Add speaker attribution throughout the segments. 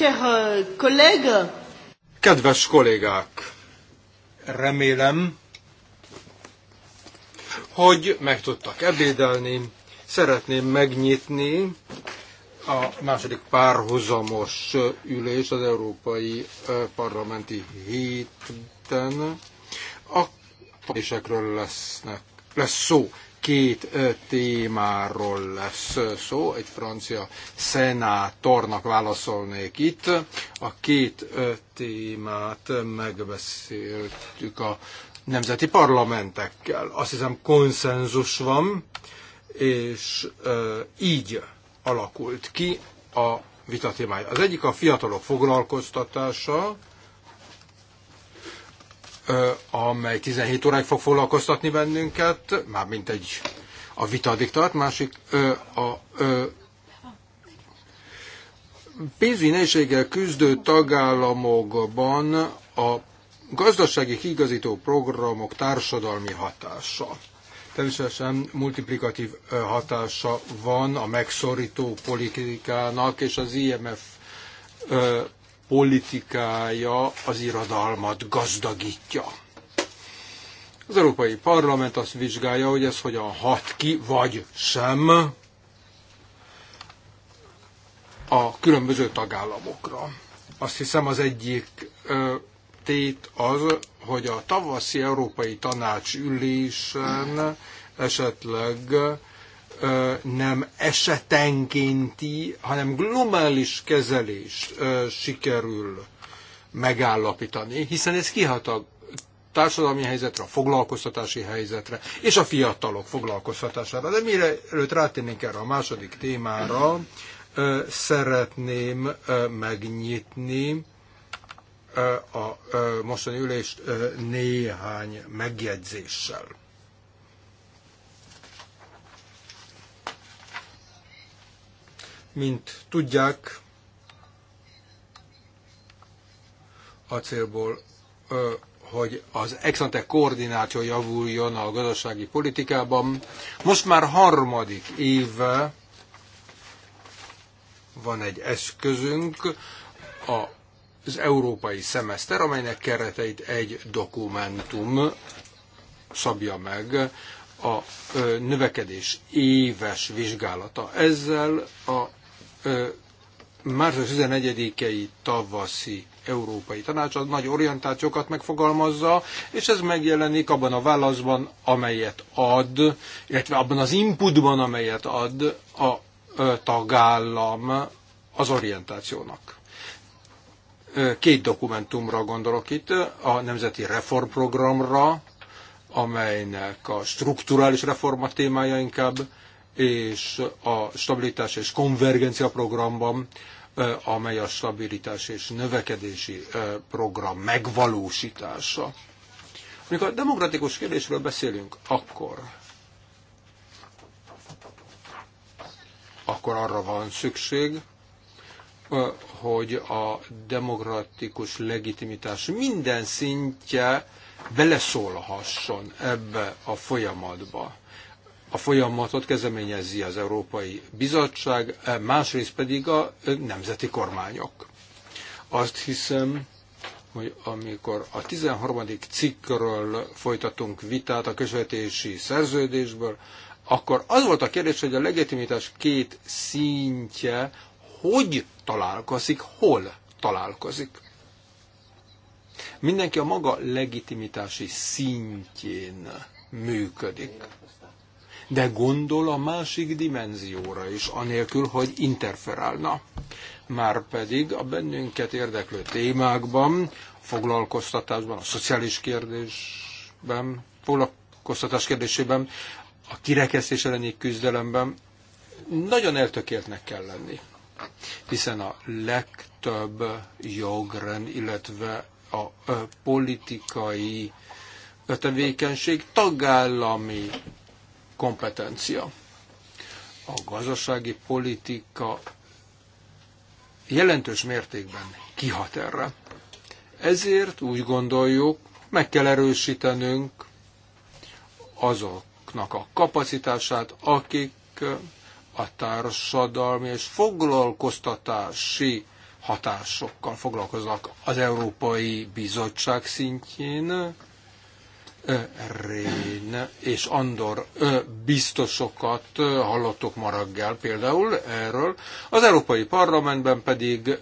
Speaker 1: Euh,
Speaker 2: Kedves kollégák, remélem, hogy meg tudtak ebédelni. Szeretném megnyitni a második párhuzamos ülés az Európai Parlamenti Héten. A kérdésekről lesznek, lesz szó két témáról lesz szó. Egy francia szenátornak válaszolnék itt. A két témát megbeszéltük a nemzeti parlamentekkel. Azt hiszem konszenzus van, és így alakult ki a vita témája. Az egyik a fiatalok foglalkoztatása, amely 17 óráig fog foglalkoztatni bennünket, már mint egy a vita addig tart, másik a, a pénzügyi nehézséggel küzdő tagállamokban a gazdasági kigazító programok társadalmi hatása. Természetesen multiplikatív hatása van a megszorító politikának és az IMF politikája az irodalmat gazdagítja. Az Európai Parlament azt vizsgálja, hogy ez hogyan hat ki, vagy sem a különböző tagállamokra. Azt hiszem az egyik tét az, hogy a tavaszi Európai Tanács ülésen esetleg nem esetenkénti, hanem globális kezelést sikerül megállapítani, hiszen ez kihat a társadalmi helyzetre, a foglalkoztatási helyzetre és a fiatalok foglalkoztatására. De mire előtt rátérnénk erre a második témára, szeretném megnyitni a mostani ülést néhány megjegyzéssel. Mint tudják, a célból, hogy az exante koordináció javuljon a gazdasági politikában. Most már harmadik éve van egy eszközünk, az európai szemeszter, amelynek kereteit egy dokumentum szabja meg a növekedés éves vizsgálata. Ezzel a március 11-i tavaszi Európai Tanács az nagy orientációkat megfogalmazza, és ez megjelenik abban a válaszban, amelyet ad, illetve abban az inputban, amelyet ad a tagállam az orientációnak. Két dokumentumra gondolok itt, a Nemzeti Reformprogramra, amelynek a strukturális reforma témája inkább, és a stabilitás és konvergencia programban, amely a stabilitás és növekedési program megvalósítása. Amikor a demokratikus kérdésről beszélünk, akkor akkor arra van szükség, hogy a demokratikus legitimitás minden szintje beleszólhasson ebbe a folyamatba a folyamatot kezdeményezi az Európai Bizottság, e, másrészt pedig a e, nemzeti kormányok. Azt hiszem, hogy amikor a 13. cikkről folytatunk vitát a közvetési szerződésből, akkor az volt a kérdés, hogy a legitimitás két szintje hogy találkozik, hol találkozik. Mindenki a maga legitimitási szintjén működik de gondol a másik dimenzióra is, anélkül, hogy interferálna. Márpedig a bennünket érdeklő témákban, foglalkoztatásban, a szociális kérdésben, foglalkoztatás kérdésében, a kirekesztés elleni küzdelemben nagyon eltökéltnek kell lenni. Hiszen a legtöbb jogrend, illetve a politikai tevékenység tagállami kompetencia. A gazdasági politika jelentős mértékben kihat erre. Ezért úgy gondoljuk, meg kell erősítenünk azoknak a kapacitását, akik a társadalmi és foglalkoztatási hatásokkal foglalkoznak az Európai Bizottság szintjén, Rén és Andor biztosokat hallottuk maraggel például erről. Az Európai Parlamentben pedig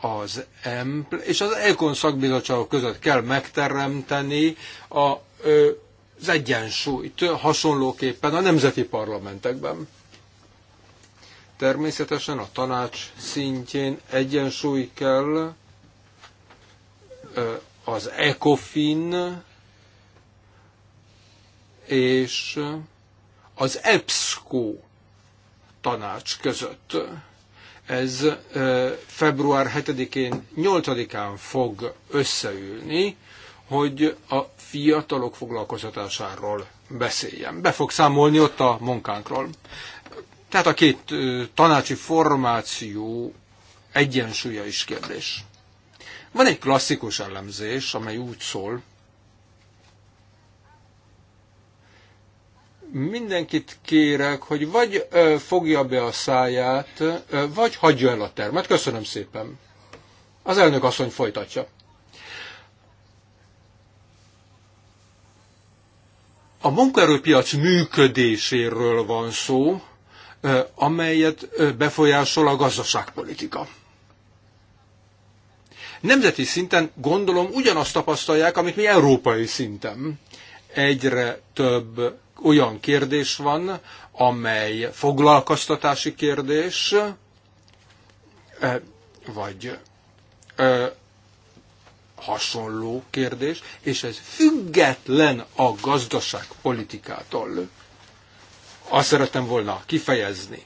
Speaker 2: az EMPL és az ECON szakbizottságok között kell megteremteni a, az egyensúlyt hasonlóképpen a nemzeti parlamentekben. Természetesen a tanács szintjén egyensúly kell az ECOFIN és az EBSCO tanács között. Ez február 7-én, 8-án fog összeülni, hogy a fiatalok foglalkoztatásáról beszéljen. Be fog számolni ott a munkánkról. Tehát a két tanácsi formáció egyensúlya is kérdés. Van egy klasszikus elemzés, amely úgy szól, mindenkit kérek, hogy vagy fogja be a száját, vagy hagyja el a termet. Köszönöm szépen. Az elnök asszony folytatja. A munkaerőpiac működéséről van szó, amelyet befolyásol a gazdaságpolitika. Nemzeti szinten gondolom ugyanazt tapasztalják, amit mi európai szinten. Egyre több olyan kérdés van, amely foglalkoztatási kérdés, vagy hasonló kérdés, és ez független a gazdaságpolitikától. Azt szeretem volna kifejezni,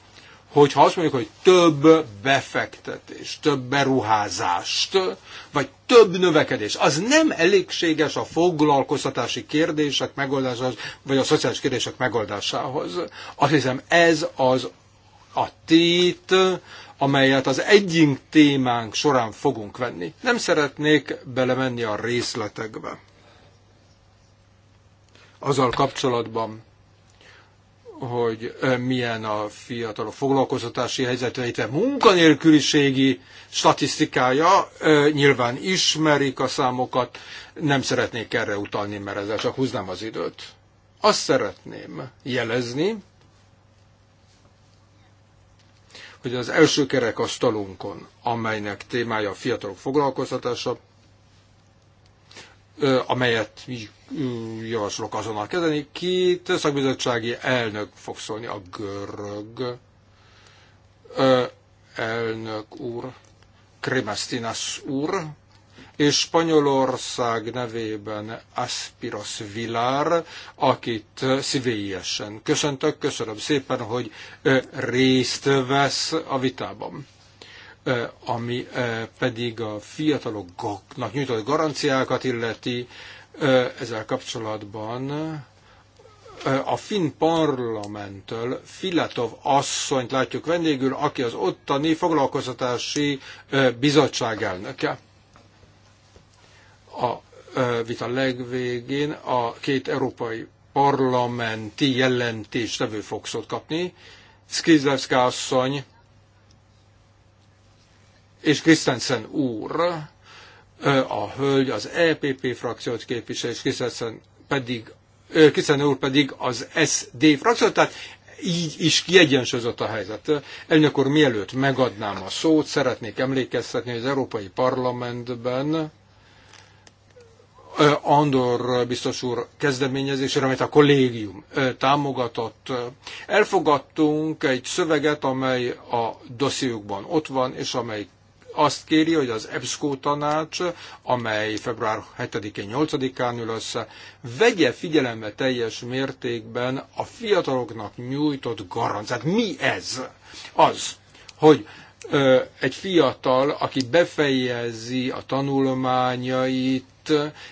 Speaker 2: hogyha azt mondjuk, hogy több befektetés, több beruházást, vagy több növekedés, az nem elégséges a foglalkoztatási kérdések megoldásához, vagy a szociális kérdések megoldásához. Azt hiszem ez az a tét, amelyet az egyik témánk során fogunk venni. Nem szeretnék belemenni a részletekbe. Azzal kapcsolatban, hogy milyen a fiatalok foglalkoztatási helyzete, illetve munkanélküliségi statisztikája, nyilván ismerik a számokat, nem szeretnék erre utalni, mert ezzel csak húznám az időt. Azt szeretném jelezni, hogy az első kerekasztalunkon, amelynek témája a fiatalok foglalkoztatása, amelyet mi javaslok azonnal kezdeni. Két szakbizottsági elnök fog szólni, a görög elnök úr, Kremestinas úr, és Spanyolország nevében Aspiros Villar, akit szívélyesen köszöntök. Köszönöm szépen, hogy részt vesz a vitában ami pedig a fiataloknak nyújtott garanciákat illeti, ezzel kapcsolatban a finn parlamenttől Filatov asszonyt látjuk vendégül, aki az ottani foglalkoztatási bizottság elnöke. A vita legvégén a két európai parlamenti jelentéstevő fog szót kapni. Skizlevszka asszony és Krisztensen úr, a hölgy az EPP frakciót képvisel, és Krisztensen pedig Krisztensen úr pedig az SD frakciót, tehát így is kiegyensúlyozott a helyzet. Elnök úr, mielőtt megadnám a szót, szeretnék emlékeztetni, hogy az Európai Parlamentben Andor biztos úr kezdeményezésére, amit a kollégium támogatott. Elfogadtunk egy szöveget, amely a dossziukban ott van, és amely azt kéri, hogy az EBSCO tanács, amely február 7-én, 8-án ül össze, vegye figyelembe teljes mértékben a fiataloknak nyújtott garanciát. Hát mi ez? Az, hogy egy fiatal, aki befejezi a tanulmányait,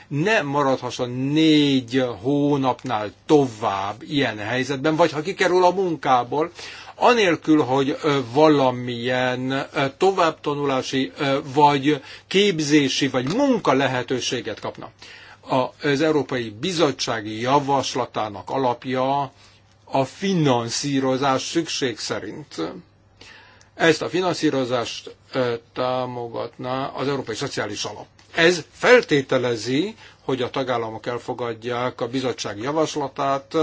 Speaker 2: ne maradhasson négy hónapnál tovább ilyen helyzetben, vagy ha kikerül a munkából, anélkül, hogy valamilyen továbbtanulási, vagy képzési, vagy munka lehetőséget kapna. Az Európai Bizottsági Javaslatának alapja a finanszírozás szükség szerint. Ezt a finanszírozást támogatná az Európai Szociális Alap. Ez feltételezi, hogy a tagállamok elfogadják a bizottság javaslatát,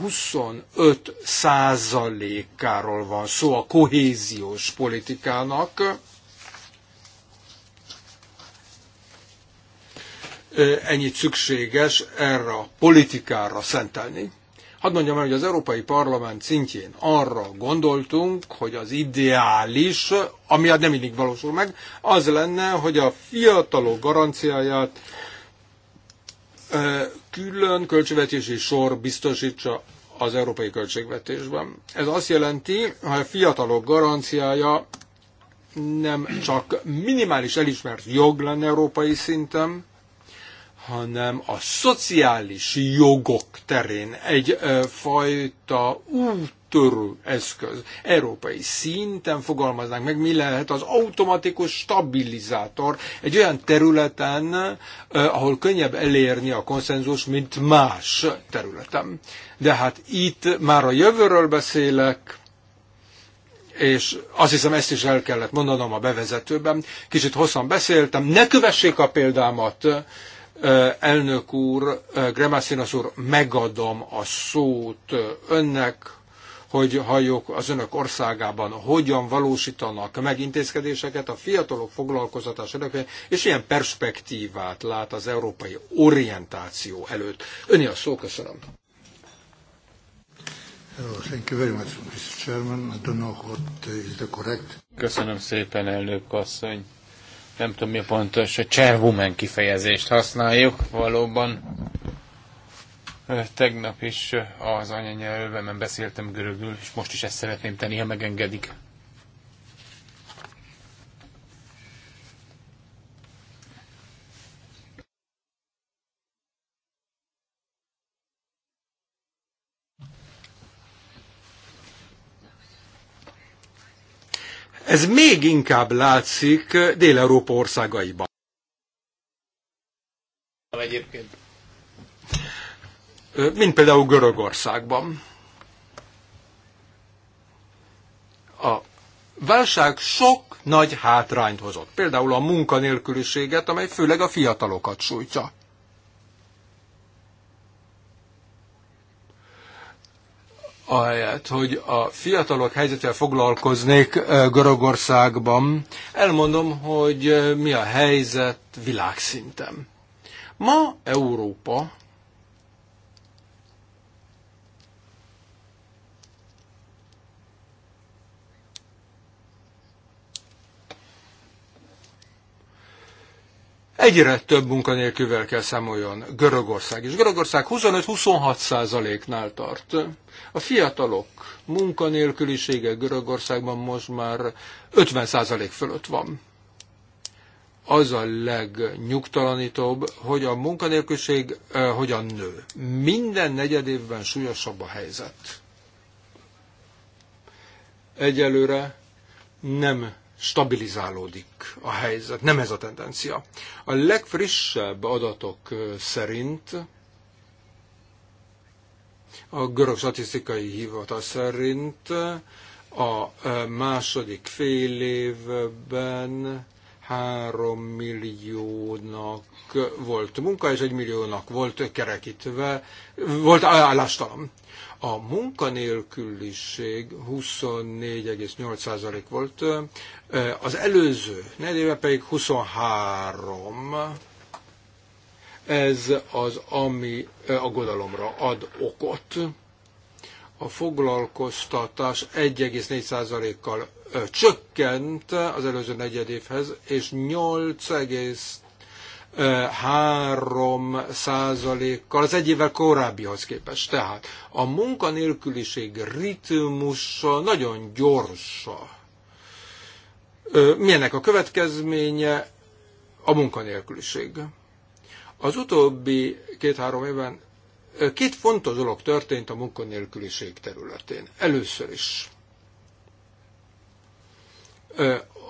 Speaker 2: 25 százalékáról van szó a kohéziós politikának. Ennyit szükséges erre a politikára szentelni. Hadd mondjam el, hogy az Európai Parlament szintjén arra gondoltunk, hogy az ideális, ami hát nem mindig valósul meg, az lenne, hogy a fiatalok garanciáját külön költségvetési sor biztosítsa az európai költségvetésben. Ez azt jelenti, hogy a fiatalok garanciája nem csak minimális elismert jog lenne európai szinten, hanem a szociális jogok terén egyfajta úttörő eszköz. Európai szinten fogalmaznánk meg, mi lehet az automatikus stabilizátor egy olyan területen, ahol könnyebb elérni a konszenzus, mint más területen. De hát itt már a jövőről beszélek, és azt hiszem ezt is el kellett mondanom a bevezetőben, kicsit hosszan beszéltem, ne kövessék a példámat, Elnök úr, Gremászínos úr, megadom a szót önnek, hogy halljuk az önök országában, hogyan valósítanak meg intézkedéseket a fiatalok foglalkoztatás érdekében, és ilyen perspektívát lát az európai orientáció előtt. Öni a szó, köszönöm.
Speaker 3: Köszönöm szépen, elnök asszony nem tudom mi a pontos, a chairwoman kifejezést használjuk valóban. Tegnap is az anyanyelvemen beszéltem görögül, és most is ezt szeretném tenni, ha megengedik.
Speaker 2: Ez még inkább látszik eh, Dél-Európa országaiban.
Speaker 3: Egyébként.
Speaker 2: Eh, mint például Görögországban. A válság sok nagy hátrányt hozott. Például a munkanélküliséget, amely főleg a fiatalokat sújtja. ahelyett, hogy a fiatalok helyzetével foglalkoznék Görögországban, elmondom, hogy mi a helyzet világszinten. Ma Európa egyre több munkanélkülvel kell számoljon Görögország. És Görögország 25-26 százaléknál tart. A fiatalok munkanélkülisége Görögországban most már 50% fölött van. Az a legnyugtalanítóbb, hogy a munkanélküliség eh, hogyan nő. Minden negyed évben súlyosabb a helyzet. Egyelőre nem stabilizálódik a helyzet, nem ez a tendencia. A legfrissebb adatok szerint a görög statisztikai hivatal szerint a e, második fél évben 3 milliónak volt munka, és 1 milliónak volt kerekítve, volt állástalan. A munkanélküliség 24,8% volt, e, az előző negyedéve pedig 23 ez az, ami aggodalomra ad okot. A foglalkoztatás 1,4%-kal csökkent az előző negyedévhez, és 8,3%-kal az egy évvel korábbihoz képest. Tehát a munkanélküliség ritmusa nagyon gyorsa. Milyennek a következménye? A munkanélküliség. Az utóbbi két-három évben két fontos dolog történt a munkanélküliség területén. Először is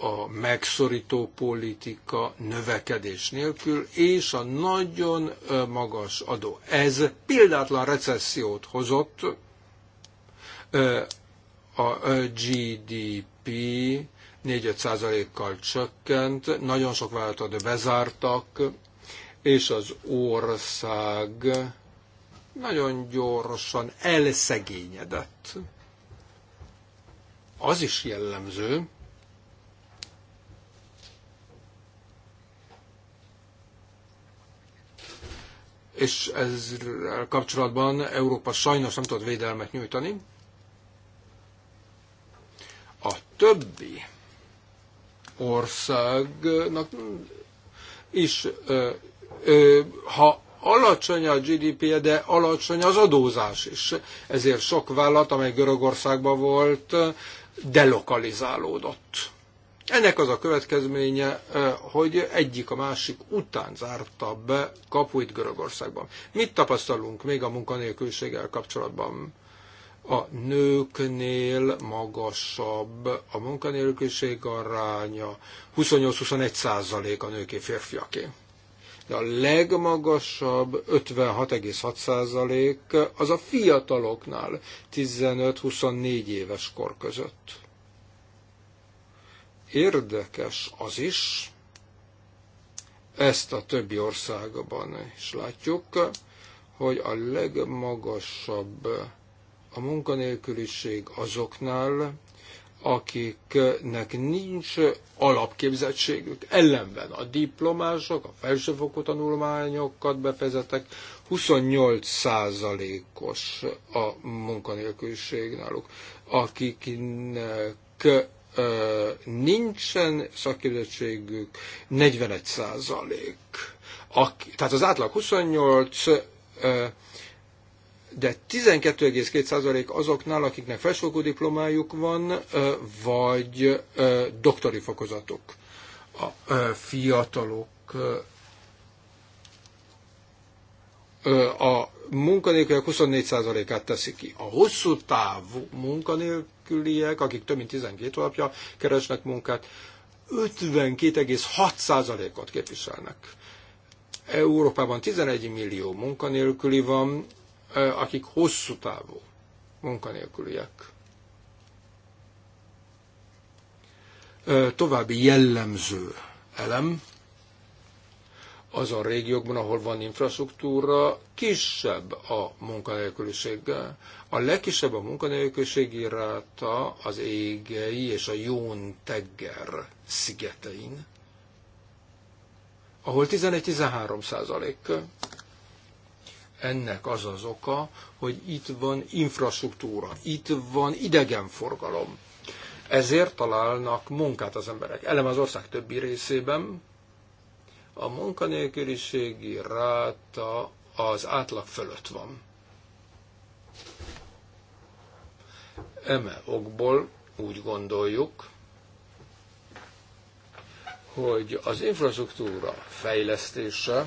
Speaker 2: a megszorító politika növekedés nélkül, és a nagyon magas adó. Ez példátlan recessziót hozott a GDP 4-5 kal csökkent, nagyon sok vállalatot bezártak, és az ország nagyon gyorsan elszegényedett. Az is jellemző, és ezzel kapcsolatban Európa sajnos nem tud védelmet nyújtani. A többi országnak is ha alacsony a gdp -e, de alacsony az adózás is. Ezért sok vállalat, amely Görögországban volt, delokalizálódott. Ennek az a következménye, hogy egyik a másik után zárta be kapuit Görögországban. Mit tapasztalunk még a munkanélküliséggel kapcsolatban? A nőknél magasabb a munkanélküliség aránya, 28-21 százalék a nőké férfiaké de a legmagasabb 56,6% az a fiataloknál 15-24 éves kor között. Érdekes az is, ezt a többi országban is látjuk, hogy a legmagasabb a munkanélküliség azoknál, akiknek nincs alapképzettségük, ellenben a diplomások, a felsőfokú tanulmányokat befezetek, 28%-os a munkanélküliség náluk, akiknek nincsen szakképzettségük, 41 százalék. Tehát az átlag 28 de 12,2% azoknál, akiknek felsőfokú diplomájuk van, vagy doktori fokozatuk. A fiatalok a munkanélküliek 24%-át teszi ki. A hosszú távú munkanélküliek, akik több mint 12 alapja keresnek munkát, 52,6%-ot képviselnek. Európában 11 millió munkanélküli van, akik hosszú távú munkanélküliek. További jellemző elem azon régiókban, ahol van infrastruktúra, kisebb a munkanélküliség. A legkisebb a munkanélküliség iráta az égei és a Jón Tegger szigetein, ahol 11-13 százalék ennek az az oka, hogy itt van infrastruktúra, itt van idegenforgalom. Ezért találnak munkát az emberek. Elem az ország többi részében a munkanélküliségi ráta az átlag fölött van. Eme okból úgy gondoljuk, hogy az infrastruktúra fejlesztése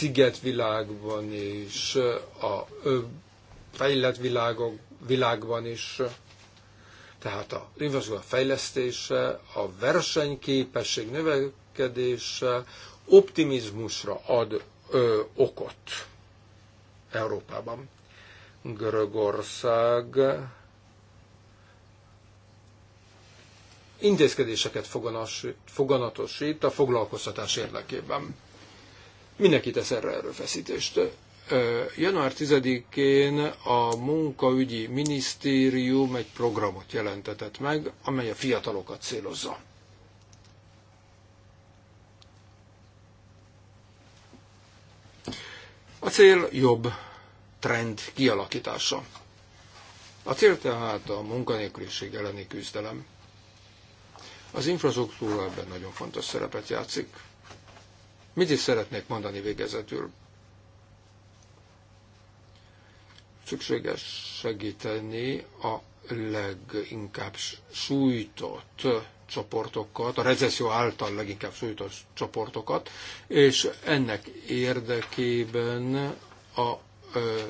Speaker 2: szigetvilágban és a fejlett világok, világban is. Tehát a infrastruktúra fejlesztése, a versenyképesség növekedése optimizmusra ad ö, okot Európában. Görögország intézkedéseket foganatosít a foglalkoztatás érdekében. Mindenki tesz erre erőfeszítést. Január 10-én a munkaügyi minisztérium egy programot jelentetett meg, amely a fiatalokat célozza. A cél jobb trend kialakítása. A cél tehát a munkanélküliség elleni küzdelem. Az infrastruktúra ebben nagyon fontos szerepet játszik. Mit is szeretnék mondani végezetül? Szükséges segíteni a leginkább sújtott csoportokat, a recesszió által leginkább sújtott csoportokat, és ennek érdekében a ö,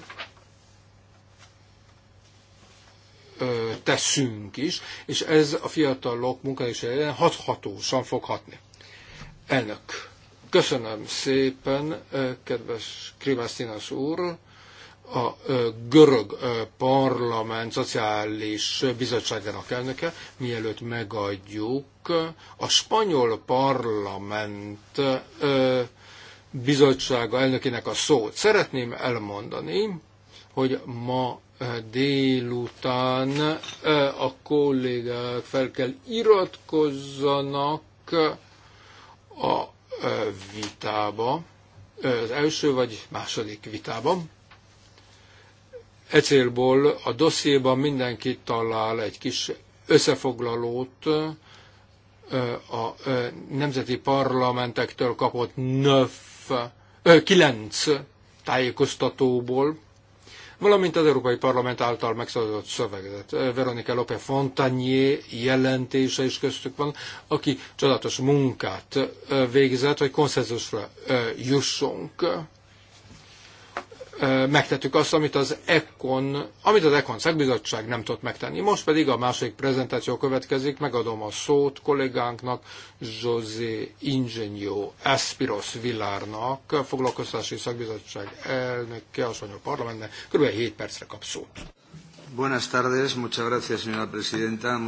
Speaker 2: ö, teszünk is, és ez a fiatalok munkahelyi hathatósan fog hatni. Elnök Köszönöm szépen, eh, kedves Krimasztinas úr! a eh, görög eh, parlament szociális bizottságának elnöke, mielőtt megadjuk a spanyol parlament bizottsága elnökének a szót. Szeretném elmondani, hogy ma délután a kollégák fel kell iratkozzanak a vitába, az első vagy második vitában. E célból a dossziéban mindenki talál egy kis összefoglalót a nemzeti parlamentektől kapott 9 tájékoztatóból, valamint az Európai Parlament által megszavazott szöveget. Eh, Veronika Lope Fontanier jelentése is köztük van, aki csodálatos munkát eh, végzett, hogy konszenzusra eh, jussunk megtettük azt, amit az ECON, amit az ECON szakbizottság nem tudott megtenni. Most pedig a második prezentáció következik, megadom a szót kollégánknak, José Ingenio Espiros Villárnak, foglalkoztási szakbizottság elnöke a Spanyol Parlamentnek, kb. 7 percre kap szót. Buenas tardes, muchas gracias, señora presidenta.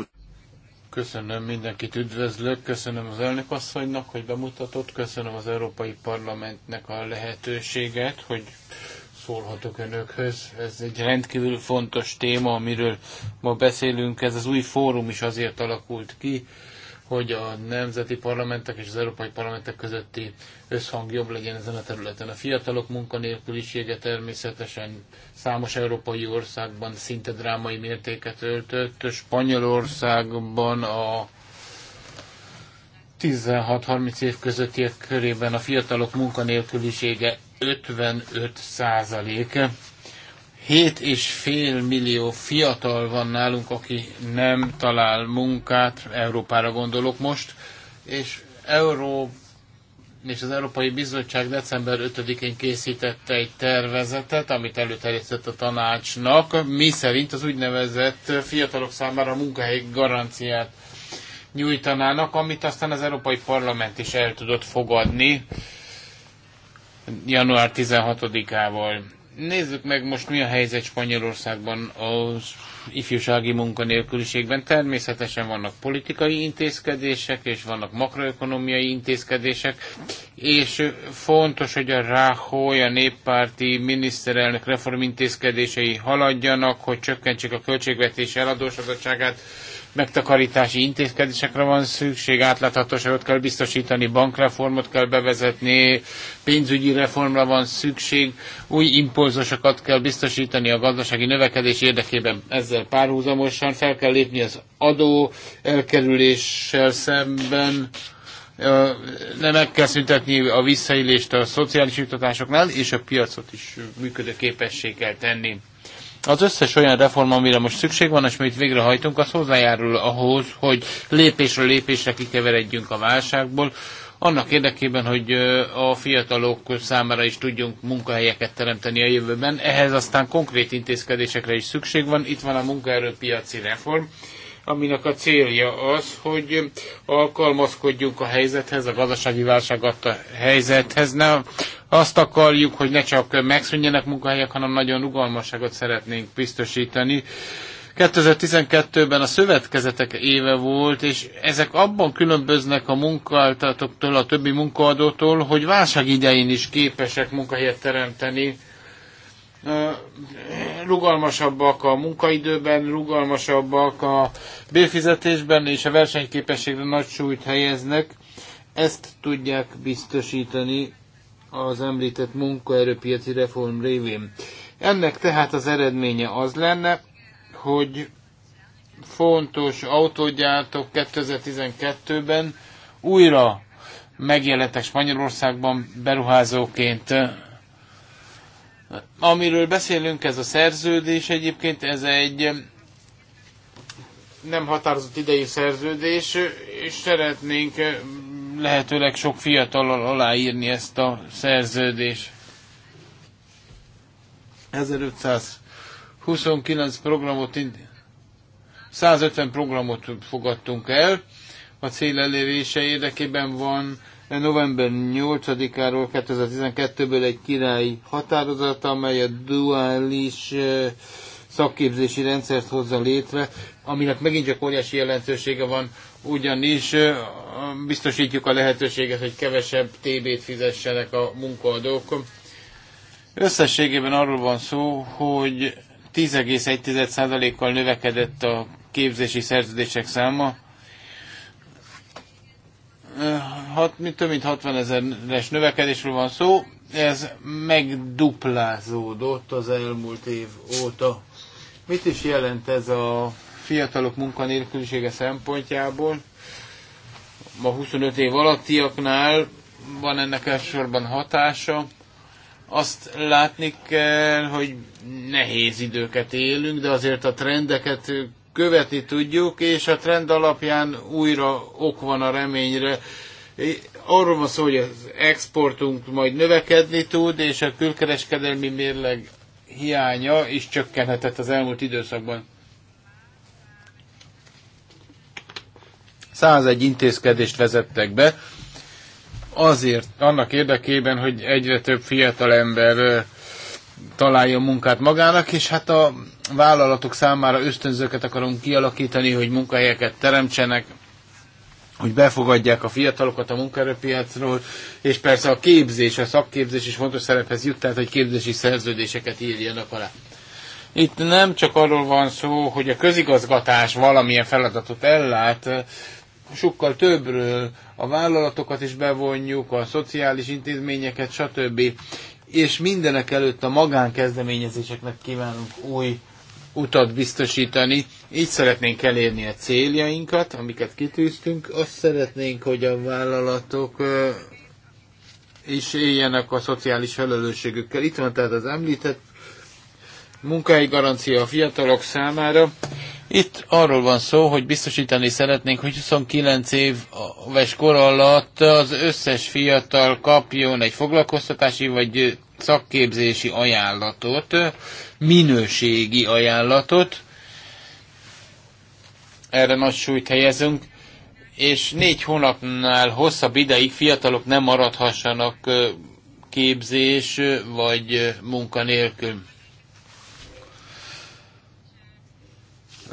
Speaker 2: Köszönöm mindenkit,
Speaker 3: üdvözlök, köszönöm az elnök asszonynak, hogy bemutatott, köszönöm az Európai Parlamentnek a lehetőséget, hogy szólhatok önökhöz. Ez egy rendkívül fontos téma, amiről ma beszélünk. Ez az új fórum is azért alakult ki, hogy a nemzeti parlamentek és az európai parlamentek közötti összhang jobb legyen ezen a területen. A fiatalok munkanélkülisége természetesen számos európai országban szinte drámai mértéket öltött. Spanyolországban a 16-30 év közöttiek körében a fiatalok munkanélkülisége 55 százalék. 7,5 millió fiatal van nálunk, aki nem talál munkát, Európára gondolok most, és Euró és az Európai Bizottság december 5-én készítette egy tervezetet, amit előterjesztett a tanácsnak, mi szerint az úgynevezett fiatalok számára munkahelyi garanciát nyújtanának, amit aztán az Európai Parlament is el tudott fogadni január 16-ával. Nézzük meg most mi a helyzet Spanyolországban az ifjúsági munkanélküliségben. Természetesen vannak politikai intézkedések, és vannak makroekonomiai intézkedések, és fontos, hogy a Ráhói, a néppárti miniszterelnök reformintézkedései haladjanak, hogy csökkentsék a költségvetés eladósodottságát, megtakarítási intézkedésekre van szükség, átláthatóságot kell biztosítani, bankreformot kell bevezetni, pénzügyi reformra van szükség, új impulzusokat kell biztosítani a gazdasági növekedés érdekében. Ezzel párhuzamosan fel kell lépni az adó elkerüléssel szemben, nem meg kell szüntetni a visszaélést a szociális juttatásoknál, és a piacot is működőképessé kell tenni az összes olyan reform, amire most szükség van, és amit végrehajtunk, az hozzájárul ahhoz, hogy lépésről lépésre kikeveredjünk a válságból, annak érdekében, hogy a fiatalok számára is tudjunk munkahelyeket teremteni a jövőben. Ehhez aztán konkrét intézkedésekre is szükség van. Itt van a munkaerőpiaci reform, aminek a célja az, hogy alkalmazkodjunk a helyzethez, a gazdasági válság adta helyzethez. Ne azt akarjuk, hogy ne csak megszűnjenek munkahelyek, hanem nagyon rugalmasságot szeretnénk biztosítani. 2012-ben a szövetkezetek éve volt, és ezek abban különböznek a munkáltatóktól, a többi munkaadótól, hogy válság idején is képesek munkahelyet teremteni rugalmasabbak a munkaidőben, rugalmasabbak a bérfizetésben, és a versenyképességre nagy súlyt helyeznek. Ezt tudják biztosítani az említett munkaerőpiaci reform révén. Ennek tehát az eredménye az lenne, hogy fontos autógyártók 2012-ben újra megjelentek Spanyolországban beruházóként Amiről beszélünk, ez a szerződés egyébként, ez egy nem határozott idei szerződés, és szeretnénk lehetőleg sok fiatal aláírni ezt a szerződést. 1529 programot, 150 programot fogadtunk el, a cél elérése érdekében van november 8-áról 2012-ből egy királyi határozat, amely a duális szakképzési rendszert hozza létre, aminek megint csak óriási jelentősége van, ugyanis biztosítjuk a lehetőséget, hogy kevesebb TB-t fizessenek a munkaadók. Összességében arról van szó, hogy 10,1%-kal növekedett a képzési szerződések száma, hat, több mint 60 ezeres növekedésről van szó, ez megduplázódott az elmúlt év óta. Mit is jelent ez a fiatalok munkanélkülisége szempontjából? Ma 25 év alattiaknál van ennek elsősorban hatása. Azt látni kell, hogy nehéz időket élünk, de azért a trendeket követni tudjuk, és a trend alapján újra ok van a reményre. Arról van szó, hogy az exportunk majd növekedni tud, és a külkereskedelmi mérleg hiánya is csökkenhetett az elmúlt időszakban. 101 intézkedést vezettek be, azért annak érdekében, hogy egyre több fiatal ember találja munkát magának, és hát a vállalatok számára ösztönzőket akarunk kialakítani, hogy munkahelyeket teremtsenek, hogy befogadják a fiatalokat a munkaerőpiacról, és persze a képzés, a szakképzés is fontos szerephez jut, tehát hogy képzési szerződéseket írjanak alá. Itt nem csak arról van szó, hogy a közigazgatás valamilyen feladatot ellát, sokkal többről a vállalatokat is bevonjuk, a szociális intézményeket, stb és mindenek előtt a magánkezdeményezéseknek kívánunk új utat biztosítani. Így szeretnénk elérni a céljainkat, amiket kitűztünk. Azt szeretnénk, hogy a vállalatok is éljenek a szociális felelősségükkel. Itt van tehát az említett munkai garancia a fiatalok számára, itt arról van szó, hogy biztosítani szeretnénk, hogy 29 éves kor alatt az összes fiatal kapjon egy foglalkoztatási vagy szakképzési ajánlatot, minőségi ajánlatot. Erre nagy súlyt helyezünk, és négy hónapnál hosszabb ideig fiatalok nem maradhassanak képzés vagy munkanélkül.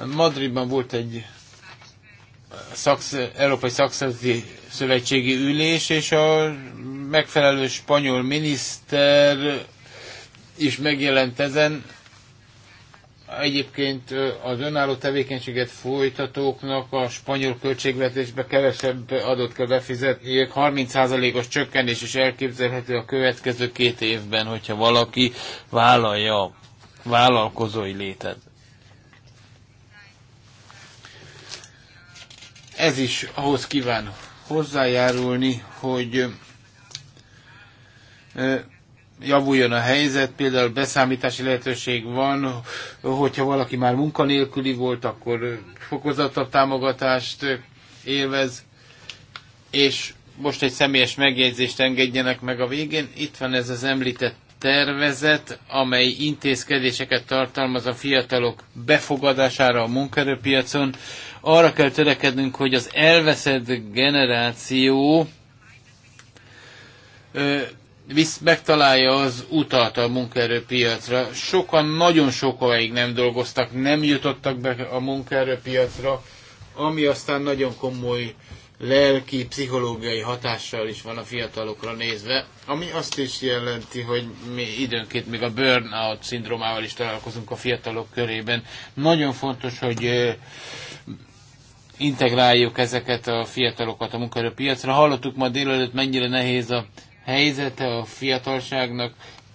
Speaker 3: Madridban volt egy eh, szaksz, Európai Szakszerzeti Szövetségi Ülés, és a megfelelő spanyol miniszter is megjelent ezen. Egyébként eh, az önálló tevékenységet folytatóknak a spanyol költségvetésbe kevesebb adót kell befizetniük. 30%-os csökkenés is elképzelhető a következő két évben, hogyha valaki vállalja a vállalkozói létet. ez is ahhoz kíván hozzájárulni, hogy javuljon a helyzet, például beszámítási lehetőség van, hogyha valaki már munkanélküli volt, akkor fokozatabb támogatást élvez, és most egy személyes megjegyzést engedjenek meg a végén. Itt van ez az említett tervezet, amely intézkedéseket tartalmaz a fiatalok befogadására a munkerőpiacon. Arra kell törekednünk, hogy az elveszett generáció visz, megtalálja az utat a munkaerőpiacra. Sokan nagyon sokáig nem dolgoztak, nem jutottak be a munkaerőpiacra, ami aztán nagyon komoly lelki, pszichológiai hatással is van a fiatalokra nézve, ami azt is jelenti, hogy mi időnként még a burnout szindrómával is találkozunk a fiatalok körében. Nagyon fontos, hogy integráljuk ezeket a fiatalokat a munkaerőpiacra. Hallottuk ma délelőtt, mennyire nehéz a helyzete a fiatalságnak,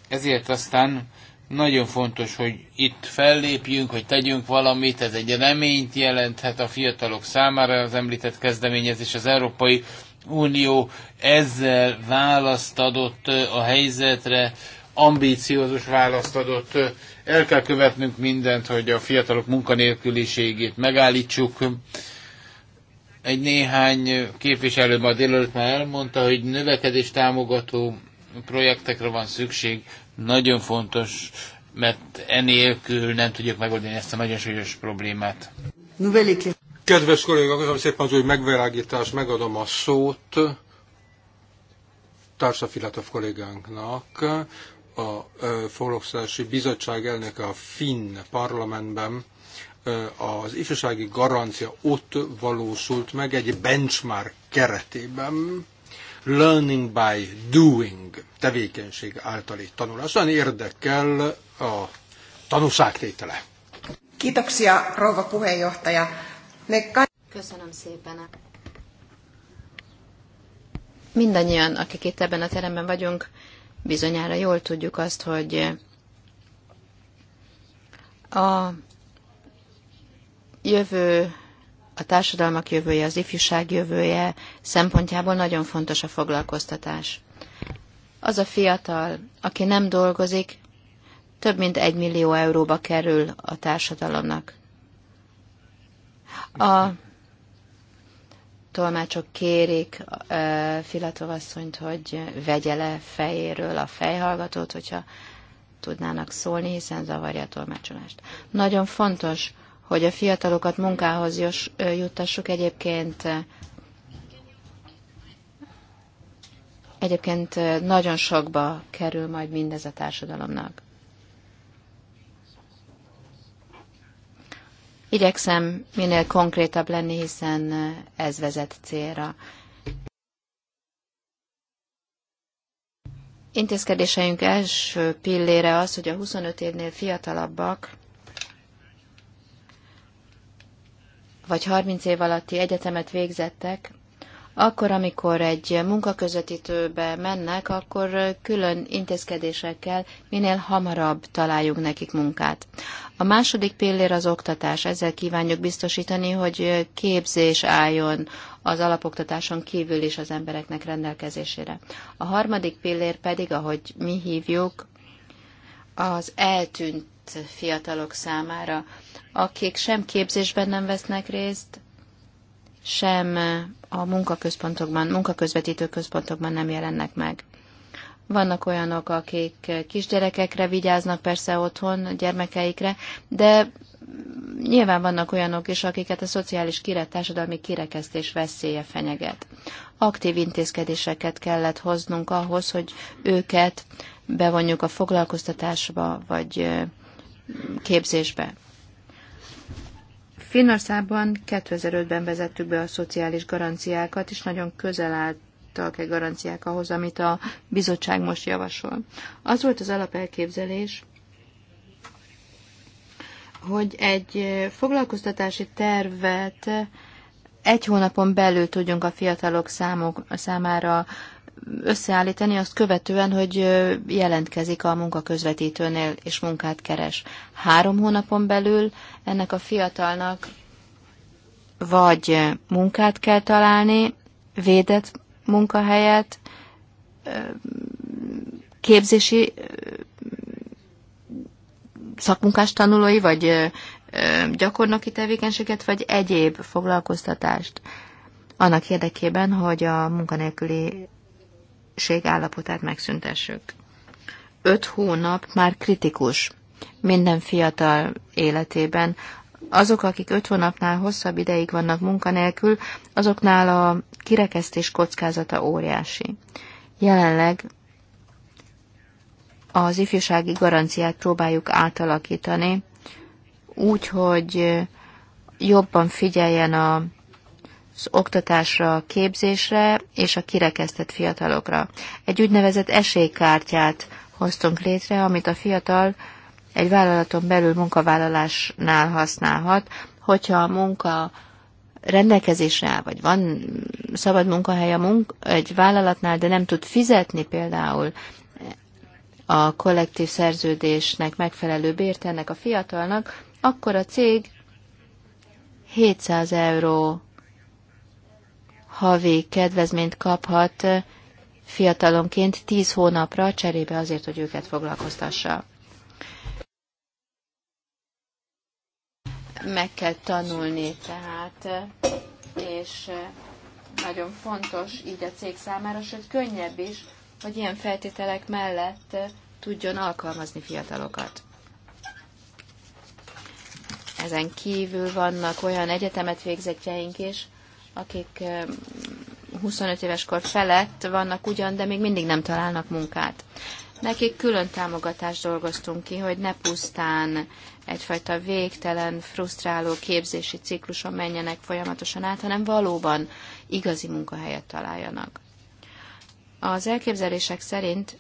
Speaker 3: ezért aztán nagyon fontos, hogy itt fellépjünk, hogy tegyünk valamit, ez egy reményt jelenthet a fiatalok számára az említett kezdeményezés, az Európai Unió ezzel választ adott a helyzetre, ambíciózus választ adott. El kell követnünk mindent, hogy a fiatalok munkanélküliségét megállítsuk, egy néhány képviselő ma délelőtt már elmondta, hogy növekedés támogató projektekre van szükség. Nagyon fontos, mert enélkül nem tudjuk megoldani ezt a
Speaker 2: nagyon súlyos problémát. Kedves kollégák, köszönöm szépen az új megvilágítást, megadom a szót Társa Filatov kollégánknak, a Foglalkozási Bizottság elnöke a Finn parlamentben az ifjúsági garancia ott valósult meg egy benchmark keretében, learning by doing tevékenység általi tanulás. Olyan érdekel a tanúságtétele.
Speaker 4: Kiitoksia, rouva puheenjohtaja. Me... Köszönöm szépen. Mindannyian, akik itt ebben a teremben vagyunk, bizonyára jól tudjuk azt, hogy a jövő, a társadalmak jövője, az ifjúság jövője szempontjából nagyon fontos a foglalkoztatás. Az a fiatal, aki nem dolgozik, több mint egy millió euróba kerül a társadalomnak. A tolmácsok kérik Filatovasszonyt, hogy vegye le fejéről a fejhallgatót, hogyha tudnának szólni, hiszen zavarja a tolmácsolást. Nagyon fontos, hogy a fiatalokat munkához juttassuk egyébként egyébként nagyon sokba kerül majd mindez a társadalomnak. Igyekszem minél konkrétabb lenni, hiszen ez vezet célra. Intézkedéseink első pillére az, hogy a 25 évnél fiatalabbak vagy 30 év alatti egyetemet végzettek, akkor, amikor egy munkaközvetítőbe mennek, akkor külön intézkedésekkel minél hamarabb találjuk nekik munkát. A második pillér az oktatás. Ezzel kívánjuk biztosítani, hogy képzés álljon az alapoktatáson kívül is az embereknek rendelkezésére. A harmadik pillér pedig, ahogy mi hívjuk, az eltűnt fiatalok számára akik sem képzésben nem vesznek részt, sem a munkaközpontokban, munkaközvetítő központokban nem jelennek meg. Vannak olyanok, akik kisgyerekekre vigyáznak persze otthon, gyermekeikre, de nyilván vannak olyanok is, akiket a szociális kire, társadalmi kirekesztés veszélye fenyeget. Aktív intézkedéseket kellett hoznunk ahhoz, hogy őket bevonjuk a foglalkoztatásba vagy képzésbe. Finnországban 2005-ben vezettük be a szociális garanciákat, és nagyon közel álltak egy garanciák ahhoz, amit a bizottság most javasol. Az volt az alapelképzelés, hogy egy foglalkoztatási tervet egy hónapon belül tudjunk a fiatalok számok, számára összeállítani azt követően, hogy jelentkezik a munkaközvetítőnél és munkát keres. Három hónapon belül ennek a fiatalnak vagy munkát kell találni, védett munkahelyet, képzési szakmunkás tanulói, vagy gyakornoki tevékenységet, vagy egyéb foglalkoztatást. Annak érdekében, hogy a munkanélküli betegség állapotát megszüntessük. Öt hónap már kritikus minden fiatal életében. Azok, akik öt hónapnál hosszabb ideig vannak munkanélkül, azoknál a kirekesztés kockázata óriási. Jelenleg az ifjúsági garanciát próbáljuk átalakítani, úgyhogy jobban figyeljen a az oktatásra, a képzésre és a kirekesztett fiatalokra. Egy úgynevezett esélykártyát hoztunk létre, amit a fiatal egy vállalaton belül munkavállalásnál használhat, hogyha a munka rendelkezésre áll, vagy van szabad munkahely a munk- egy vállalatnál, de nem tud fizetni például a kollektív szerződésnek megfelelő bért ennek a fiatalnak, akkor a cég 700 euró havi kedvezményt kaphat fiatalonként 10 hónapra cserébe azért, hogy őket foglalkoztassa. Meg kell tanulni tehát, és nagyon fontos így a cég számára, sőt könnyebb is, hogy ilyen feltételek mellett tudjon alkalmazni fiatalokat. Ezen kívül vannak olyan egyetemet végzetjeink is, akik 25 eh, éves kor felett vannak ugyan, de még mindig nem találnak munkát. Nekik külön támogatást dolgoztunk ki, hogy ne pusztán egyfajta végtelen, frusztráló képzési cikluson menjenek folyamatosan át, hanem valóban igazi munkahelyet találjanak. Az elképzelések szerint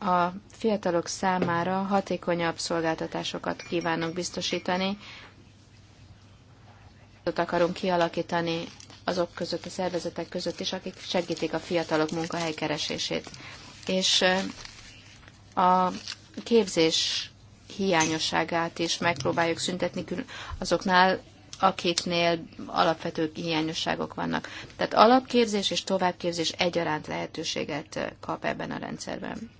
Speaker 4: a fiatalok számára hatékonyabb szolgáltatásokat kívánunk biztosítani, akarunk kialakítani azok között, a szervezetek között is, akik segítik a fiatalok munkahelykeresését. És a képzés hiányosságát is megpróbáljuk szüntetni azoknál, akiknél alapvető hiányosságok vannak. Tehát alapképzés és továbbképzés egyaránt lehetőséget kap ebben a rendszerben.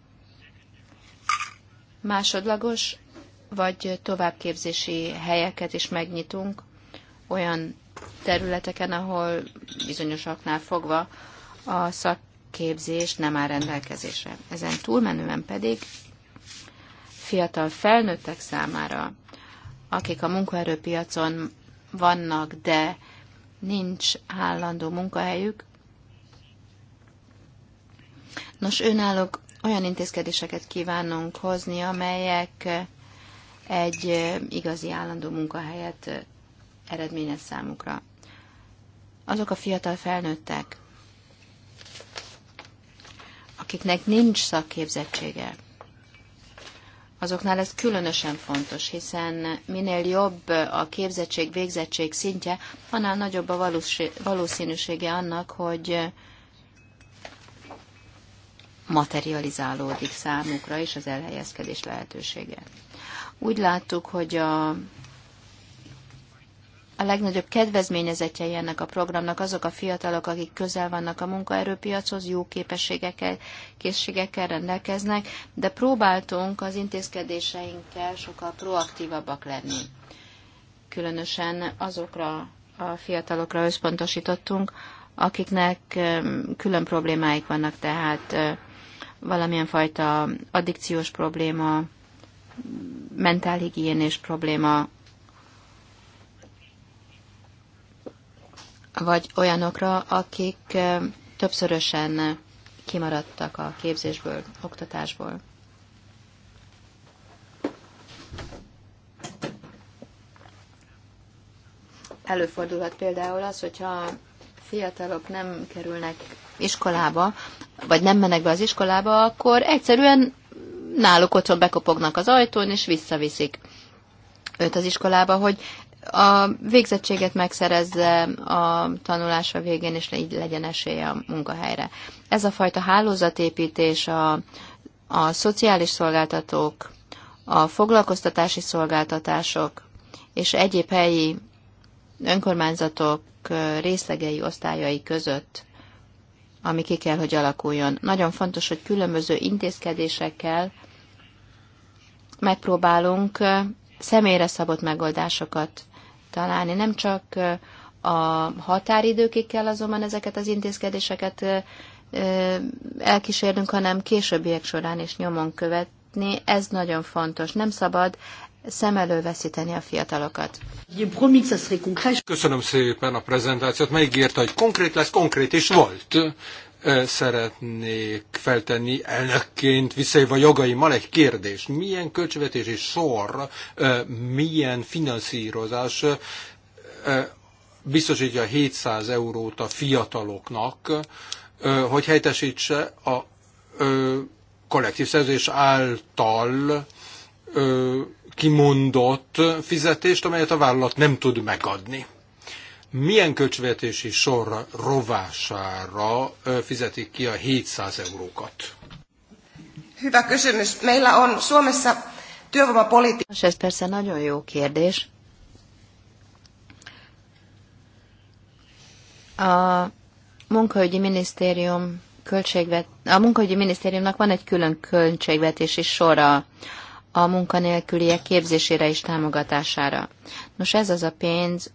Speaker 4: Másodlagos vagy továbbképzési helyeket is megnyitunk olyan területeken, ahol bizonyosaknál fogva a szakképzés nem áll rendelkezésre. Ezen túlmenően pedig fiatal felnőttek számára, akik a munkaerőpiacon vannak, de nincs állandó munkahelyük, Nos, önállók olyan intézkedéseket kívánunk hozni, amelyek egy igazi állandó munkahelyet eredményes számukra. Azok a fiatal felnőttek, akiknek nincs szakképzettsége, azoknál ez különösen fontos, hiszen minél jobb a képzettség, végzettség szintje, annál nagyobb a valószínűsége annak, hogy materializálódik számukra is az elhelyezkedés lehetősége. Úgy láttuk, hogy a a legnagyobb kedvezményezetjei ennek a programnak azok a fiatalok, akik közel vannak a munkaerőpiachoz, jó képességekkel, készségekkel rendelkeznek, de próbáltunk az intézkedéseinkkel sokkal proaktívabbak lenni. Különösen azokra a fiatalokra összpontosítottunk, akiknek külön problémáik vannak, tehát valamilyen fajta addikciós probléma, mentálhigiénés probléma, vagy olyanokra, akik többszörösen kimaradtak a képzésből, oktatásból. Előfordulhat például az, hogyha fiatalok nem kerülnek iskolába, vagy nem mennek be az iskolába, akkor egyszerűen náluk otthon bekopognak az ajtón, és visszaviszik őt az iskolába, hogy a végzettséget megszerezze a tanulása végén, és így legyen esélye a munkahelyre. Ez a fajta hálózatépítés a, a szociális szolgáltatók, a foglalkoztatási szolgáltatások és egyéb helyi önkormányzatok részlegei osztályai között, ami ki kell, hogy alakuljon. Nagyon fontos, hogy különböző intézkedésekkel megpróbálunk személyre szabott megoldásokat találni. Nem csak a határidőkig kell azonban ezeket az intézkedéseket elkísérnünk, hanem későbbiek során is nyomon követni. Ez nagyon fontos. Nem szabad szem elől veszíteni a fiatalokat.
Speaker 2: Köszönöm szépen a prezentációt. Megígérte, hogy konkrét lesz, konkrét is volt szeretnék feltenni elnökként visszaév a jogaimmal egy kérdés. Milyen költségvetési sor, milyen finanszírozás biztosítja 700 eurót a fiataloknak, hogy helytesítse a kollektív szerzés által kimondott fizetést, amelyet a vállalat nem tud megadni milyen költségvetési sorra rovására fizetik ki a 700 eurókat?
Speaker 4: Hyvä kysymys. Meillä on Suomessa työvoimapolitiikka. Ez persze nagyon jó kérdés. A munkaügyi minisztérium költségvet, a munkaügyi minisztériumnak van egy külön költségvetési sora a munkanélküliek képzésére és támogatására. Nos, ez az a pénz,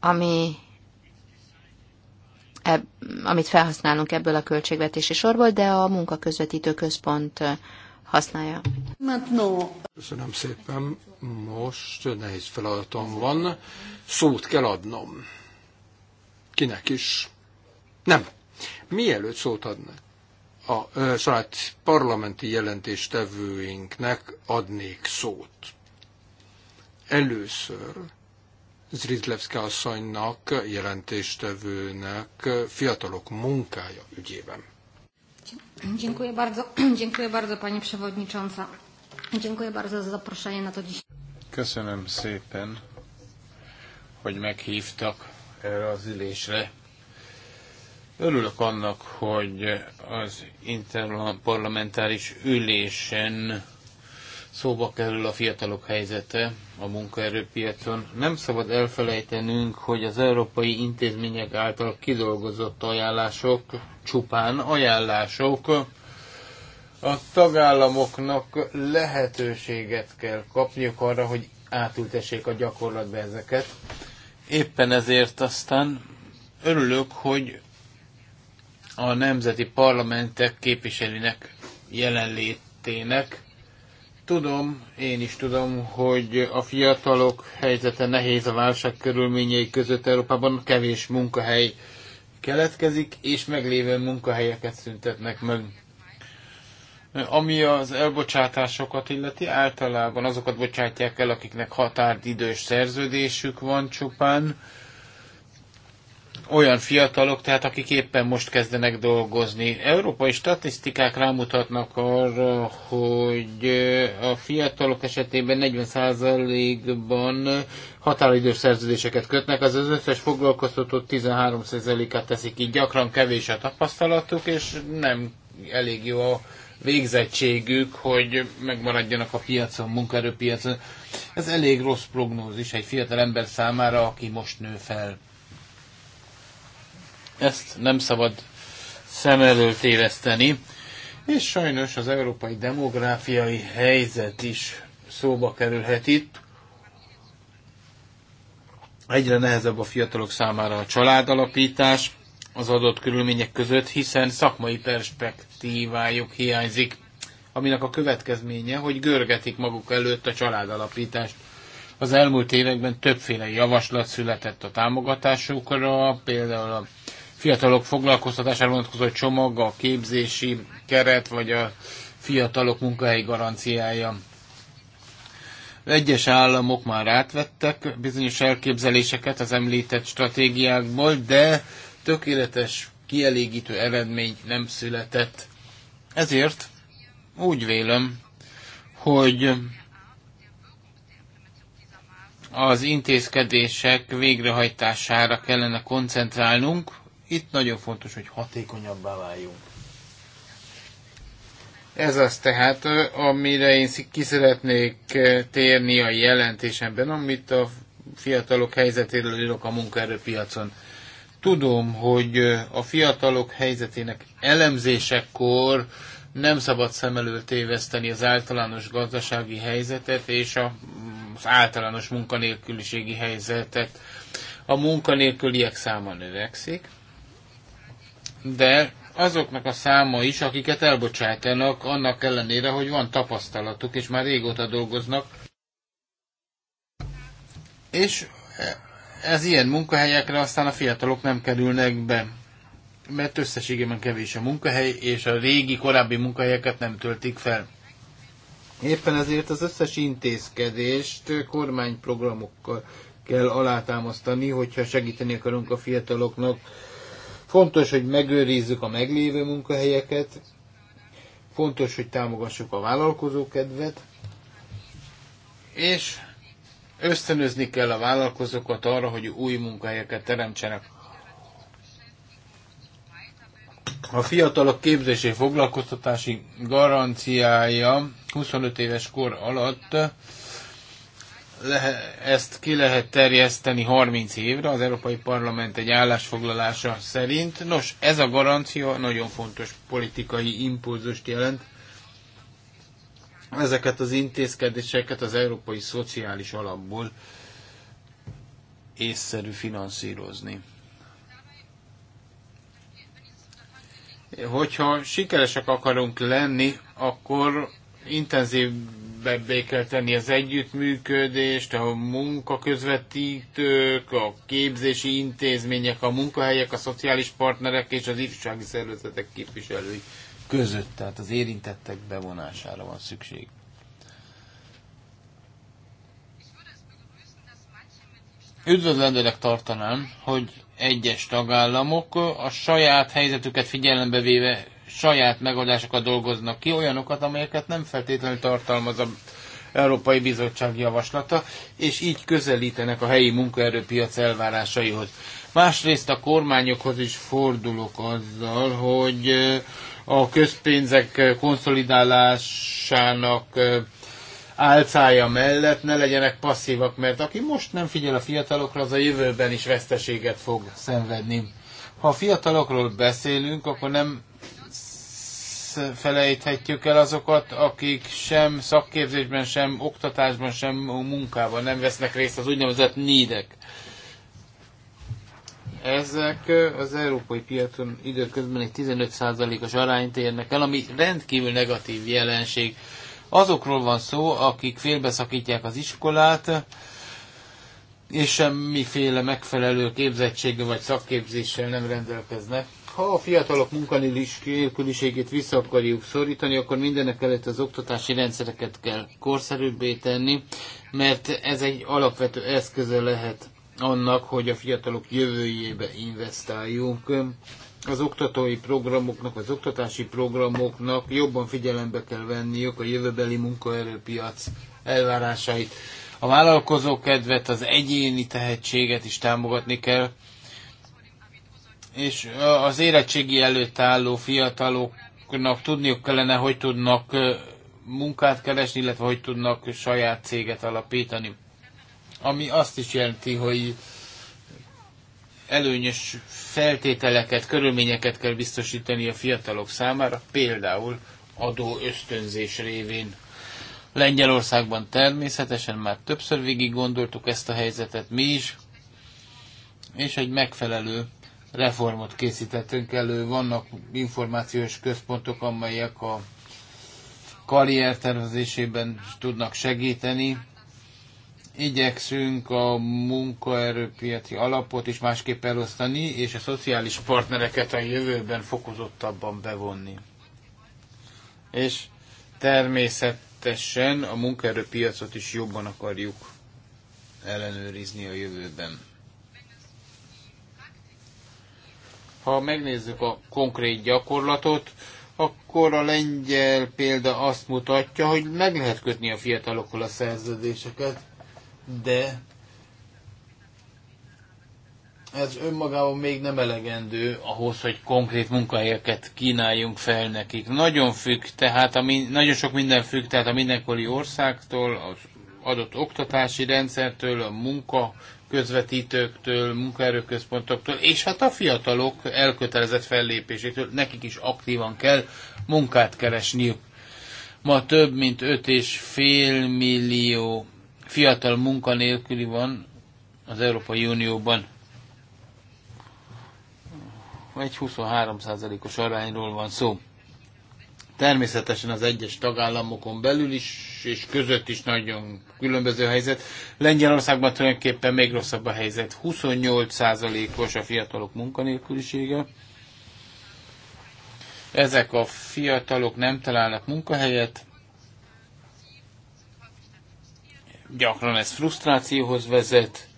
Speaker 4: ami eb, amit felhasználunk ebből a költségvetési sorból, de a munkaközvetítő központ használja.
Speaker 2: Köszönöm szépen. Most nehéz feladatom van. Szót kell adnom. Kinek is? Nem. Mielőtt szót adnak? a saját parlamenti jelentéstevőinknek adnék szót. Először Zridlevszka asszonynak, jelentéstevőnek fiatalok munkája ügyében.
Speaker 4: Dziękuję bardzo, dziękuję bardzo Pani Przewodnicząca. Dziękuję bardzo za zaproszenie na to dziś.
Speaker 2: Köszönöm szépen,
Speaker 3: hogy meghívtak erre az ülésre. Örülök annak, hogy az interparlamentáris ülésen szóba kerül a fiatalok helyzete a munkaerőpiacon. Nem szabad elfelejtenünk, hogy az európai intézmények által kidolgozott ajánlások csupán ajánlások. A tagállamoknak lehetőséget kell kapniuk arra, hogy átültessék a gyakorlatba ezeket. Éppen ezért aztán örülök, hogy a nemzeti parlamentek képviselőinek jelenlétének Tudom, én is tudom, hogy a fiatalok helyzete nehéz a válság körülményei között Európában, kevés munkahely keletkezik, és meglévő munkahelyeket szüntetnek meg. Ami az elbocsátásokat illeti, általában azokat bocsátják el, akiknek határidős szerződésük van csupán, olyan fiatalok, tehát akik éppen most kezdenek dolgozni. Európai statisztikák rámutatnak arra, hogy a fiatalok esetében 40%-ban határidős szerződéseket kötnek, az az összes foglalkoztatott 13%-át teszik így, gyakran kevés a tapasztalatuk, és nem elég jó a végzettségük, hogy megmaradjanak a piacon, munkaerőpiacon. Ez elég rossz prognózis egy fiatal ember számára, aki most nő fel ezt nem szabad szem elől téveszteni. És sajnos az európai demográfiai helyzet is szóba kerülhet itt. Egyre nehezebb a fiatalok számára a családalapítás az adott körülmények között, hiszen szakmai perspektívájuk hiányzik, aminek a következménye, hogy görgetik maguk előtt a családalapítást. Az elmúlt években többféle javaslat született a támogatásukra, például a fiatalok foglalkoztatására vonatkozó csomag, a képzési keret, vagy a fiatalok munkahelyi garanciája. Egyes államok már átvettek bizonyos elképzeléseket az említett stratégiákból, de tökéletes, kielégítő eredmény nem született. Ezért úgy vélem, hogy az intézkedések végrehajtására kellene koncentrálnunk, itt nagyon fontos, hogy hatékonyabbá váljunk. Ez az tehát, amire én ki szeretnék térni a jelentésemben, amit a fiatalok helyzetéről írok a munkaerőpiacon. Tudom, hogy a fiatalok helyzetének elemzésekor nem szabad szem előtt téveszteni az általános gazdasági helyzetet és a, mm, az általános munkanélküliségi helyzetet. A munkanélküliek száma növekszik, de azoknak a száma is, akiket elbocsátanak, annak ellenére, hogy van tapasztalatuk, és már régóta dolgoznak. És ez ilyen munkahelyekre aztán a fiatalok nem kerülnek be, mert összességében kevés a munkahely, és a régi, korábbi munkahelyeket nem töltik fel. Éppen ezért az összes intézkedést kormányprogramokkal kell alátámasztani, hogyha segíteni akarunk a fiataloknak Fontos, hogy megőrizzük a meglévő munkahelyeket, fontos, hogy támogassuk a vállalkozókedvet, és ösztönözni kell a vállalkozókat arra, hogy új munkahelyeket teremtsenek. A fiatalok képzési foglalkoztatási garanciája 25 éves kor alatt ezt ki lehet terjeszteni 30 évre az Európai Parlament egy állásfoglalása szerint. Nos, ez a garancia nagyon fontos politikai impulzust jelent. Ezeket az intézkedéseket az Európai Szociális Alapból észszerű finanszírozni. Hogyha sikeresek akarunk lenni, akkor intenzív könnyebbé kell tenni az együttműködést, a munkaközvetítők, a képzési intézmények, a munkahelyek, a szociális partnerek és az ifjúsági szervezetek képviselői között, tehát az érintettek bevonására van szükség. Üdvözlendőnek tartanám, hogy egyes tagállamok a saját helyzetüket figyelembe véve saját megoldásokat dolgoznak ki, olyanokat, amelyeket nem feltétlenül tartalmaz a Európai Bizottság javaslata, és így közelítenek a helyi munkaerőpiac elvárásaihoz. Másrészt a kormányokhoz is fordulok azzal, hogy eh, a közpénzek eh, konszolidálásának eh, álcája mellett ne legyenek passzívak, mert aki most nem figyel a fiatalokra, az a jövőben is veszteséget fog szenvedni. Ha a fiatalokról beszélünk, akkor nem felejthetjük el azokat, akik sem szakképzésben, sem oktatásban, sem munkában nem vesznek részt az úgynevezett nídek. Ezek az európai piacon időközben egy 15%-os arányt érnek el, ami rendkívül negatív jelenség. Azokról van szó, akik félbeszakítják az iskolát, és semmiféle megfelelő képzettsége vagy szakképzéssel nem rendelkeznek ha a fiatalok munkanélküliségét vissza akarjuk szorítani, akkor mindenek előtt az oktatási rendszereket kell korszerűbbé tenni, mert ez egy alapvető eszköze lehet annak, hogy a fiatalok jövőjébe investáljunk. Az oktatói programoknak, az oktatási programoknak jobban figyelembe kell venniük a jövőbeli munkaerőpiac elvárásait. A vállalkozó kedvet, az egyéni tehetséget is támogatni kell, és az érettségi előtt álló fiataloknak tudniuk kellene, hogy tudnak munkát keresni, illetve hogy tudnak saját céget alapítani. Ami azt is jelenti, hogy előnyös feltételeket, körülményeket kell biztosítani a fiatalok számára, például adó ösztönzés révén. Lengyelországban természetesen már többször végig gondoltuk ezt a helyzetet mi is, és egy megfelelő reformot készítettünk elő. Vannak információs központok, amelyek a karrier tervezésében tudnak segíteni. Igyekszünk a munkaerőpiaci alapot is másképp elosztani, és a szociális partnereket a jövőben fokozottabban bevonni. És természetesen a munkaerőpiacot is jobban akarjuk ellenőrizni a jövőben. Ha megnézzük a konkrét gyakorlatot, akkor a lengyel példa azt mutatja, hogy meg lehet kötni a fiatalokkal a szerződéseket, de ez önmagában még nem elegendő ahhoz, hogy konkrét munkahelyeket kínáljunk fel nekik. Nagyon függ, tehát a min- nagyon sok minden függ, tehát a mindenkori országtól, az adott oktatási rendszertől, a munka közvetítőktől, munkaerőközpontoktól, és hát a fiatalok elkötelezett fellépésétől nekik is aktívan kell munkát keresniük. Ma több mint 5,5 millió fiatal munkanélküli van az Európai Unióban. Egy 23%-os arányról van szó. Természetesen az egyes tagállamokon belül is és között is nagyon különböző helyzet. Lengyelországban tulajdonképpen még rosszabb a helyzet. 28%-os a fiatalok munkanélkülisége. Ezek a fiatalok nem találnak munkahelyet, gyakran ez frusztrációhoz vezet,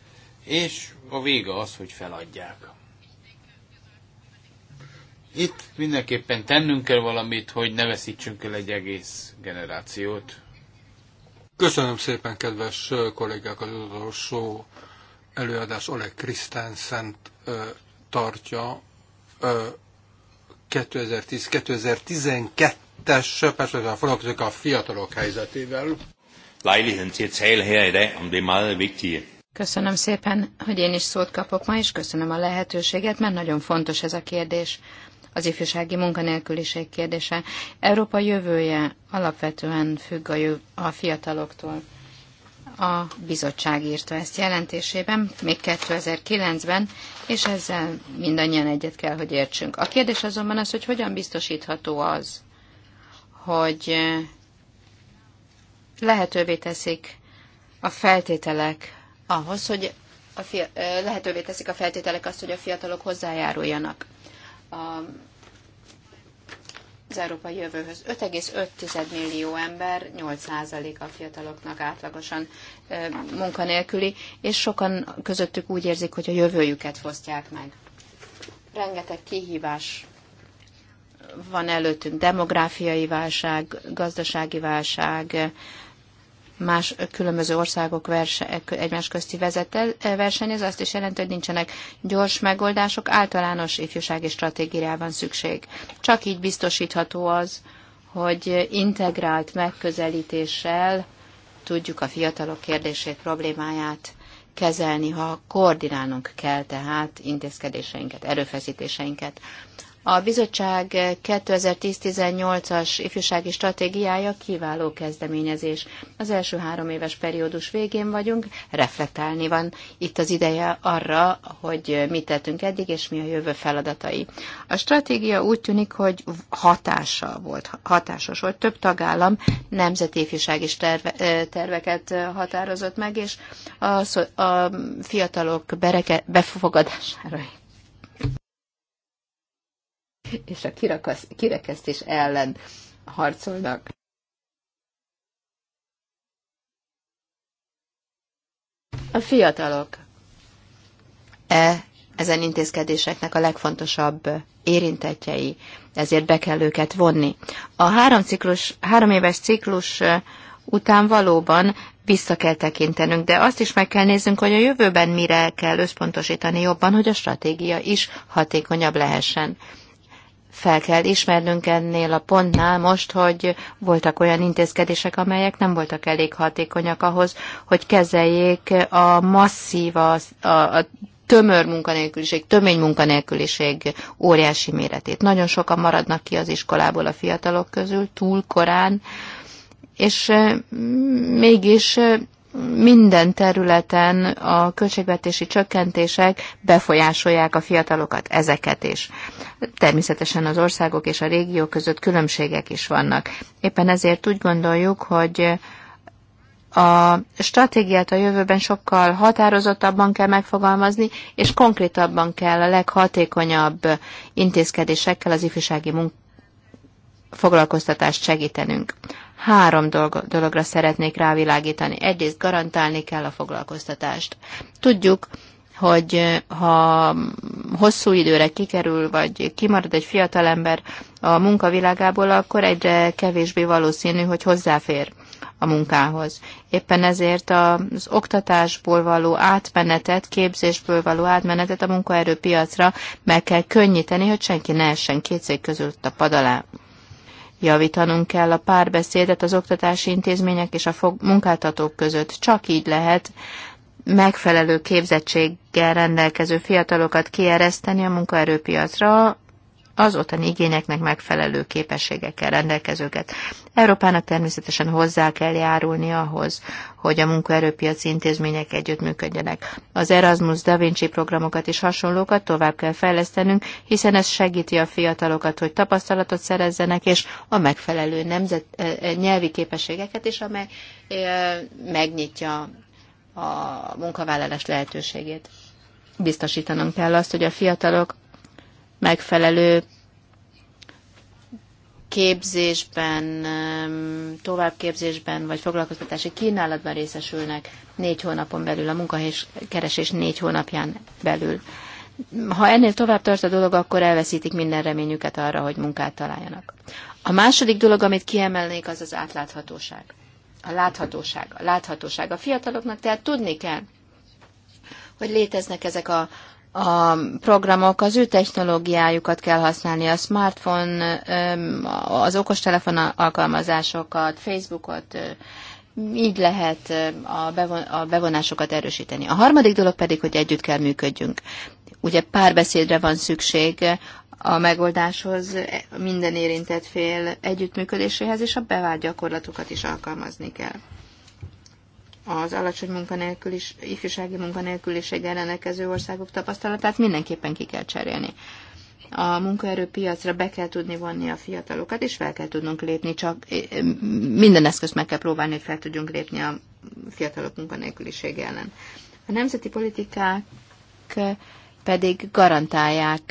Speaker 3: és a vége az, hogy feladják. Itt mindenképpen tennünk kell valamit, hogy ne veszítsünk el egy egész generációt.
Speaker 2: Köszönöm szépen, kedves kollégák, az utolsó előadás Oleg Krisztánszent tartja 2010-2012-es perspektívával foglalkozik a fiatalok helyzetével. Lejligheden til at tale her i dag
Speaker 4: Köszönöm szépen, hogy én is szót kapok ma, és köszönöm a lehetőséget, mert nagyon fontos ez a kérdés az ifjúsági munkanélküliség kérdése. Európa jövője alapvetően függ a, jöv- a fiataloktól. A bizottság írta ezt jelentésében, még 2009-ben, és ezzel mindannyian egyet kell, hogy értsünk. A kérdés azonban az, hogy hogyan biztosítható az, hogy eh, lehetővé teszik a feltételek ahhoz, hogy a fia- eh, lehetővé teszik a feltételek azt, hogy a fiatalok hozzájáruljanak a, az európai jövőhöz. 5,5 millió ember, 8% a fiataloknak átlagosan munkanélküli, és sokan közöttük úgy érzik, hogy a jövőjüket fosztják meg. Rengeteg kihívás van előttünk, demográfiai válság, gazdasági válság, más különböző országok verse, egymás közti vezetel, eh, verseny, azt is jelenti, hogy nincsenek gyors megoldások, általános ifjúsági stratégiára van szükség. Csak így biztosítható az, hogy integrált megközelítéssel tudjuk a fiatalok kérdését, problémáját kezelni, ha koordinálnunk kell tehát intézkedéseinket, erőfeszítéseinket. A bizottság 2010-18-as ifjúsági stratégiája kiváló kezdeményezés. Az első három éves periódus végén vagyunk, reflektálni van itt az ideje arra, hogy mit tettünk eddig, és mi a jövő feladatai. A stratégia úgy tűnik, hogy hatása volt, hatásos volt. Több tagállam nemzeti ifjúsági terve, terveket határozott meg, és a, a fiatalok bereke, befogadására és a kirakasz, kirekesztés ellen harcolnak. A fiatalok. E ezen intézkedéseknek a legfontosabb érintetjei, ezért be kell őket vonni. A három, ciklus, három éves ciklus után valóban vissza kell tekintenünk, de azt is meg kell néznünk, hogy a jövőben mire kell összpontosítani jobban, hogy a stratégia is hatékonyabb lehessen fel kell ismernünk ennél a pontnál most, hogy voltak olyan intézkedések, amelyek nem voltak elég hatékonyak ahhoz, hogy kezeljék a masszív, a, a tömör munkanélküliség, tömény munkanélküliség óriási méretét. Nagyon sokan maradnak ki az iskolából a fiatalok közül túl korán, és mm, mégis minden területen a költségvetési csökkentések befolyásolják a fiatalokat, ezeket is. Természetesen az országok és a régiók között különbségek is vannak. Éppen ezért úgy gondoljuk, hogy a stratégiát a jövőben sokkal határozottabban kell megfogalmazni, és konkrétabban kell a leghatékonyabb intézkedésekkel az ifjúsági munk- foglalkoztatást segítenünk. Három dologra szeretnék rávilágítani. Egyrészt garantálni kell a foglalkoztatást. Tudjuk, hogy eh, ha hosszú időre kikerül, vagy kimarad egy fiatalember a munkavilágából, akkor egyre kevésbé valószínű, hogy hozzáfér a munkához. Éppen ezért az oktatásból való átmenetet, képzésből való átmenetet a munkaerőpiacra meg kell könnyíteni, hogy senki ne essen két között a pad Javítanunk kell a párbeszédet az oktatási intézmények és a munkáltatók között. Csak így lehet megfelelő képzettséggel rendelkező fiatalokat kiereszteni a munkaerőpiacra, az ottani igényeknek megfelelő képességekkel rendelkezőket. Európának természetesen hozzá kell járulni ahhoz, hogy a munkaerőpiaci intézmények együttműködjenek. Az Erasmus Da Vinci programokat és hasonlókat tovább kell fejlesztenünk, hiszen ez segíti a fiatalokat, hogy tapasztalatot szerezzenek, és a megfelelő nemzet, eh, eh, nyelvi képességeket is, amely eh, megnyitja a munkavállalás lehetőségét. Biztosítanunk kell azt, hogy a fiatalok megfelelő képzésben, továbbképzésben vagy foglalkoztatási kínálatban részesülnek négy hónapon belül, a keresés négy hónapján belül. Ha ennél tovább tart a dolog, akkor elveszítik minden reményüket arra, hogy munkát találjanak. A második dolog, amit kiemelnék, az az átláthatóság. A láthatóság. A láthatóság. A fiataloknak tehát tudni kell, hogy léteznek ezek a, a programok az ő technológiájukat kell használni, a smartphone, az okostelefon alkalmazásokat, Facebookot, így lehet a bevonásokat erősíteni. A harmadik dolog pedig, hogy együtt kell működjünk. Ugye párbeszédre van szükség a megoldáshoz, minden érintett fél együttműködéséhez, és a bevált gyakorlatokat is alkalmazni kell az alacsony munkanélkülis, ifjúsági munkanélküliséggel rendelkező országok tapasztalatát mindenképpen ki kell cserélni. A munkaerőpiacra be kell tudni vonni a fiatalokat, és fel kell tudnunk lépni, csak eh, minden eszközt meg kell próbálni, hogy fel tudjunk lépni a fiatalok munkanélküliség ellen. A nemzeti politikák pedig garantálják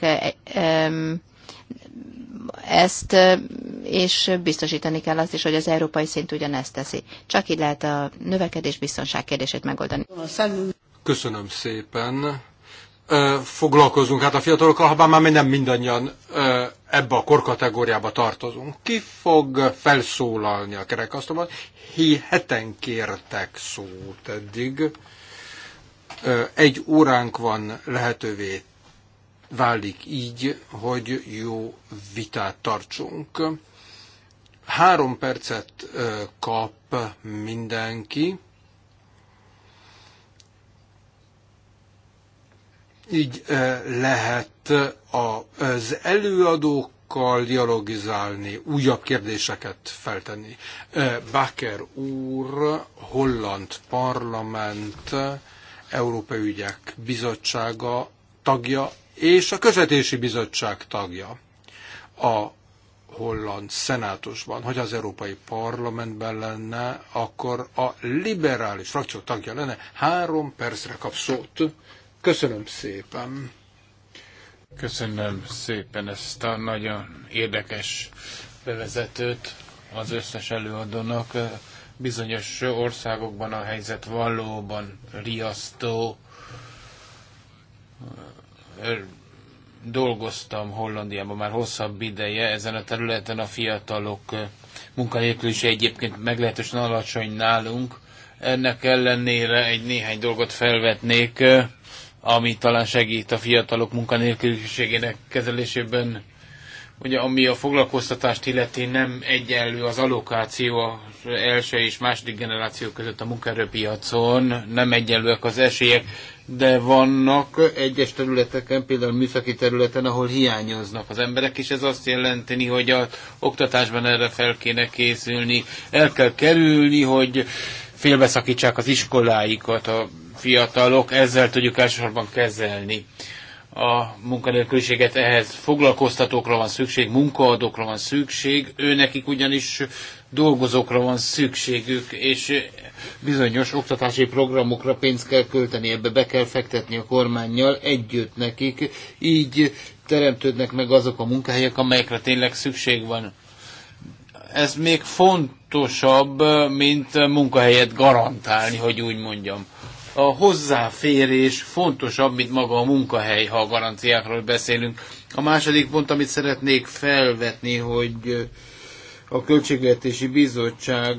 Speaker 4: eh, ezt, és biztosítani kell azt is, hogy az európai szint ugyanezt teszi. Csak így lehet a növekedés biztonság kérdését megoldani.
Speaker 2: Köszönöm szépen. Foglalkozunk hát a fiatalokkal, ha már mi nem mindannyian ebbe a korkategóriába tartozunk. Ki fog felszólalni a kerekasztalban? Heten kértek szót eddig. Egy óránk van lehetővé válik így, hogy jó vitát tartsunk. Három percet kap mindenki. Így lehet az előadókkal dialogizálni, újabb kérdéseket feltenni. Baker úr, Holland Parlament, Európai Ügyek Bizottsága tagja és a közvetési bizottság tagja a holland szenátusban, hogy az Európai Parlamentben lenne, akkor a liberális frakció tagja lenne. Három percre kap szót. Köszönöm szépen.
Speaker 3: Köszönöm szépen ezt a nagyon érdekes bevezetőt az összes előadónak. Bizonyos országokban a helyzet valóban riasztó dolgoztam Hollandiában már hosszabb ideje ezen a területen a fiatalok munkanélkülése egyébként meglehetősen alacsony nálunk. Ennek ellenére egy néhány dolgot felvetnék, ami talán segít a fiatalok munkanélküliségének kezelésében. Ugye ami a foglalkoztatást illeti nem egyenlő az allokáció a első és második generáció között a munkaerőpiacon nem egyenlőek az esélyek, de vannak egyes területeken, például műszaki területen, ahol hiányoznak az emberek, és ez azt jelenteni, hogy az oktatásban erre fel kéne készülni, el kell kerülni, hogy félbeszakítsák az iskoláikat a fiatalok, ezzel tudjuk elsősorban kezelni a munkanélküliséget, ehhez foglalkoztatókra van szükség, munkaadókra van szükség, őnekik ugyanis dolgozókra van szükségük, és bizonyos oktatási programokra pénzt kell költeni, ebbe be kell fektetni a kormányjal együtt nekik, így teremtődnek meg azok a munkahelyek, amelyekre tényleg szükség van. Ez még fontosabb, mint munkahelyet garantálni, hogy úgy mondjam. A hozzáférés fontosabb, mint maga a munkahely, ha a garanciákról beszélünk. A második pont, amit szeretnék felvetni, hogy a Költségvetési Bizottság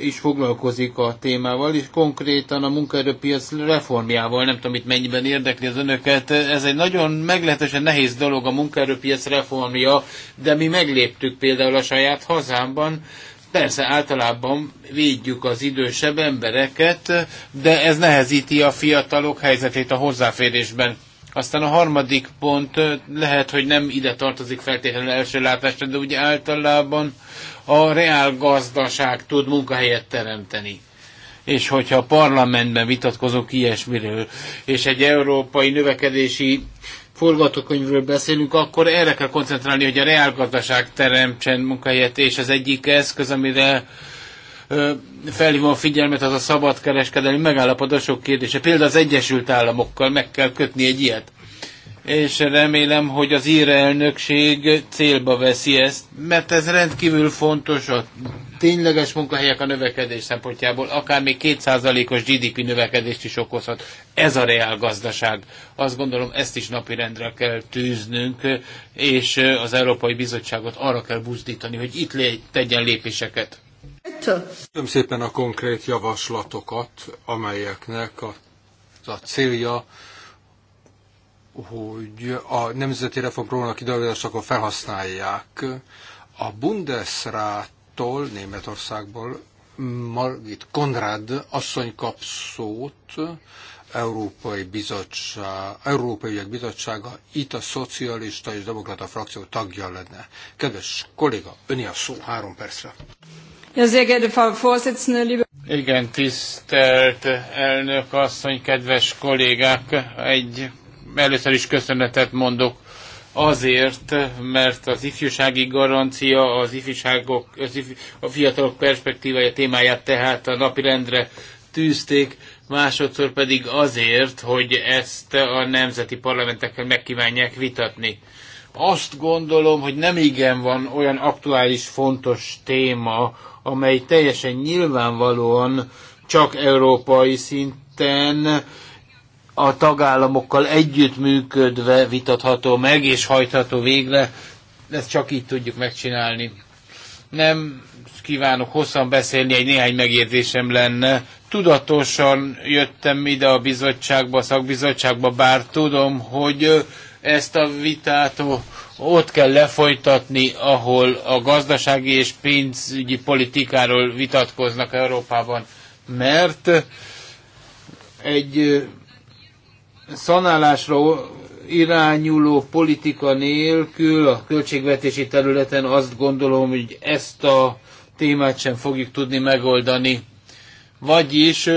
Speaker 3: is foglalkozik a témával, és konkrétan a munkaerőpiac reformjával, nem tudom itt mennyiben érdekli az önöket. Ez egy nagyon meglehetősen nehéz dolog a munkaerőpiac reformja, de mi megléptük például a saját hazámban, Persze általában védjük az idősebb embereket, de ez nehezíti a fiatalok helyzetét a hozzáférésben. Aztán a harmadik pont lehet, hogy nem ide tartozik feltétlenül első látásra, de ugye általában a reál gazdaság tud munkahelyet teremteni és hogyha a parlamentben vitatkozok ilyesmiről, és egy európai növekedési forgatókönyvről beszélünk, akkor erre kell koncentrálni, hogy a reálgazdaság teremtsen munkahelyet, és az egyik eszköz, amire felhívom a figyelmet, az a szabadkereskedelmi megállapodások kérdése. Például az Egyesült Államokkal meg kell kötni egy ilyet. És remélem, hogy az ír elnökség célba veszi ezt, mert ez rendkívül fontos a tényleges munkahelyek a növekedés szempontjából, akár még 2%-os GDP növekedést is okozhat. Ez a reál gazdaság. Azt gondolom, ezt is napirendre kell tűznünk, és az Európai Bizottságot arra kell buzdítani, hogy itt tegyen lépéseket.
Speaker 2: Köszönöm szépen a konkrét javaslatokat, amelyeknek a, a célja, hogy a nemzeti reformprogramnak kidolgozásakor felhasználják a Bundesrától, Németországból Margit Konrad asszony kap szót, Európai, Bizottság, Európai Ügyek Bizottsága, itt a szocialista és demokrata frakció tagja lenne. Kedves kolléga, öni a szó három percre. Igen, tisztelt elnök asszony,
Speaker 3: kedves kollégák, egy először is köszönetet mondok azért, mert az ifjúsági garancia, az ifjúságok, az ifj, a fiatalok perspektívája témáját tehát a napirendre tűzték, másodszor pedig azért, hogy ezt a nemzeti parlamentekkel megkívánják vitatni. Azt gondolom, hogy nem igen van olyan aktuális, fontos téma, amely teljesen nyilvánvalóan csak európai szinten a tagállamokkal együttműködve vitatható meg és hajtható végre. Ezt csak így tudjuk megcsinálni. Nem kívánok hosszan beszélni, egy néhány megérzésem lenne. Tudatosan jöttem ide a bizottságba, a szakbizottságba, bár tudom, hogy ezt a vitát ott kell lefolytatni, ahol a gazdasági és pénzügyi politikáról vitatkoznak Európában, mert egy szanálásra irányuló politika nélkül a költségvetési területen azt gondolom, hogy ezt a témát sem fogjuk tudni megoldani. Vagyis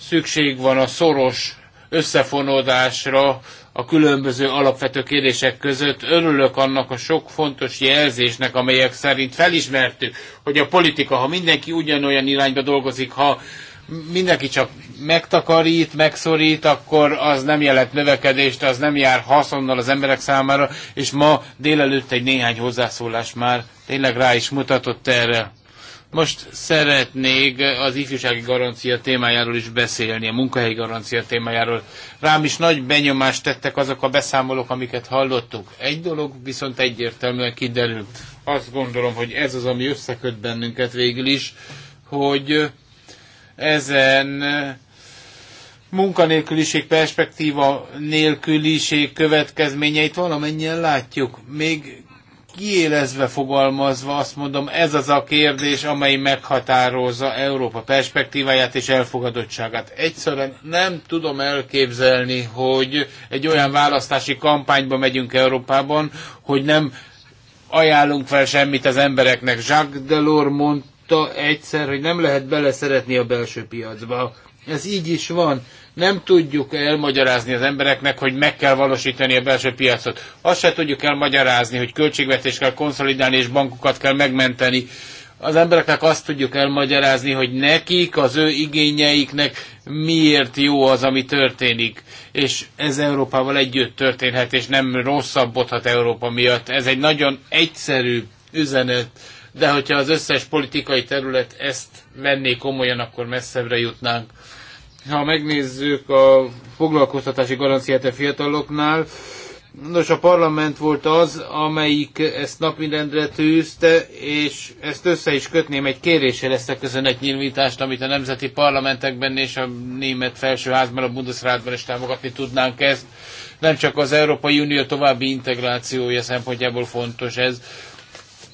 Speaker 3: szükség van a szoros összefonódásra a különböző alapvető kérdések között. Örülök annak a sok fontos jelzésnek, amelyek szerint felismertük, hogy a politika, ha mindenki ugyanolyan irányba dolgozik, ha mindenki csak megtakarít, megszorít, akkor az nem jelent növekedést, az nem jár haszonnal az emberek számára, és ma délelőtt egy néhány hozzászólás már tényleg rá is mutatott erre. Most szeretnék az ifjúsági garancia témájáról is beszélni, a munkahelyi garancia témájáról. Rám is nagy benyomást tettek azok a beszámolók, amiket hallottuk. Egy dolog viszont egyértelműen kiderült: Azt gondolom, hogy ez az, ami összeköt bennünket végül is, hogy ezen munkanélküliség perspektíva nélküliség következményeit valamennyien látjuk. Még kiélezve fogalmazva azt mondom, ez az a kérdés, amely meghatározza Európa perspektíváját és elfogadottságát. Egyszerűen nem tudom elképzelni, hogy egy olyan választási kampányba megyünk Európában, hogy nem ajánlunk fel semmit az embereknek. Jacques Delors mondta egyszer, hogy nem lehet beleszeretni a belső piacba. Ez így is van. Nem tudjuk elmagyarázni az embereknek, hogy meg kell valósítani a belső piacot. Azt se tudjuk elmagyarázni, hogy költségvetés kell konszolidálni és bankokat kell megmenteni. Az embereknek azt tudjuk elmagyarázni, hogy nekik, az ő igényeiknek miért jó az, ami történik. És ez Európával együtt történhet, és nem rosszabbodhat Európa miatt. Ez egy nagyon egyszerű üzenet, de hogyha az összes politikai terület ezt venné komolyan, akkor messzebbre jutnánk. Ha megnézzük a foglalkoztatási garanciát a fiataloknál, Nos, a parlament volt az, amelyik ezt napirendre tűzte, és ezt össze is kötném egy kéréssel ezt a nyilvítást, amit a nemzeti parlamentekben és a német felsőházban, a Bundesrátban is támogatni tudnánk ezt. Nem csak az Európai Unió további integrációja szempontjából fontos ez,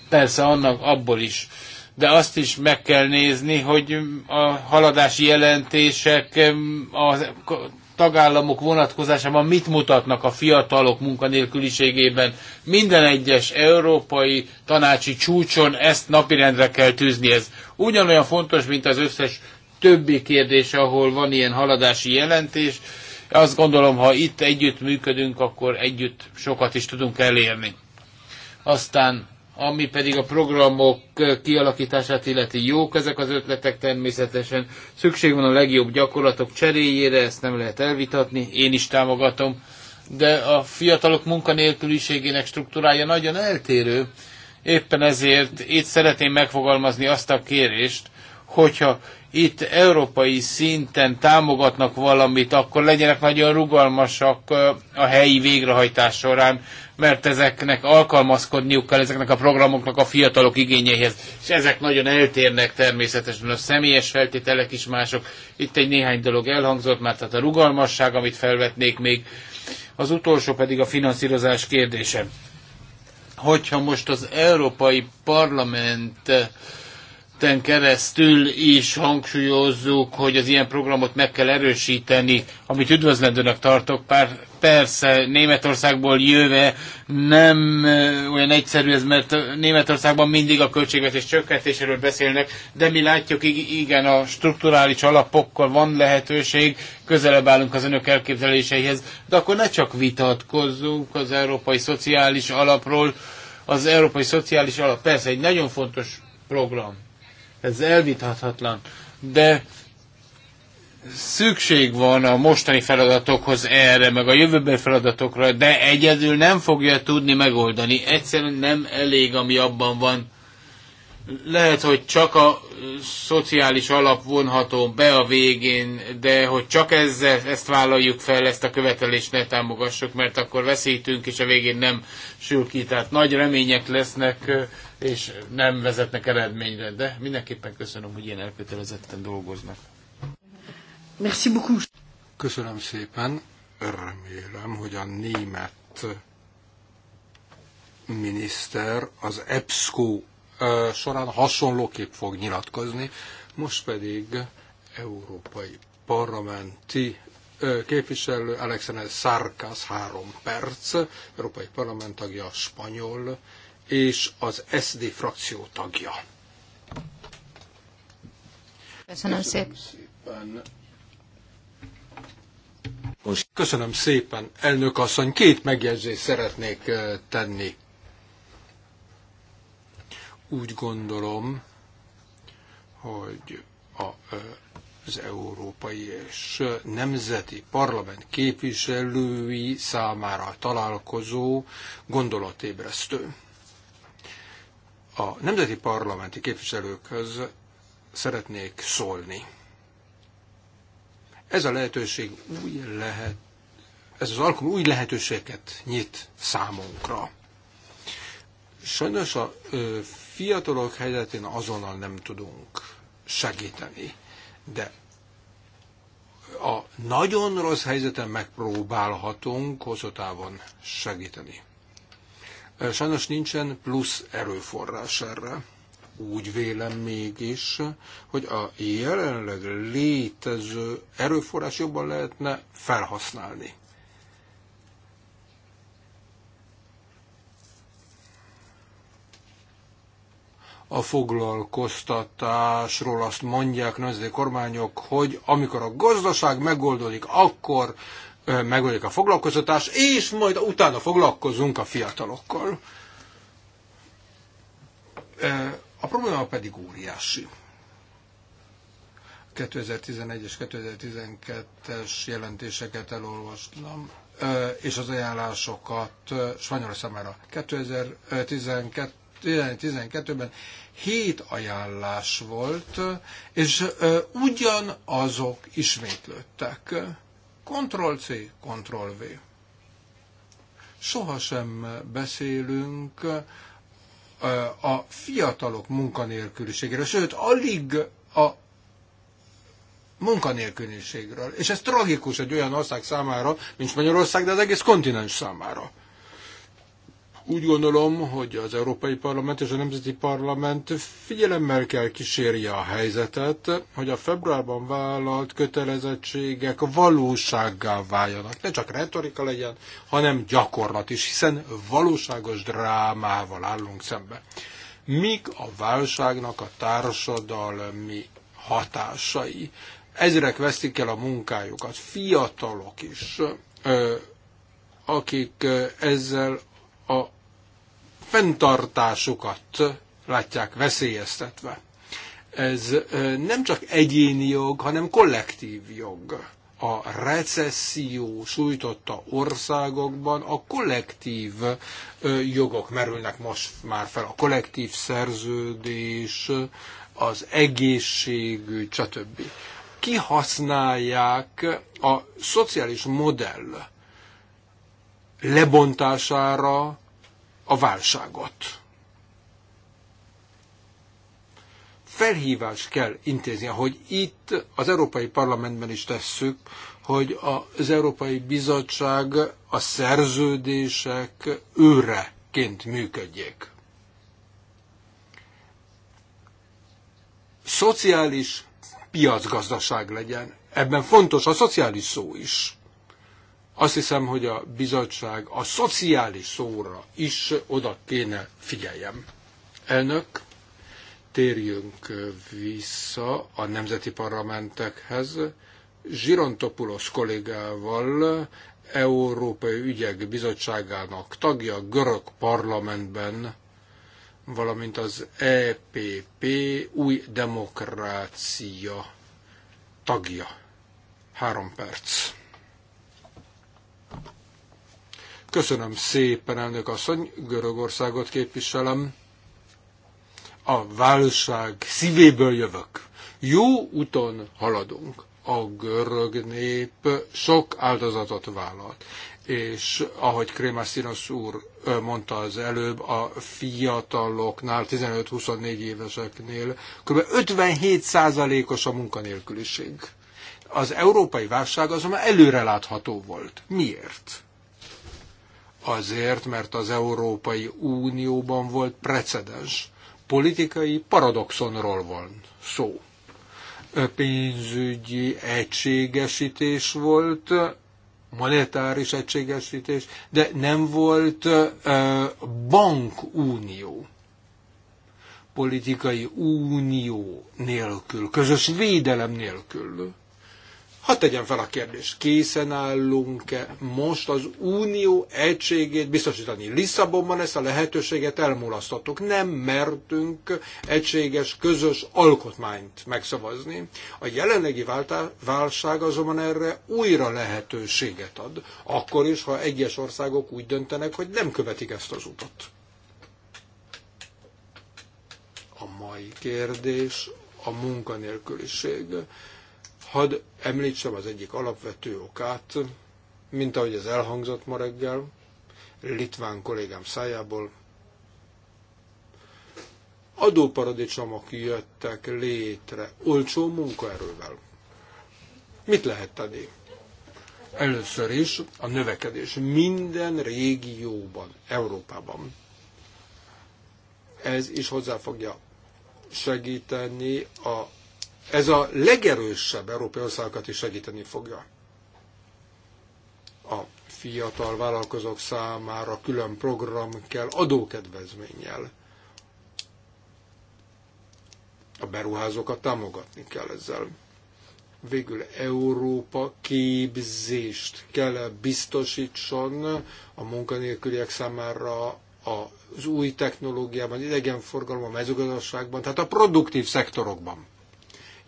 Speaker 3: persze annak abból is de azt is meg kell nézni, hogy a haladási jelentések a tagállamok vonatkozásában mit mutatnak a fiatalok munkanélküliségében. Minden egyes európai tanácsi csúcson ezt napirendre kell tűzni. Ez ugyanolyan fontos, mint az összes többi kérdés, ahol van ilyen haladási jelentés. Azt gondolom, ha itt együtt működünk, akkor együtt sokat is tudunk elérni. Aztán ami pedig a programok kialakítását illeti jók ezek az ötletek természetesen. Szükség van a legjobb gyakorlatok cseréjére, ezt nem lehet elvitatni, én is támogatom, de a fiatalok munkanélküliségének struktúrája nagyon eltérő. Éppen ezért itt szeretném megfogalmazni azt a kérést, hogyha itt európai szinten támogatnak valamit, akkor legyenek nagyon rugalmasak a helyi végrehajtás során mert ezeknek alkalmazkodniuk kell ezeknek a programoknak a fiatalok igényeihez, és ezek nagyon eltérnek természetesen, a személyes feltételek is mások. Itt egy néhány dolog elhangzott már, tehát a rugalmasság, amit felvetnék még, az utolsó pedig a finanszírozás kérdése. Hogyha most az Európai Parlament projekten keresztül is hangsúlyozzuk, hogy az ilyen programot meg kell erősíteni, amit üdvözlendőnek tartok. Pár, persze Németországból jöve nem eh, olyan egyszerű ez, mert Németországban mindig a költségvetés csökkentéséről beszélnek, de mi látjuk, igen, a strukturális alapokkal van lehetőség, közelebb állunk az önök elképzeléseihez, de akkor ne csak vitatkozzunk az európai szociális alapról, az Európai Szociális Alap persze egy nagyon fontos program, ez elvitathatlan. De szükség van a mostani feladatokhoz erre, meg a jövőbeli feladatokra, de egyedül nem fogja tudni megoldani. Egyszerűen nem elég, ami abban van. Lehet, hogy csak a szociális alap vonható be a végén, de hogy csak ezzel ezt vállaljuk fel, ezt a követelést ne támogassuk, mert akkor veszítünk, és a végén nem sül ki. Tehát nagy remények lesznek és nem vezetnek eredményre, de mindenképpen
Speaker 2: köszönöm, hogy ilyen elkötelezetten dolgoznak.
Speaker 1: Merci beaucoup.
Speaker 2: Köszönöm szépen. Remélem, hogy a német miniszter az EBSCO során hasonlóképp fog nyilatkozni, most pedig európai parlamenti képviselő Alexander Sarkas három perc, európai parlament tagja spanyol és az SD frakció tagja.
Speaker 4: Köszönöm, Köszönöm szépen.
Speaker 2: Köszönöm szépen, elnök asszony. Két megjegyzést szeretnék tenni. Úgy gondolom, hogy a, az európai és nemzeti parlament képviselői számára találkozó gondolatébresztő. A nemzeti parlamenti képviselőkhöz szeretnék szólni. Ez a lehetőség új lehet, ez az alkalom új lehetőséget nyit számunkra. Sajnos a fiatalok helyzetén azonnal nem tudunk segíteni, de a nagyon rossz helyzeten megpróbálhatunk hosszú távon segíteni. Sajnos nincsen plusz erőforrás erre. Úgy vélem mégis, hogy a jelenleg létező erőforrás jobban lehetne felhasználni. a foglalkoztatásról azt mondják nemzeti kormányok, hogy amikor a gazdaság megoldódik, akkor megoldjuk a foglalkoztatást, és majd utána foglalkozunk a fiatalokkal. A probléma pedig óriási. 2011 és 2012-es jelentéseket elolvastam, és az ajánlásokat Spanyolország számára. 2012-ben 7 ajánlás volt, és ugyanazok ismétlődtek. Ctrl-C, Ctrl-V. Sohasem beszélünk eh, a fiatalok munkanélküliségéről, sőt, alig a munkanélküliségről. És ez tragikus egy olyan ország számára, mint Magyarország, de az egész kontinens számára. Úgy gondolom, hogy az Európai Parlament és a Nemzeti Parlament figyelemmel kell kísérje a helyzetet, hogy a februárban vállalt kötelezettségek valósággá váljanak. Ne csak retorika legyen, hanem gyakorlat is, hiszen valóságos drámával állunk szembe. Mik a válságnak a társadalmi hatásai? Ezrek vesztik el a munkájukat, fiatalok is, akik ezzel a fenntartásukat látják veszélyeztetve. Ez nem csak egyéni jog, hanem kollektív jog. A recesszió sújtotta országokban a kollektív jogok merülnek most már fel. A kollektív szerződés, az egészségügy, stb. Kihasználják a szociális modell lebontására a válságot. Felhívás kell intézni, hogy itt az Európai Parlamentben is tesszük, hogy az Európai Bizottság a szerződések őreként működjék. Szociális piacgazdaság legyen. Ebben fontos a szociális szó is. Azt hiszem, hogy a bizottság a szociális szóra is oda kéne figyeljem. Elnök, térjünk vissza a nemzeti parlamentekhez. Zsirontopulos kollégával Európai Ügyek Bizottságának tagja görög parlamentben, valamint az EPP új demokrácia tagja. Három perc. Köszönöm szépen, elnök asszony, Görögországot képviselem. A válság szívéből jövök. Jó úton haladunk. A görög nép sok áldozatot vállalt és ahogy Krémászinos úr mondta az előbb, a fiataloknál, 15-24 éveseknél kb. 57%-os a munkanélküliség. Az európai válság azonban előrelátható volt. Miért? Azért, mert az Európai Unióban volt precedens. Politikai paradoxonról van szó. Pénzügyi egységesítés volt, monetáris egységesítés, de nem volt bankunió politikai unió nélkül, közös védelem nélkül. Hadd tegyen fel a kérdést, készen állunk-e most az unió egységét biztosítani? Lisszabonban ezt a lehetőséget elmulasztottuk. Nem mertünk egységes, közös alkotmányt megszavazni. A jelenlegi válság azonban erre újra lehetőséget ad, akkor is, ha egyes országok úgy döntenek, hogy nem követik ezt az utat. A mai kérdés a munkanélküliség Hadd említsem az egyik alapvető okát, mint ahogy ez elhangzott ma reggel, litván kollégám szájából, adóparadicsomok jöttek létre olcsó munkaerővel. Mit lehet tenni? Először is a növekedés minden régióban, Európában. Ez is hozzá fogja segíteni a ez a legerősebb európai országokat is segíteni fogja. A fiatal vállalkozók számára külön program kell adókedvezménnyel. A beruházókat támogatni kell ezzel. Végül Európa képzést kell biztosítson a munkanélküliek számára az új technológiában, idegenforgalomban, mezőgazdaságban, tehát a produktív szektorokban.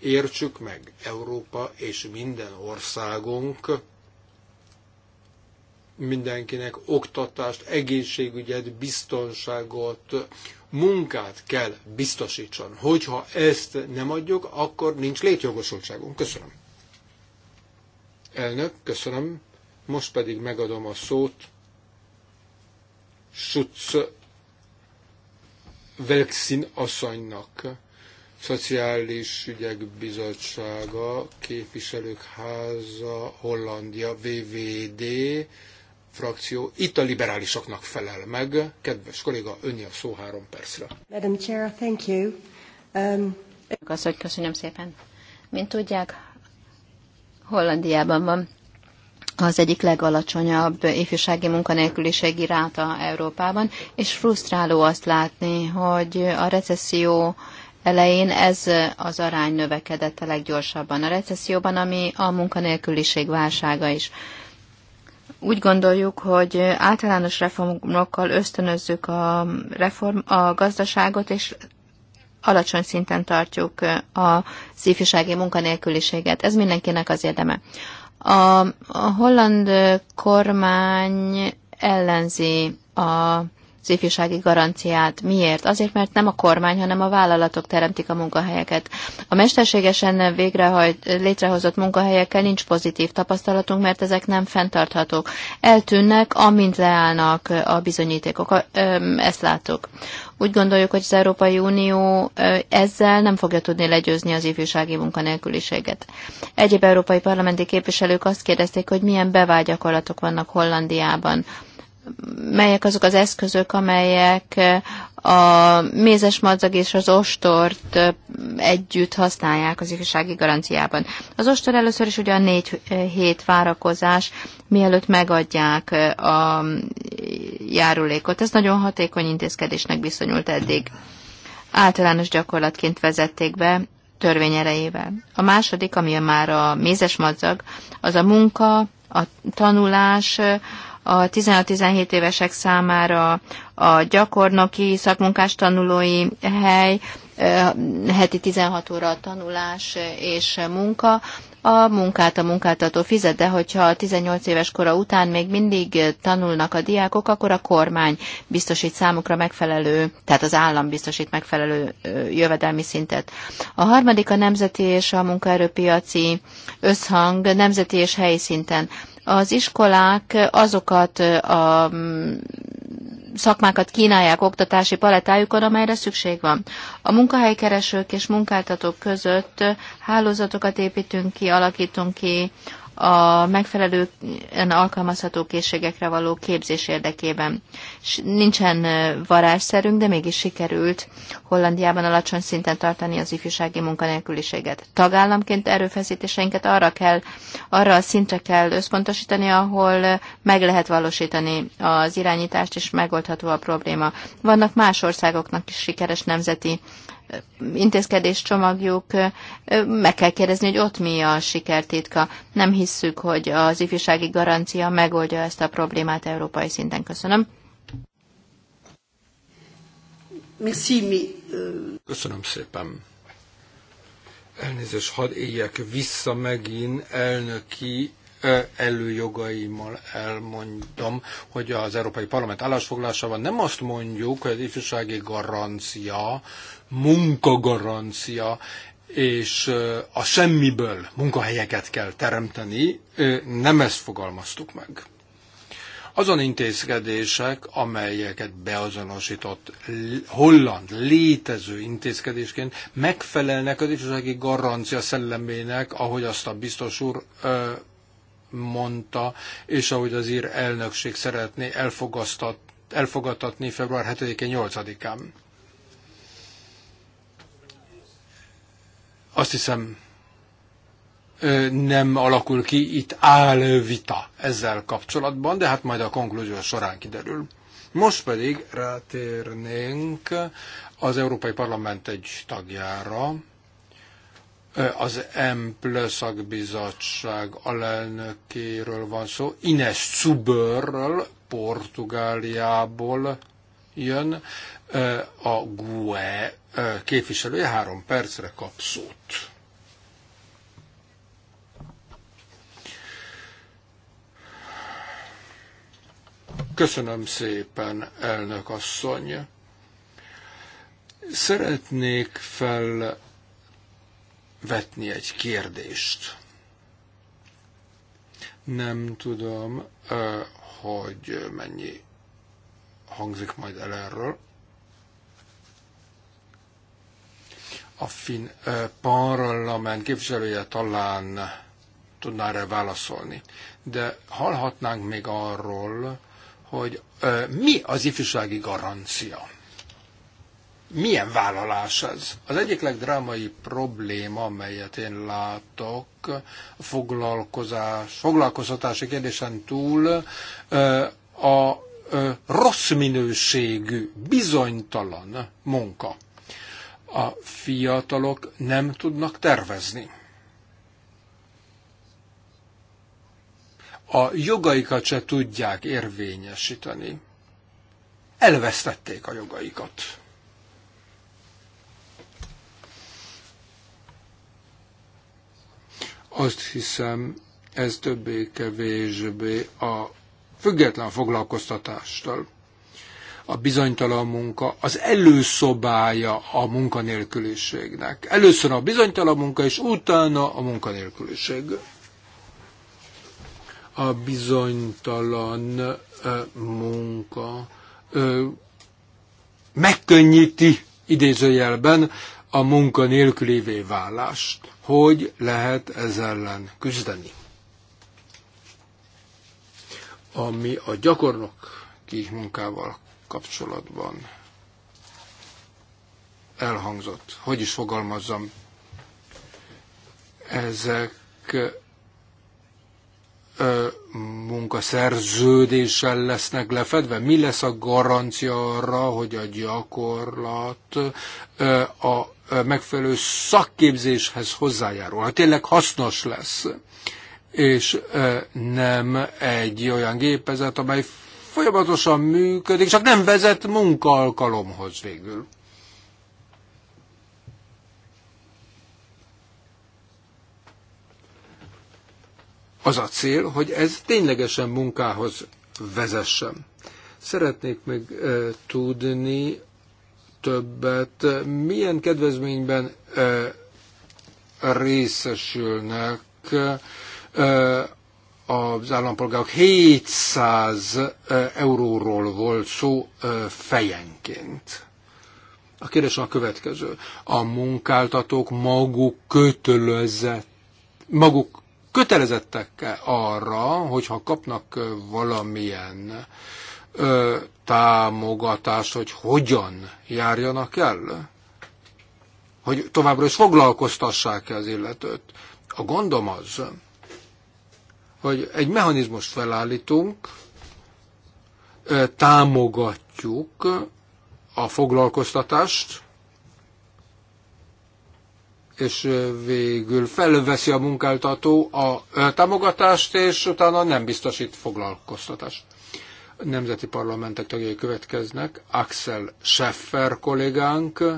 Speaker 2: Értsük meg, Európa és minden országunk mindenkinek oktatást, egészségügyet, biztonságot, munkát kell biztosítson. Hogyha ezt nem adjuk, akkor nincs létjogosultságunk. Köszönöm. Elnök, köszönöm. Most pedig megadom a szót Schutz Velkszin asszonynak Szociális Ügyek Bizottsága, Képviselők Háza, Hollandia, VVD, frakció itt a liberálisoknak felel meg. Kedves kolléga, önni a szó három percre.
Speaker 4: Madam Chair, thank you. Um... Asszony, köszönöm szépen. Mint tudják, Hollandiában van az egyik legalacsonyabb ifjúsági munkanélküliségi ráta Európában, és frusztráló azt látni, hogy a recesszió elején ez az arány növekedett a leggyorsabban a recesszióban, ami a munkanélküliség válsága is. Úgy gondoljuk, hogy általános reformokkal ösztönözzük a, reform, a gazdaságot, és alacsony szinten tartjuk a ifjúsági munkanélküliséget. Ez mindenkinek az érdeme. A, a holland kormány ellenzi a az ifjúsági garanciát. Miért? Azért, mert nem a kormány, hanem a vállalatok teremtik a munkahelyeket. A mesterségesen végrehajt, létrehozott munkahelyekkel nincs pozitív tapasztalatunk, mert ezek nem fenntarthatók. Eltűnnek, amint leállnak a bizonyítékok. Ezt látok. Úgy gondoljuk, hogy az Európai Unió ezzel nem fogja tudni legyőzni az ifjúsági munkanélküliséget. Egyéb európai parlamenti képviselők azt kérdezték, hogy milyen bevágyakorlatok vannak Hollandiában melyek azok az eszközök, amelyek eh, a mézes madzag és az ostort eh, együtt használják az ifjúsági garanciában. Az ostor először is ugye a négy eh, hét várakozás, mielőtt megadják a járulékot. Ez nagyon hatékony intézkedésnek bizonyult eddig. Általános gyakorlatként vezették be törvény erejével. A második, ami már a mézes madzag, az a munka, a tanulás, a 16-17 évesek számára a gyakornoki szakmunkás tanulói hely, heti 16 óra tanulás és munka. A munkát a munkáltató fizet, de hogyha 18 éves kora után még mindig tanulnak a diákok, akkor a kormány biztosít számukra megfelelő, tehát az állam biztosít megfelelő jövedelmi szintet. A harmadik a nemzeti és a munkaerőpiaci összhang nemzeti és helyi szinten. Az iskolák azokat a mm, szakmákat kínálják oktatási palettájukon, amelyre szükség van. A munkahelykeresők és munkáltatók között hálózatokat építünk ki, alakítunk ki a megfelelően alkalmazható készségekre való képzés érdekében. Nincsen varázsszerünk, de mégis sikerült Hollandiában alacsony szinten tartani az ifjúsági munkanélküliséget. Tagállamként erőfeszítéseinket arra kell, arra a szintre kell összpontosítani, ahol meg lehet valósítani az irányítást, és megoldható a probléma. Vannak más országoknak is sikeres nemzeti intézkedés csomagjuk, meg kell kérdezni, hogy ott mi a sikertitka. Nem hisszük, hogy az ifjúsági garancia megoldja ezt a problémát európai szinten. Köszönöm.
Speaker 2: Köszönöm szépen. Elnézést, hadd éljek vissza megint elnöki előjogaimmal elmondom, hogy az Európai Parlament állásfoglásában nem azt mondjuk, hogy az ifjúsági garancia munkagarancia, és a semmiből munkahelyeket kell teremteni, nem ezt fogalmaztuk meg. Azon intézkedések, amelyeket beazonosított holland létező intézkedésként megfelelnek az ifjúsági garancia szellemének, ahogy azt a biztos úr mondta, és ahogy az ír elnökség szeretné elfogadtatni február 7-én, 8-án. Azt hiszem, nem alakul ki itt vita ezzel kapcsolatban, de hát majd a konklúzió során kiderül. Most pedig rátérnénk az Európai Parlament egy tagjára, az M szakbizottság alelnökéről van szó, Ines Zuberről, Portugáliából jön, a GUE képviselője három percre kap szót. Köszönöm szépen, elnök asszony. Szeretnék felvetni egy kérdést. Nem tudom, hogy mennyi hangzik majd el erről. A finn parlament képviselője talán tudná erre válaszolni. De hallhatnánk még arról, hogy mi az ifjúsági garancia? Milyen vállalás ez? Az egyik legdrámai probléma, amelyet én látok, a foglalkozás, foglalkoztatási kérdésen túl a rossz minőségű, bizonytalan munka a fiatalok nem tudnak tervezni. A jogaikat se tudják érvényesíteni. Elvesztették a jogaikat. Azt hiszem, ez többé-kevésbé a független foglalkoztatástól a bizonytalan munka az előszobája a munkanélküliségnek. Először a bizonytalan munka, és utána a munkanélküliség. A bizonytalan munka megkönnyíti idézőjelben a munkanélkülévé válást. Hogy lehet ez ellen küzdeni? Ami a gyakornok kis munkával kapcsolatban elhangzott. Hogy is fogalmazzam? Ezek munkaszerződéssel lesznek lefedve? Mi lesz a garancia arra, hogy a gyakorlat a megfelelő szakképzéshez hozzájárul, ha tényleg hasznos lesz, és nem egy olyan gépezet, amely folyamatosan működik, csak nem vezet munkaalkalomhoz végül. Az a cél, hogy ez ténylegesen munkához vezessen. Szeretnék még e, tudni többet, milyen kedvezményben e, részesülnek e, az állampolgárok 700 euróról volt szó fejenként. A kérdés a következő. A munkáltatók maguk kötelezett, maguk kötelezettek arra, hogyha kapnak valamilyen ö, támogatást, hogy hogyan járjanak el? Hogy továbbra is foglalkoztassák az illetőt? A gondom az, hogy egy mechanizmust felállítunk, támogatjuk a foglalkoztatást, és végül felveszi a munkáltató a támogatást, és utána nem biztosít foglalkoztatást. A nemzeti parlamentek tagjai következnek, Axel Scheffer kollégánk,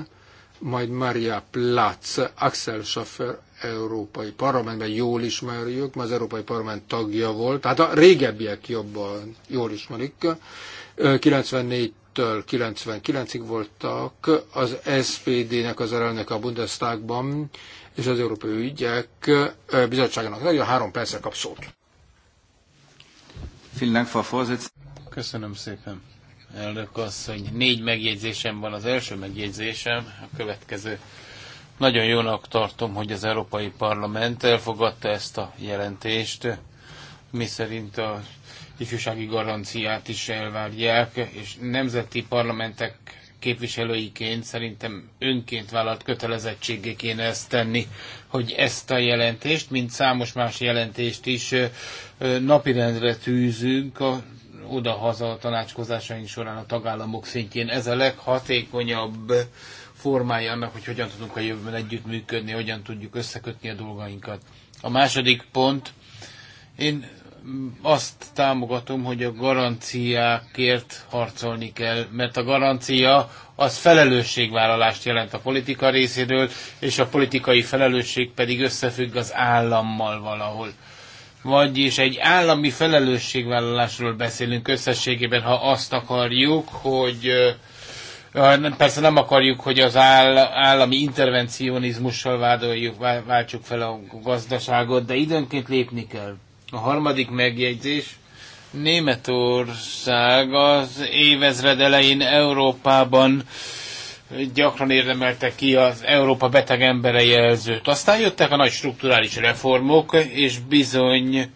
Speaker 2: majd Maria Platz, Axel Scheffer Európai Parlamentben jól ismerjük, mert az Európai Parlament tagja volt, tehát a régebbiek jobban jól ismerik. 94-től 99-ig voltak az SPD-nek az elnöke a Bundestagban, és az Európai Ügyek Bizottságának nagyon három percre kap szót.
Speaker 3: Köszönöm szépen.
Speaker 2: Elnök asszony, négy
Speaker 3: megjegyzésem van. Az első megjegyzésem a következő. Nagyon jónak tartom, hogy az Európai Parlament elfogadta ezt a jelentést, mi szerint a ifjúsági garanciát is elvárják, és nemzeti parlamentek képviselőiként szerintem önként vállalt kötelezettségé kéne ezt tenni, hogy ezt a jelentést, mint számos más jelentést is napirendre tűzünk a oda-haza tanácskozásaink során a tagállamok szintjén. Ez a leghatékonyabb formája annak, hogy hogyan tudunk a jövőben együttműködni, hogyan tudjuk összekötni a dolgainkat. A második pont, én azt támogatom, hogy a garanciákért harcolni kell, mert a garancia az felelősségvállalást jelent a politika részéről, és a politikai felelősség pedig összefügg az állammal valahol. Vagyis egy állami felelősségvállalásról beszélünk összességében, ha azt akarjuk, hogy Persze nem akarjuk, hogy az áll, állami intervencionizmussal vádoljuk, váltsuk fel a gazdaságot, de időnként lépni kell. A harmadik megjegyzés, Németország az évezred elején Európában gyakran érdemelte ki az Európa beteg embere jelzőt. Aztán jöttek a nagy strukturális reformok, és bizony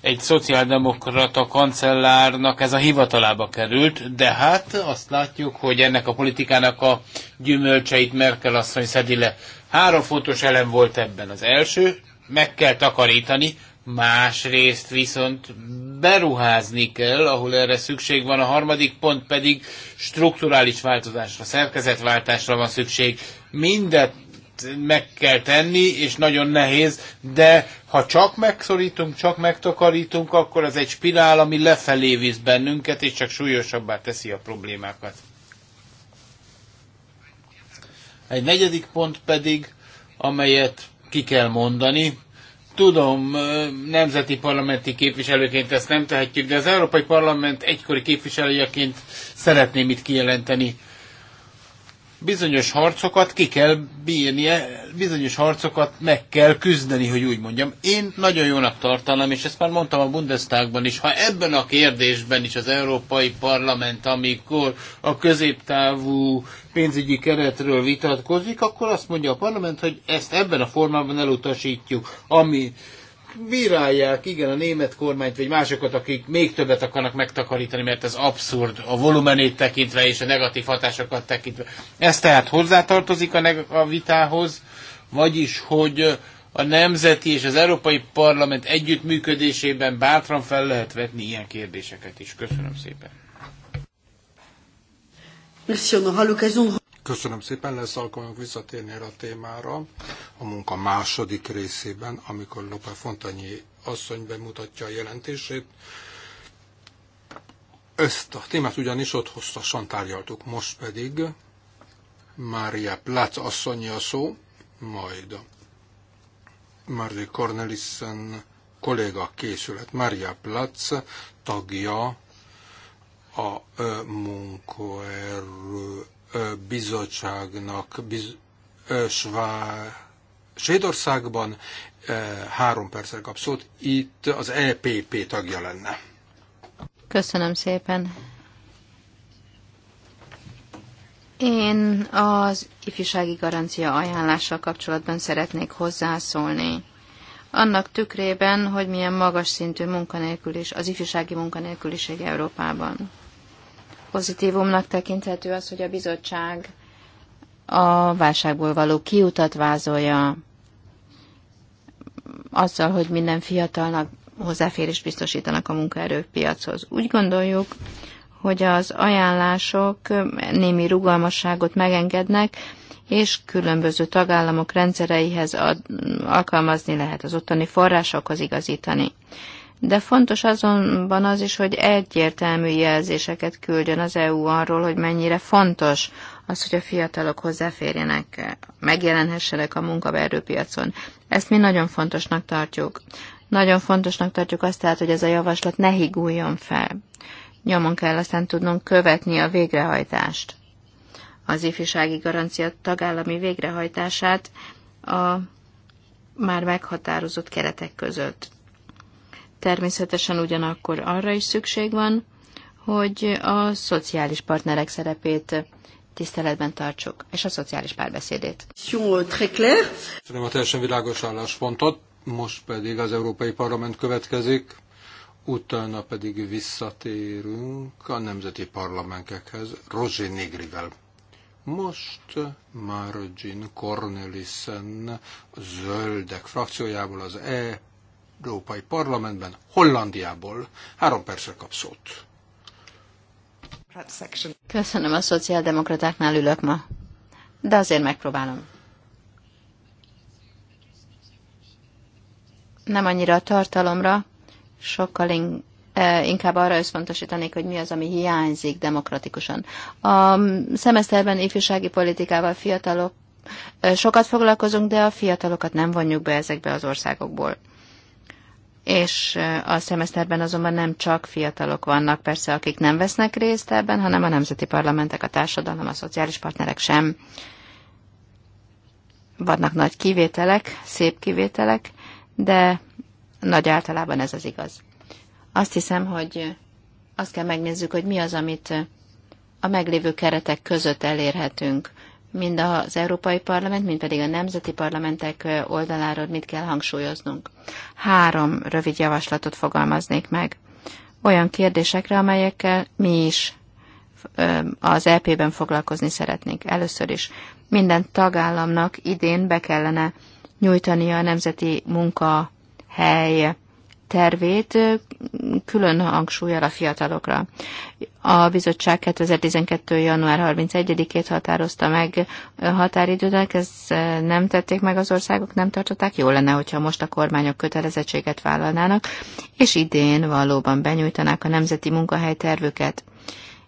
Speaker 3: egy szociáldemokrata kancellárnak ez a hivatalába került, de hát azt látjuk, hogy ennek a politikának a gyümölcseit Merkel asszony szedi le. Három fontos elem volt ebben. Az első, meg kell takarítani, másrészt viszont beruházni kell, ahol erre szükség van, a harmadik pont pedig strukturális változásra, szerkezetváltásra van szükség. Mindet meg kell tenni, és nagyon nehéz, de ha csak megszorítunk, csak megtakarítunk, akkor ez egy spirál, ami lefelé visz bennünket, és csak súlyosabbá teszi a problémákat. Egy negyedik pont pedig, amelyet ki kell mondani, Tudom, nemzeti parlamenti képviselőként ezt nem tehetjük, de az Európai Parlament egykori képviselőjeként szeretném itt kijelenteni, bizonyos harcokat ki kell bírnie, bizonyos harcokat meg kell küzdeni, hogy úgy mondjam. Én nagyon jónak tartanám, és ezt már mondtam a Bundestagban is, ha ebben a kérdésben is az Európai Parlament, amikor a középtávú pénzügyi keretről vitatkozik, akkor azt mondja a parlament, hogy ezt ebben a formában elutasítjuk, ami bírálják, igen, a német kormányt, vagy másokat, akik még többet akarnak megtakarítani, mert ez abszurd a volumenét tekintve és a negatív hatásokat tekintve. Ez tehát hozzátartozik a, neg- a vitához, vagyis, hogy a nemzeti és az Európai Parlament együttműködésében bátran fel lehet vetni ilyen kérdéseket is. Köszönöm szépen.
Speaker 2: Merci, on aura l'occasion Köszönöm szépen, lesz alkalmunk visszatérni erre a témára a munka második részében, amikor Lope Fontanyi asszony bemutatja a jelentését. Ezt a témát ugyanis ott hosszasan tárgyaltuk, most pedig Mária Plac asszonyi a szó, majd Marzi Cornelissen kolléga készület. Mária Platz tagja a munkaerő bizottságnak biz, Svá, Svédországban három percre kap szót, itt az EPP tagja lenne.
Speaker 4: Köszönöm szépen. Én az ifjúsági garancia ajánlással kapcsolatban szeretnék hozzászólni. Annak tükrében, hogy milyen magas szintű munkanélkülés, az ifjúsági munkanélküliség Európában pozitívumnak tekinthető az, hogy a bizottság a válságból való kiutat vázolja azzal, hogy minden fiatalnak hozzáférést biztosítanak a munkaerőpiachoz. Úgy gondoljuk, hogy az ajánlások némi rugalmasságot megengednek, és különböző tagállamok rendszereihez ad, alkalmazni lehet, az ottani forrásokhoz igazítani. De fontos azonban az is, hogy egyértelmű jelzéseket küldjön az EU arról, hogy mennyire fontos az, hogy a fiatalok hozzáférjenek, megjelenhessenek a munkaerőpiacon. Ezt mi nagyon fontosnak tartjuk. Nagyon fontosnak tartjuk azt tehát, hogy ez a javaslat ne higuljon fel. Nyomon kell aztán tudnunk követni a végrehajtást. Az ifjúsági garancia tagállami végrehajtását a már meghatározott keretek között. Természetesen ugyanakkor arra is szükség van, hogy a szociális partnerek szerepét tiszteletben tartsuk, és a szociális párbeszédét. Köszönöm
Speaker 2: euh, a teljesen világos álláspontot, most pedig az Európai Parlament következik, utána pedig visszatérünk a nemzeti parlamentekhez, Roger Negrivel. Most Margin Cornelissen zöldek frakciójából az EP Európai Parlamentben, Hollandiából. Három percre kap szót.
Speaker 4: Köszönöm, a szociáldemokratáknál ülök ma. De azért megpróbálom. Nem annyira a tartalomra, sokkal in, eh, inkább arra összpontosítanék, hogy mi az, ami hiányzik demokratikusan. A szemeszterben ifjúsági politikával fiatalok eh, sokat foglalkozunk, de a fiatalokat nem vonjuk be ezekbe az országokból és a szemeszterben azonban nem csak fiatalok vannak, persze, akik nem vesznek részt ebben, hanem a nemzeti parlamentek, a társadalom, a szociális partnerek sem. Vannak nagy kivételek, szép kivételek, de nagy általában ez az igaz. Azt hiszem, hogy azt kell megnézzük, hogy mi az, amit a meglévő keretek között elérhetünk mind az Európai Parlament, mind pedig a nemzeti parlamentek oldaláról mit kell hangsúlyoznunk. Három rövid javaslatot fogalmaznék meg. Olyan kérdésekre, amelyekkel mi is az EP-ben foglalkozni szeretnénk. Először is minden tagállamnak idén be kellene nyújtani a nemzeti munkahely tervét külön hangsúlyal a fiatalokra. A bizottság 2012. január 31-ét határozta meg határidőnek, ezt nem tették meg az országok, nem tartották. Jó lenne, hogyha most a kormányok kötelezettséget vállalnának, és idén valóban benyújtanák a nemzeti munkahelytervüket,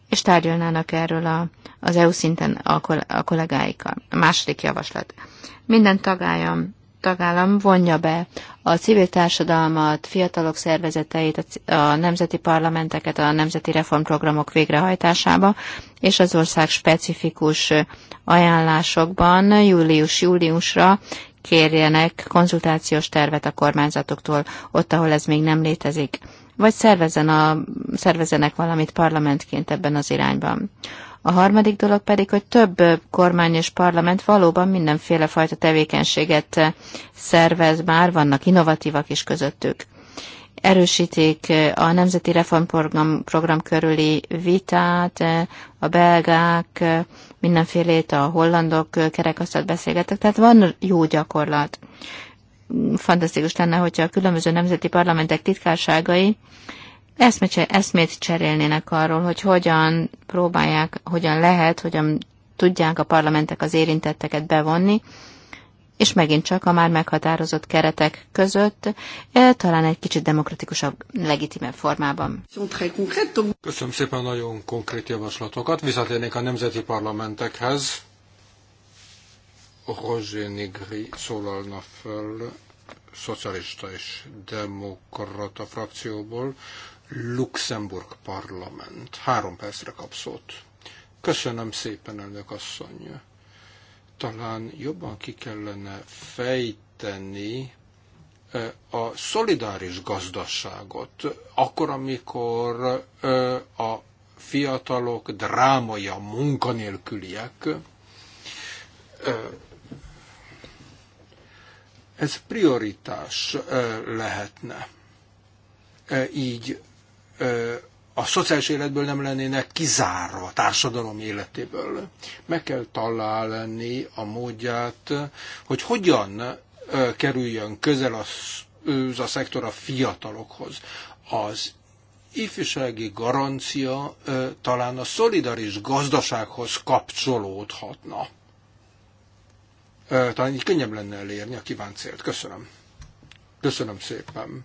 Speaker 4: és tárgyalnának erről a, az EU szinten a, a kollégáikkal. A második javaslat. Minden tagállam tagállam vonja be a civil társadalmat, fiatalok szervezeteit, a nemzeti parlamenteket a nemzeti reformprogramok végrehajtásába, és az ország specifikus ajánlásokban július-júliusra kérjenek konzultációs tervet a kormányzatoktól, ott, ahol ez még nem létezik, vagy szervezzen a, szervezzenek valamit parlamentként ebben az irányban. A harmadik dolog pedig, hogy több kormány és parlament valóban mindenféle fajta tevékenységet szervez már, vannak innovatívak is közöttük. Erősítik a Nemzeti Reformprogram program körüli vitát, a belgák, mindenfélét, a hollandok kerekasztalt beszélgettek, tehát van jó gyakorlat. Fantasztikus lenne, hogyha a különböző nemzeti parlamentek titkárságai eszmét, eszmét cserélnének arról, hogy hogyan próbálják, hogyan lehet, hogyan tudják a parlamentek az érintetteket bevonni, és megint csak a már meghatározott keretek között, e, talán egy kicsit demokratikusabb, legitimebb formában.
Speaker 2: Köszönöm szépen nagyon konkrét javaslatokat. Visszatérnék a nemzeti parlamentekhez. Roger Nigri szólalna fel, szocialista és demokrata frakcióból. Luxemburg parlament. Három percre kap szót. Köszönöm szépen, elnök asszony. Talán jobban ki kellene fejteni a szolidáris gazdaságot, akkor, amikor a fiatalok drámai, a munkanélküliek, ez prioritás lehetne. Így a szociális életből nem lennének kizárva a társadalom életéből. Meg kell találni a módját, hogy hogyan kerüljön közel az, a szektor a fiatalokhoz. Az ifjúsági garancia talán a szolidaris gazdasághoz kapcsolódhatna. Talán így könnyebb lenne elérni a kívánt célt. Köszönöm. Köszönöm szépen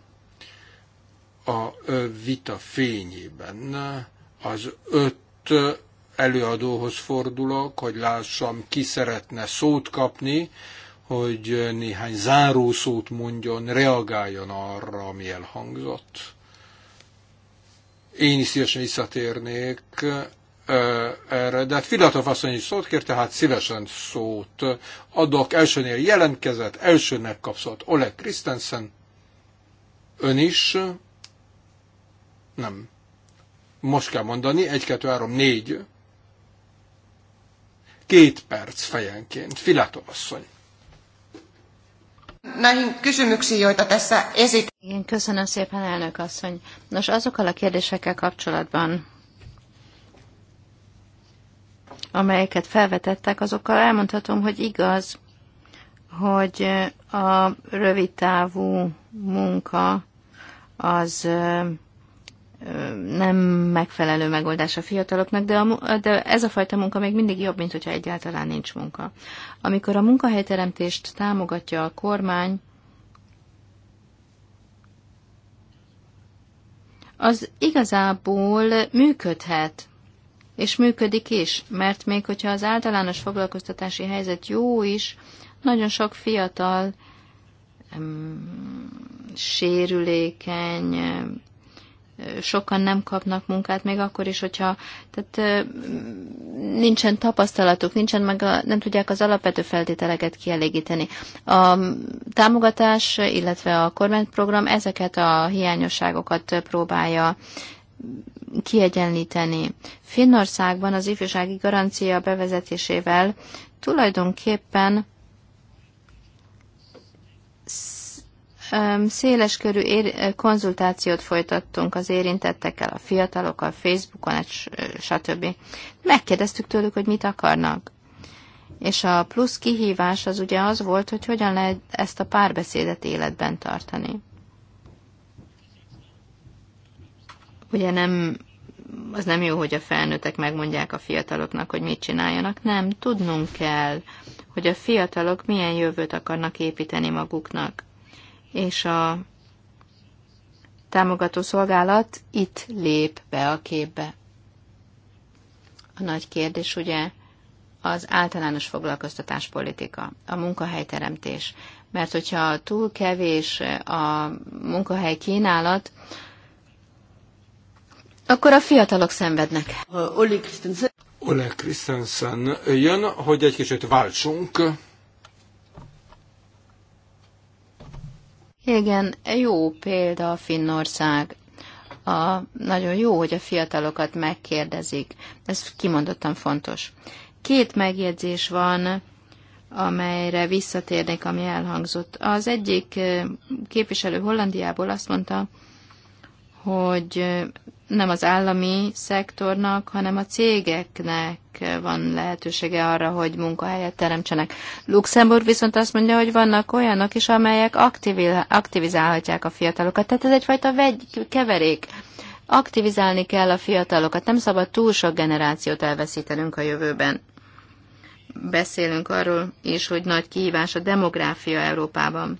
Speaker 2: a vita fényében az öt előadóhoz fordulok, hogy lássam, ki szeretne szót kapni, hogy néhány zárószót mondjon, reagáljon arra, ami elhangzott. Én is szívesen visszatérnék erre, de hát Filatov asszony is szót kér, tehát szívesen szót adok. Elsőnél jelentkezett, elsőnek kapszott Oleg Christensen, ön is, nem. Most kell mondani, 1, 2, 3, 4. Két perc fejenként. Filatov asszony.
Speaker 4: Näihin kysymyksiin, joita tässä esit... Igen, köszönöm szépen, elnök asszony. Nos, azokkal a kérdésekkel kapcsolatban, amelyeket felvetettek, azokkal elmondhatom, hogy igaz, hogy a rövidtávú munka az nem megfelelő megoldás a fiataloknak, de, a, de ez a fajta munka még mindig jobb, mint hogyha egyáltalán nincs munka. Amikor a munkahelyteremtést támogatja a kormány, az igazából működhet, és működik is, mert még hogyha az általános foglalkoztatási helyzet jó is, nagyon sok fiatal sérülékeny, sokan nem kapnak munkát, még akkor is, hogyha tehát, nincsen tapasztalatuk, nincsen meg a, nem tudják az alapvető feltételeket kielégíteni. A támogatás, illetve a kormányprogram ezeket a hiányosságokat próbálja kiegyenlíteni. Finnországban az ifjúsági garancia bevezetésével tulajdonképpen Széleskörű ér- eh, konzultációt folytattunk az érintettekkel, a fiatalokkal, Facebookon, eh, stb. Megkérdeztük tőlük, hogy mit akarnak. És a plusz kihívás az ugye az volt, hogy hogyan lehet ezt a párbeszédet életben tartani. Ugye nem, az nem jó, hogy a felnőttek megmondják a fiataloknak, hogy mit csináljanak. Nem, tudnunk kell, hogy a fiatalok milyen jövőt akarnak építeni maguknak és a támogató szolgálat itt lép be a képbe. A nagy kérdés ugye az általános foglalkoztatás politika a munkahelyteremtés. Mert hogyha túl kevés a munkahely kínálat, akkor a fiatalok szenvednek.
Speaker 2: Ole kristensen jön, hogy egy kicsit váltsunk.
Speaker 4: Igen, jó példa a Finnország. A, nagyon jó, hogy a fiatalokat megkérdezik. Ez kimondottan fontos. Két megjegyzés van, amelyre visszatérnék, ami elhangzott. Az egyik eh, képviselő Hollandiából azt mondta, hogy nem az állami szektornak, hanem a cégeknek van lehetősége arra, hogy munkahelyet teremtsenek. Luxemburg viszont azt mondja, hogy vannak olyanok is, amelyek aktivizálhatják a fiatalokat. Tehát ez egyfajta vegy, keverék. Aktivizálni kell a fiatalokat, nem szabad túl sok generációt elveszítenünk a jövőben. Beszélünk arról is, hogy nagy kihívás a demográfia Európában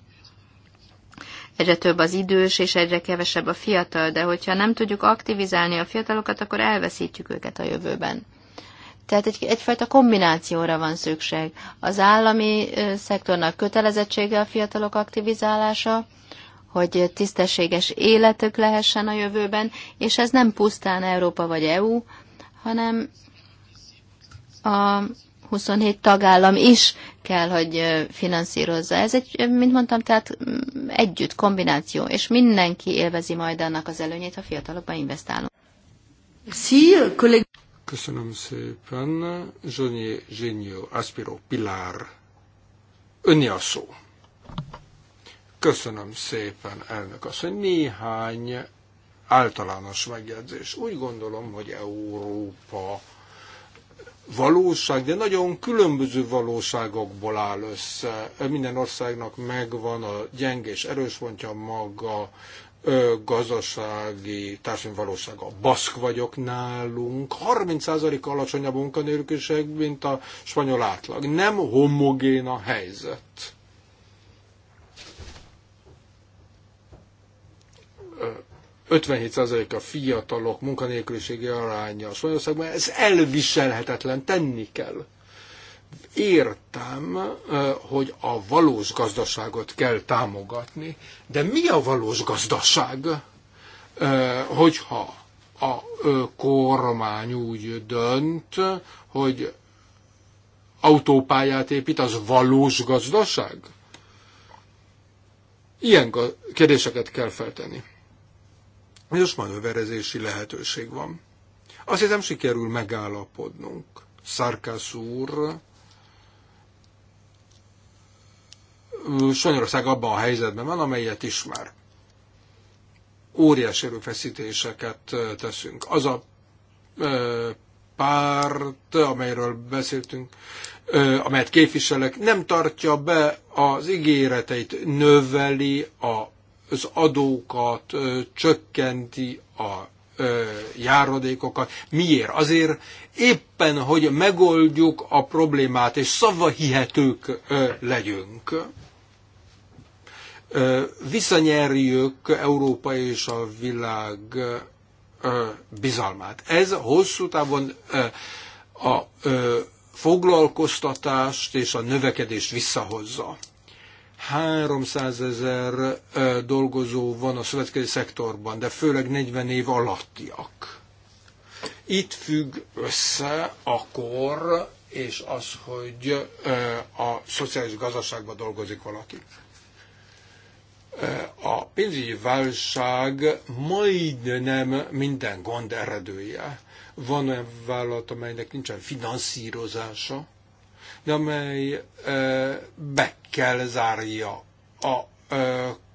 Speaker 4: egyre több az idős, és egyre kevesebb a fiatal, de hogyha nem tudjuk aktivizálni a fiatalokat, akkor elveszítjük őket a jövőben. Tehát egy, egyfajta kombinációra van szükség. Az állami szektornak kötelezettsége a fiatalok aktivizálása, hogy tisztességes életük lehessen a jövőben, és ez nem pusztán Európa vagy EU, hanem a 27 tagállam is kell, hogy finanszírozza. Ez egy, mint mondtam, tehát együtt, kombináció, és mindenki élvezi majd annak az előnyét, ha fiatalokba investálunk.
Speaker 2: Köszönöm szépen. Zsonyi Zsinyó Aspiro Pilar. Önni a szó. Köszönöm szépen, elnök asszony. Néhány általános megjegyzés. Úgy gondolom, hogy Európa valóság, de nagyon különböző valóságokból áll össze. Minden országnak megvan a gyenge és erős pontja maga, gazdasági, társadalmi valósága. baszk vagyok nálunk, 30% alacsonyabb munkanélküliség, mint a spanyol átlag. Nem homogén a helyzet. 57% a fiatalok munkanélküliségi aránya Spanyolországban, ez elviselhetetlen, tenni kell. Értem, hogy a valós gazdaságot kell támogatni, de mi a valós gazdaság, hogyha a kormány úgy dönt, hogy autópályát épít, az valós gazdaság? Ilyen kérdéseket kell feltenni. Bizonyos manőverezési lehetőség van. Azt hiszem, sikerül megállapodnunk. Szarkász úr Sanyarország abban a helyzetben van, amelyet ismer. Óriási erőfeszítéseket teszünk. Az a ö, párt, amelyről beszéltünk, ö, amelyet képviselek, nem tartja be az ígéreteit, növeli a az adókat, csökkenti a járadékokat. Miért? Azért éppen, hogy megoldjuk a problémát, és szava hihetők legyünk. Visszanyerjük Európa és a világ bizalmát. Ez hosszú távon a foglalkoztatást és a növekedést visszahozza. 300 ezer dolgozó van a szövetkezeti szektorban, de főleg 40 év alattiak. Itt függ össze a kor és az, hogy a szociális gazdaságban dolgozik valaki. A pénzügyi válság majdnem minden gond eredője. Van olyan vállalat, amelynek nincsen finanszírozása, de amely be kell zárja a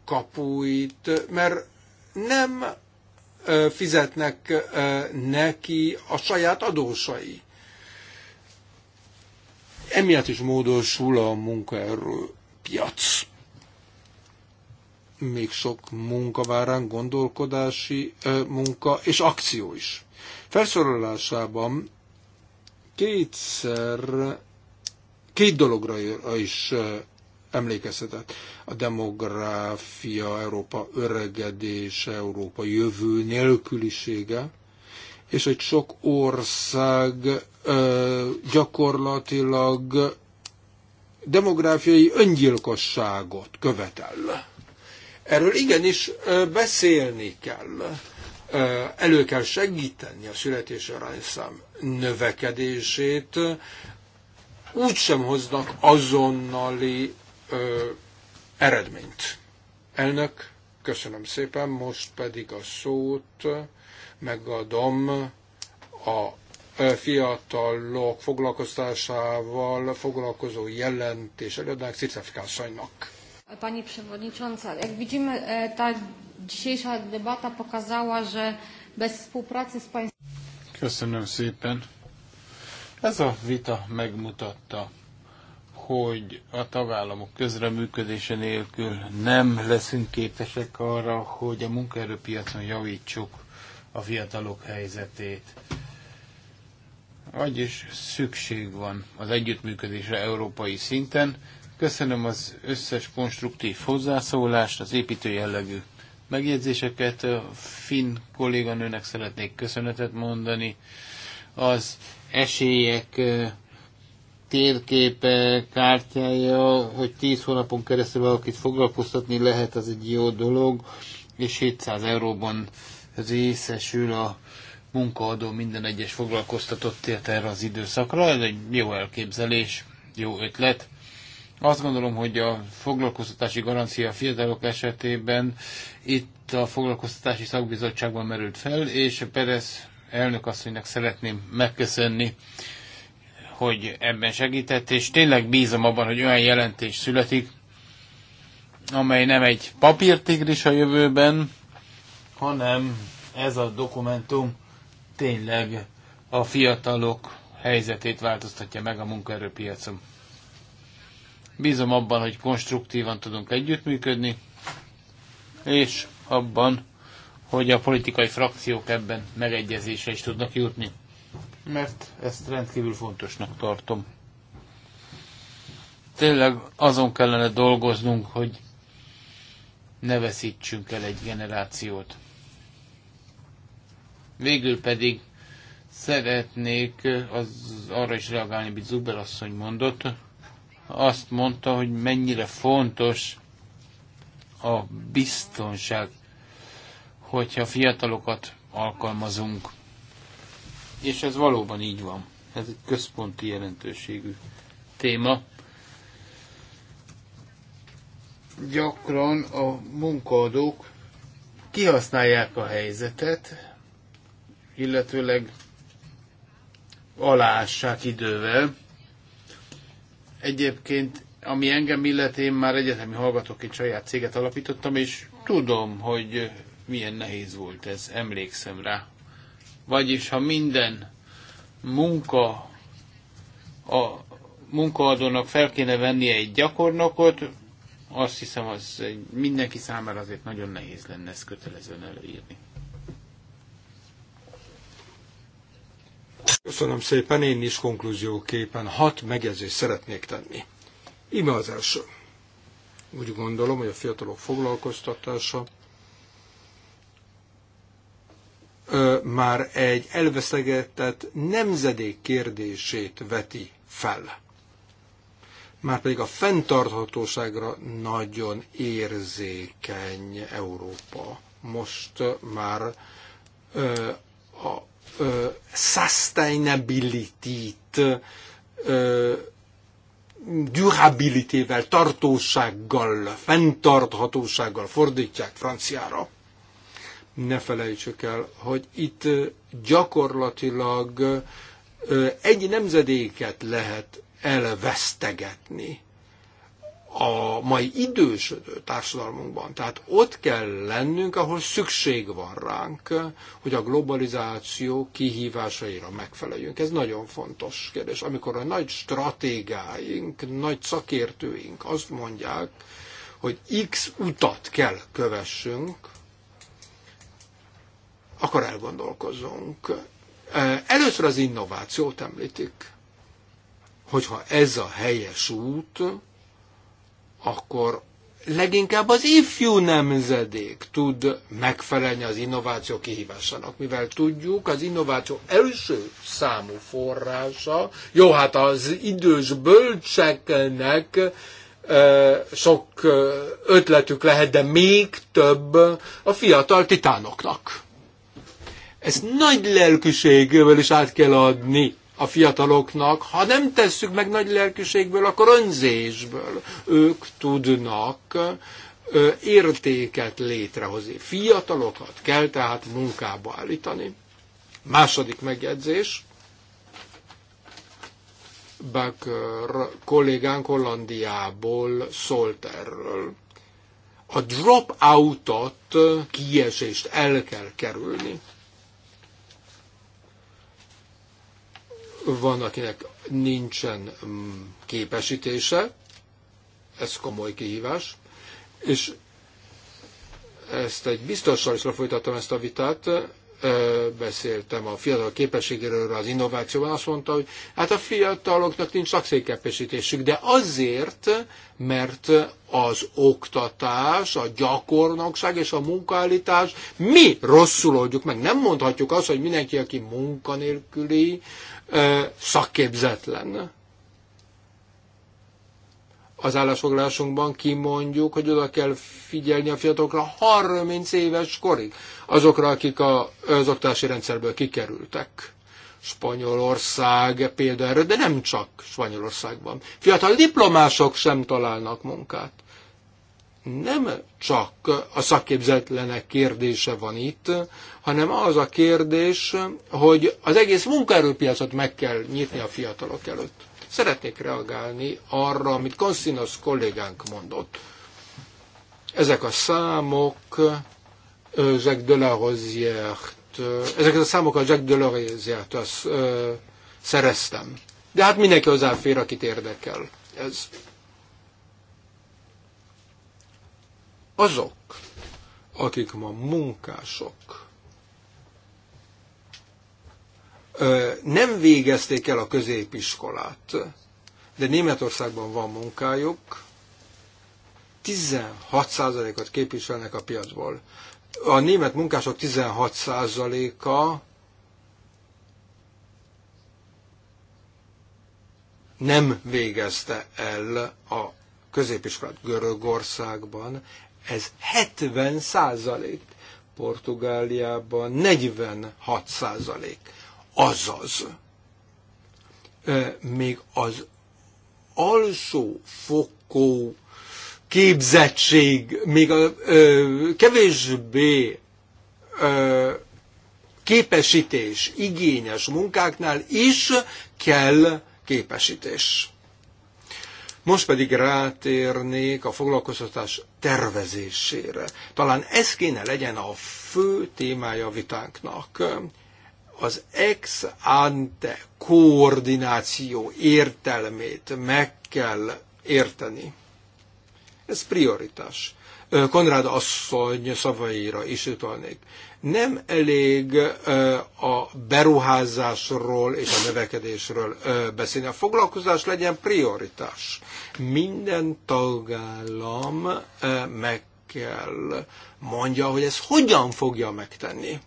Speaker 2: kapuit, mert nem fizetnek neki a saját adósai. Emiatt is módosul a munkaerő piac. Még sok munka vár ránk, gondolkodási munka és akció is. Felszorolásában kétszer Két dologra is emlékeztetett. A demográfia, Európa öregedés, Európa jövő nélkülisége, és hogy sok ország ö, gyakorlatilag demográfiai öngyilkosságot követel. Erről igenis ö, beszélni kell. Ö, elő kell segíteni a születési arányszám növekedését, úgysem hoznak azonnali ö, eredményt. Elnök, köszönöm szépen, most pedig a szót megadom a fiatalok foglalkoztásával foglalkozó jelentés előadnak Cicefkászajnak.
Speaker 1: Pani Przewodnicząca,
Speaker 4: jak widzimy, e, ta dzisiejsza debata pokazała, że bez współpracy z państwem...
Speaker 3: Köszönöm szépen. Ez a vita megmutatta, hogy a tagállamok közreműködése nélkül nem leszünk képesek arra, hogy a munkaerőpiacon javítsuk a fiatalok helyzetét. Vagyis szükség van az együttműködésre európai szinten. Köszönöm az összes konstruktív hozzászólást, az építő jellegű megjegyzéseket. finn kolléganőnek szeretnék köszönetet mondani. Az esélyek térképe, kártyája, hogy 10 hónapon keresztül valakit foglalkoztatni lehet, az egy jó dolog, és 700 euróban részesül a munkaadó minden egyes foglalkoztatottért erre az időszakra. Ez egy jó elképzelés, jó ötlet. Azt gondolom, hogy a foglalkoztatási garancia a fiatalok esetében itt a foglalkoztatási szakbizottságban merült fel, és Perez elnök asszonynak szeretném megköszönni, hogy ebben segített, és tényleg bízom abban, hogy olyan jelentés születik, amely nem egy papírtigris a jövőben, hanem ez a dokumentum tényleg a fiatalok helyzetét változtatja meg a munkaerőpiacon. Bízom abban, hogy konstruktívan tudunk együttműködni, és abban, hogy a politikai frakciók ebben megegyezésre is tudnak jutni. Mert ezt rendkívül fontosnak tartom. Tényleg azon kellene dolgoznunk, hogy ne veszítsünk el egy generációt. Végül pedig szeretnék eh, az, arra is reagálni, amit Zuber asszony mondott. Azt mondta, hogy mennyire fontos a biztonság hogyha fiatalokat alkalmazunk. És ez valóban így van. Ez egy központi jelentőségű téma. Gyakran a munkaadók kihasználják a helyzetet, illetőleg alássák idővel. Egyébként, ami engem illet, én már egyetemi hallgatóként saját céget alapítottam, és tudom, hogy milyen nehéz volt ez, emlékszem rá. Vagyis, ha minden munka, a munkaadónak fel kéne vennie egy gyakornokot, azt hiszem, az mindenki számára azért nagyon nehéz lenne ezt kötelezően előírni.
Speaker 2: Köszönöm szépen, én is konklúzióképpen hat megjegyzést szeretnék tenni. Ime az első. Úgy gondolom, hogy a fiatalok foglalkoztatása már egy elveszegetett nemzedék kérdését veti fel. Már pedig a fenntarthatóságra nagyon érzékeny Európa. Most már ö, a ö, sustainability-t ö, durabilitével, tartósággal, fenntarthatósággal fordítják franciára. Ne felejtsük el, hogy itt gyakorlatilag egy nemzedéket lehet elvesztegetni a mai idősödő társadalmunkban. Tehát ott kell lennünk, ahol szükség van ránk, hogy a globalizáció kihívásaira megfeleljünk. Ez nagyon fontos kérdés. Amikor a nagy stratégáink, nagy szakértőink azt mondják, hogy X utat kell kövessünk, akkor elgondolkozzunk. Először az innovációt említik. Hogyha ez a helyes út, akkor leginkább az ifjú nemzedék tud megfelelni az innováció kihívásának, mivel tudjuk, az innováció első számú forrása, jó, hát az idős bölcseknek sok ötletük lehet, de még több a fiatal titánoknak. Ezt nagy lelkűségből is át kell adni a fiataloknak. Ha nem tesszük meg nagy lelkűségből, akkor önzésből. Ők tudnak értéket létrehozni. Fiatalokat kell tehát munkába állítani. Második megjegyzés. Bakker kollégánk Hollandiából szólt erről. A drop-outot, kiesést el kell kerülni. Van, akinek nincsen mm, képesítése, ez komoly kihívás, és ezt egy biztossal is lefolytattam ezt a vitát, beszéltem a fiatal képességéről, az innovációban, azt mondta, hogy hát a fiataloknak nincs szakszékepesítésük, de azért, mert az oktatás, a gyakornokság és a munkaállítás, mi rosszul oldjuk meg. Nem mondhatjuk azt, hogy mindenki, aki munkanélküli, szakképzetlen az állásfoglalásunkban kimondjuk, hogy oda kell figyelni a fiatalokra 30 éves korig azokra, akik a, az oktatási rendszerből kikerültek. Spanyolország például, de nem csak Spanyolországban. Fiatal diplomások sem találnak munkát. Nem csak a szakképzetlenek kérdése van itt, hanem az a kérdés, hogy az egész munkaerőpiacot meg kell nyitni a fiatalok előtt. Szeretnék reagálni arra, amit Konszinos kollégánk mondott. Ezek a számok Jacques Delorosiert, ezeket a számokat Jacques Delorosiert azt szereztem. De hát mindenki hozzáfér, akit érdekel. Ez. Azok, akik ma munkások, nem végezték el a középiskolát, de Németországban van munkájuk, 16%-ot képviselnek a piacból. A német munkások 16%-a nem végezte el a középiskolát Görögországban, ez 70 százalék, Portugáliában 46 százalék. Azaz, még az alsó fokú képzettség, még a ö, kevésbé ö, képesítés igényes munkáknál is kell képesítés. Most pedig rátérnék a foglalkoztatás tervezésére. Talán ez kéne legyen a fő témája a vitánknak. Az ex ante koordináció értelmét meg kell érteni. Ez prioritás. Konrád asszony szavaira is utalnék. Nem elég a beruházásról és a növekedésről beszélni. A foglalkozás legyen prioritás. Minden tagállam meg kell mondja, hogy ez hogyan fogja megtenni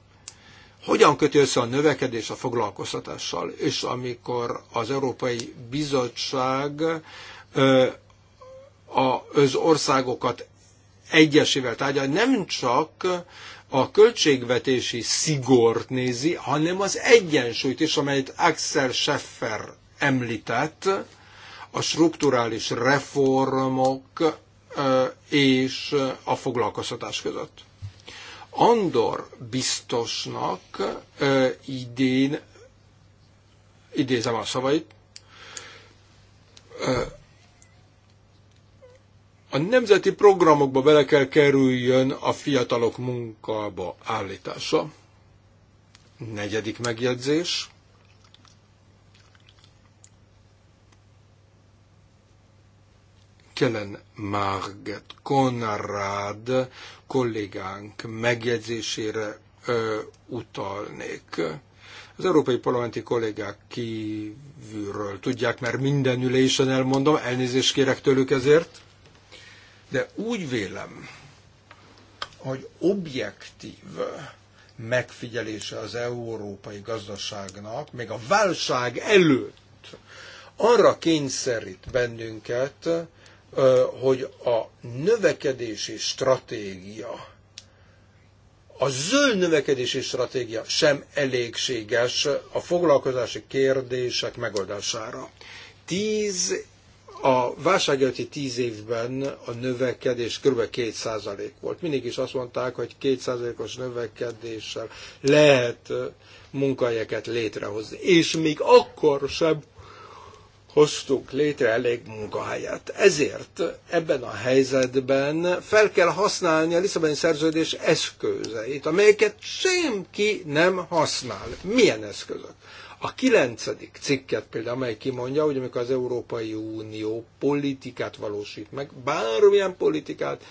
Speaker 2: hogyan köti össze a növekedés a foglalkoztatással, és amikor az Európai Bizottság az országokat egyesével tárgyal, nem csak a költségvetési szigort nézi, hanem az egyensúlyt is, amelyet Axel Scheffer említett, a strukturális reformok és a foglalkoztatás között. Andor biztosnak idén, idézem a szavait, a nemzeti programokba bele kell kerüljön a fiatalok munkába állítása. Negyedik megjegyzés. Kellen Marget Konrad kollégánk megjegyzésére ö, utalnék. Az európai parlamenti kollégák kívülről tudják, mert minden ülésen elmondom, elnézést kérek tőlük ezért de úgy vélem, hogy objektív megfigyelése az európai gazdaságnak, még a válság előtt arra kényszerít bennünket, hogy a növekedési stratégia, a zöld növekedési stratégia sem elégséges a foglalkozási kérdések megoldására. Tíz a válság előtti tíz évben a növekedés kb. 2% volt. Mindig is azt mondták, hogy 2%-os növekedéssel lehet munkahelyeket létrehozni. És még akkor sem hoztuk létre elég munkahelyet. Ezért ebben a helyzetben fel kell használni a Lisszaboni szerződés eszközeit, amelyeket senki nem használ. Milyen eszközök? A kilencedik cikket például, amely kimondja, hogy amikor az Európai Unió politikát valósít meg, bármilyen politikát,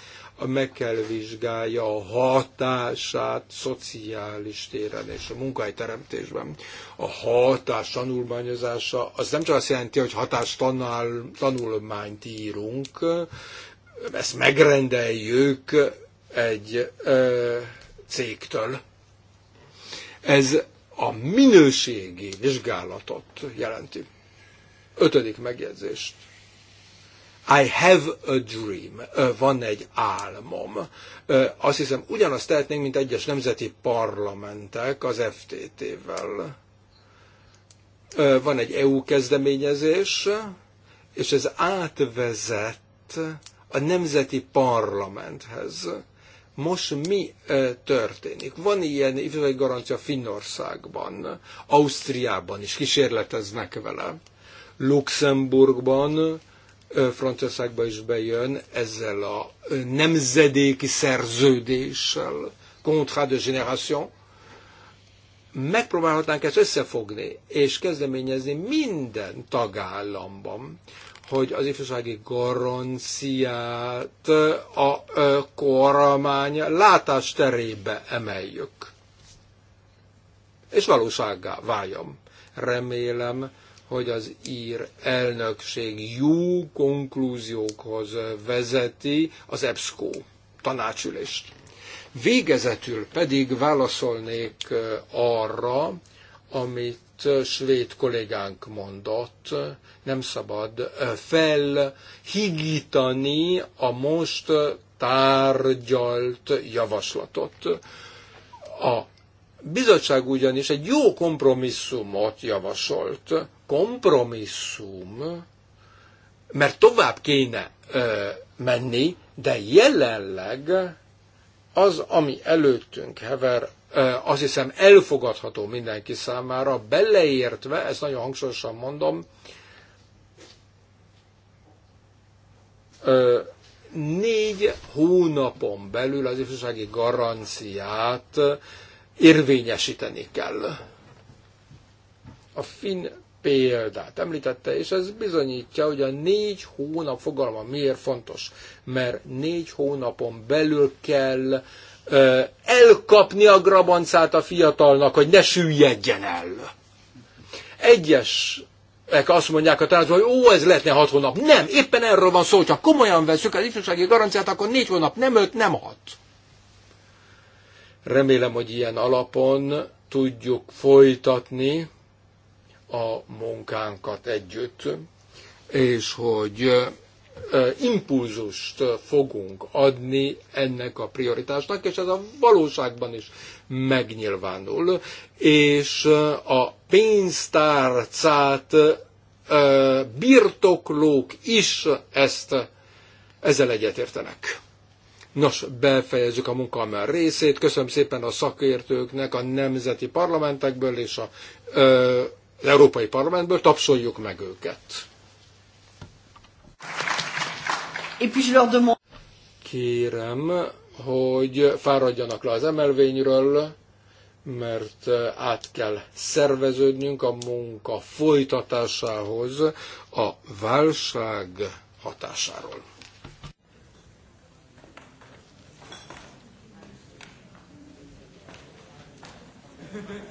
Speaker 2: meg kell vizsgálja a hatását szociális téren és a munkahelyteremtésben. A hatás tanulmányozása az nem csak azt jelenti, hogy hatás tanál, tanulmányt írunk, ezt megrendeljük egy ö, cégtől. Ez a minőségi vizsgálatot jelenti. Ötödik megjegyzést. I have a dream, van egy álmom. Azt hiszem, ugyanazt tehetnénk, mint egyes nemzeti parlamentek az FTT-vel. Van egy EU kezdeményezés, és ez átvezet a nemzeti parlamenthez. Most mi történik? Van ilyen ifjúsági garancia Finnországban, Ausztriában is kísérleteznek vele, Luxemburgban, Franciaországba is bejön ezzel a nemzedéki szerződéssel, contrat de génération, megpróbálhatnánk ezt összefogni, és kezdeményezni minden tagállamban, hogy az ifjúsági garanciát a kormány látásterébe emeljük. És valósággá váljam. Remélem, hogy az ír elnökség jó konklúziókhoz vezeti az EBSCO tanácsülést. Végezetül pedig válaszolnék arra, amit svéd kollégánk mondott, nem szabad felhigítani a most tárgyalt javaslatot. A bizottság ugyanis egy jó kompromisszumot javasolt. Kompromisszum, mert tovább kéne ö, menni, de jelenleg az, ami előttünk hever, azt hiszem elfogadható mindenki számára, beleértve, ezt nagyon hangsúlyosan mondom, négy hónapon belül az ifjúsági garanciát érvényesíteni kell. A finn példát említette, és ez bizonyítja, hogy a négy hónap fogalma miért fontos. Mert négy hónapon belül kell elkapni a grabancát a fiatalnak, hogy ne süllyedjen el. Egyes azt mondják a tárgyban, hogy ó, ez lehetne hat hónap. Nem, éppen erről van szó, hogyha komolyan veszük az ifjúsági garanciát, akkor négy hónap, nem öt, nem hat. Remélem, hogy ilyen alapon tudjuk folytatni a munkánkat együtt, és hogy impulzust fogunk adni ennek a prioritásnak, és ez a valóságban is megnyilvánul, és a pénztárcát birtoklók is ezt ezzel egyetértenek. Nos, befejezzük a munkammel részét. Köszönöm szépen a szakértőknek a nemzeti parlamentekből és a, ö, az Európai Parlamentből. Tapsoljuk meg őket! Kérem, hogy fáradjanak le az emelvényről, mert eh, át kell szerveződnünk a munka folytatásához a válság hatásáról. Thank you.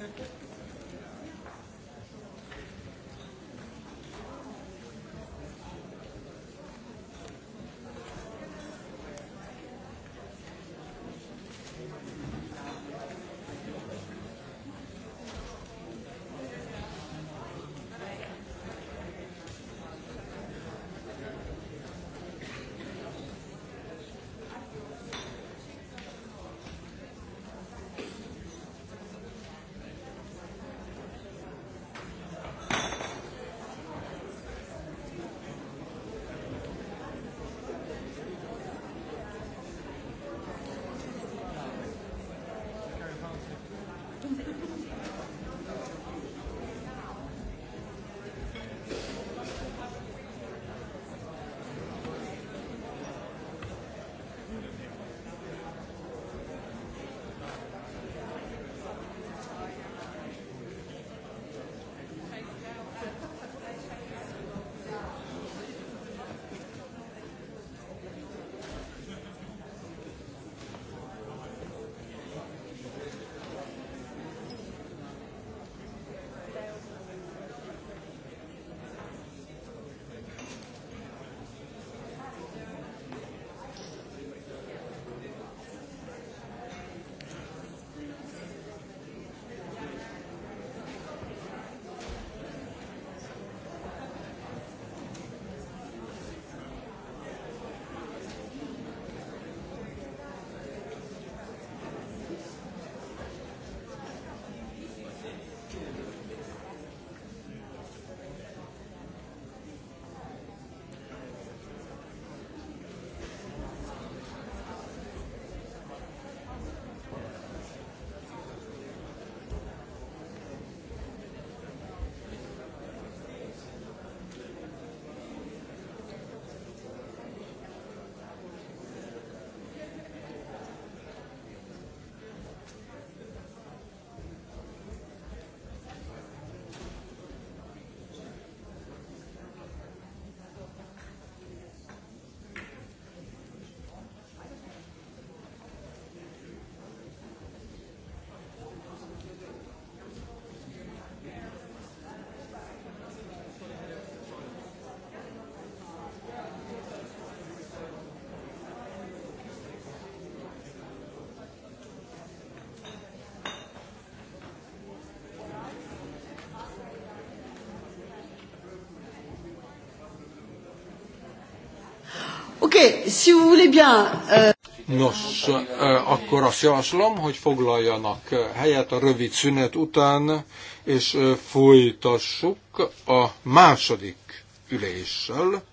Speaker 1: Oké, okay, bien... Uh...
Speaker 2: Nos, eh, akkor azt javaslom, hogy foglaljanak eh, helyet a rövid szünet után, és eh, folytassuk a második üléssel,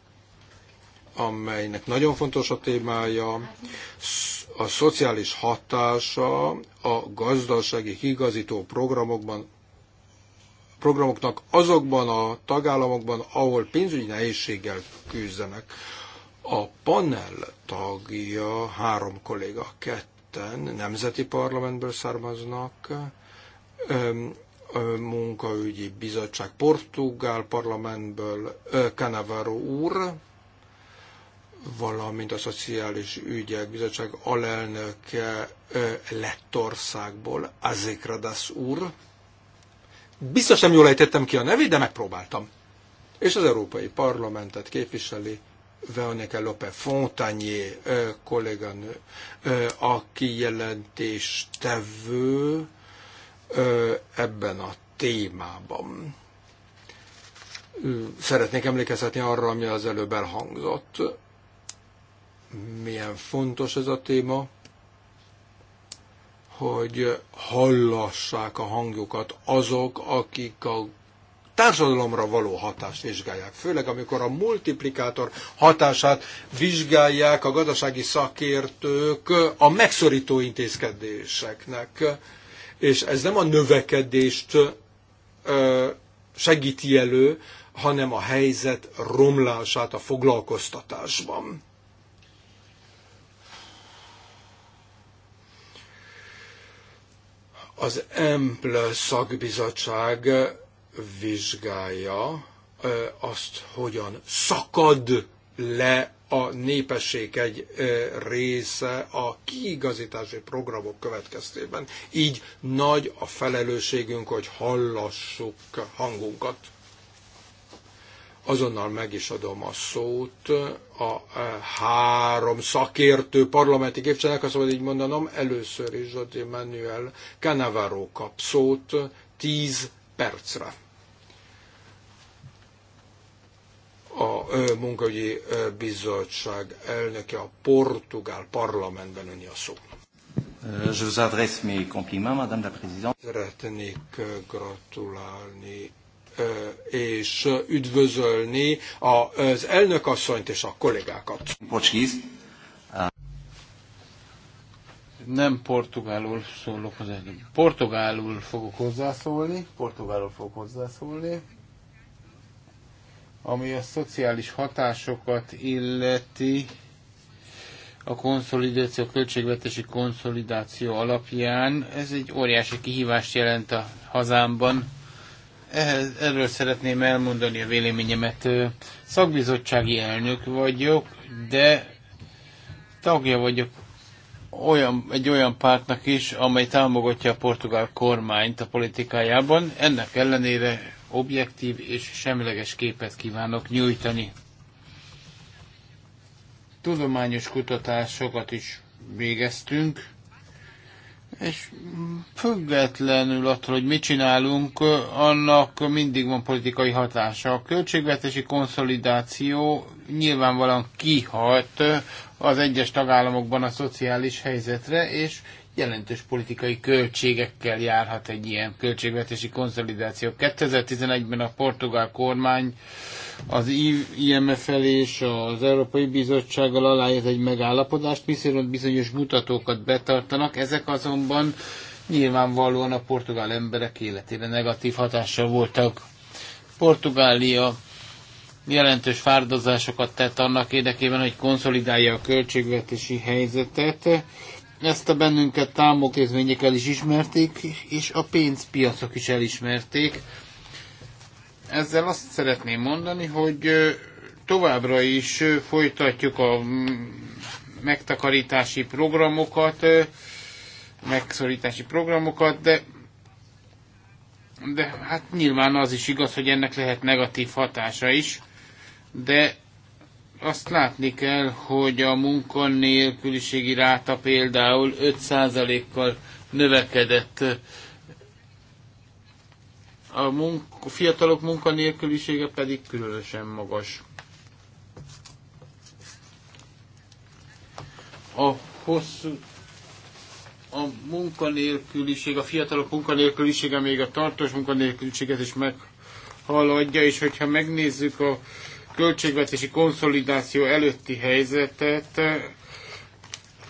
Speaker 2: amelynek nagyon fontos a témája, a szociális hatása a gazdasági higazító programokban programoknak azokban a tagállamokban, ahol pénzügyi nehézséggel küzdenek. A panel tagja három kolléga, ketten nemzeti parlamentből származnak, munkaügyi bizottság portugál parlamentből Canavaro úr, valamint a Szociális Ügyek Bizottság alelnöke Lettországból, Azékradas úr. Biztos nem jól ejtettem ki a nevét, de megpróbáltam. És az Európai Parlamentet képviseli Veronika Lope Fontanier kolléganő, aki jelentéstevő ebben a témában. Szeretnék emlékezhetni arra, ami az előbb elhangzott. Milyen fontos ez a téma, hogy hallassák a hangjukat azok, akik a társadalomra való hatást vizsgálják, főleg amikor a multiplikátor hatását vizsgálják a gazdasági szakértők a megszorító intézkedéseknek. És ez nem a növekedést segíti elő, hanem a helyzet romlását a foglalkoztatásban. Az Emple szakbizottság vizsgálja azt, hogyan szakad le a népesség egy része a kiigazítási programok következtében. Így nagy a felelősségünk, hogy hallassuk hangunkat. Azonnal meg is adom a szót a e, három szakértő parlamenti képviselőnek, azt mondom, így mondanom, először is Zsodi Manuel Canavaro kap szót tíz percre. a munkaügyi bizottság elnöke a portugál parlamentben önni a szó. Je vous adresse mes compliments, Madame la Présidente. Szeretnék gratulálni és üdvözölni az asszonyt és a kollégákat. Pocsiz.
Speaker 3: Nem portugálul szólok az előbb. Portugálul fogok hozzászólni. Portugálul fogok hozzászólni. Ami a szociális hatásokat illeti, a konszolidáció, a költségvetési konszolidáció alapján, ez egy óriási kihívást jelent a hazámban. Ehhez, erről szeretném elmondani a véleményemet. Szakbizottsági elnök vagyok, de tagja vagyok olyan, egy olyan pártnak is, amely támogatja a portugál kormányt a politikájában. Ennek ellenére objektív és semleges képet kívánok nyújtani. Tudományos kutatásokat is végeztünk, és függetlenül attól, hogy mit csinálunk, annak mindig van politikai hatása. A költségvetési konszolidáció nyilvánvalóan kihat az egyes tagállamokban a szociális helyzetre, és jelentős politikai költségekkel járhat egy ilyen költségvetési konszolidáció. 2011-ben a portugál kormány az imf felé és az Európai Bizottsággal aláírt egy megállapodást, viszont bizonyos mutatókat betartanak, ezek azonban nyilvánvalóan a portugál emberek életére negatív hatással voltak. Portugália jelentős fárdozásokat tett annak érdekében, hogy konszolidálja a költségvetési helyzetet, ezt a bennünket támogatózmények el is ismerték, és a pénzpiacok is elismerték. Ezzel azt szeretném mondani, hogy továbbra is folytatjuk a megtakarítási programokat, megszorítási programokat, de de hát nyilván az is igaz, hogy ennek lehet negatív hatása is, de azt látni kell, hogy a munkanélküliségi ráta például 5%-kal növekedett. A munka, fiatalok munkanélkülisége pedig különösen magas. A hosszú a munkanélküliség, a fiatalok munkanélkülisége még a tartós munkanélküliséget is meghaladja, és hogyha megnézzük a költségvetési konszolidáció előtti helyzetet,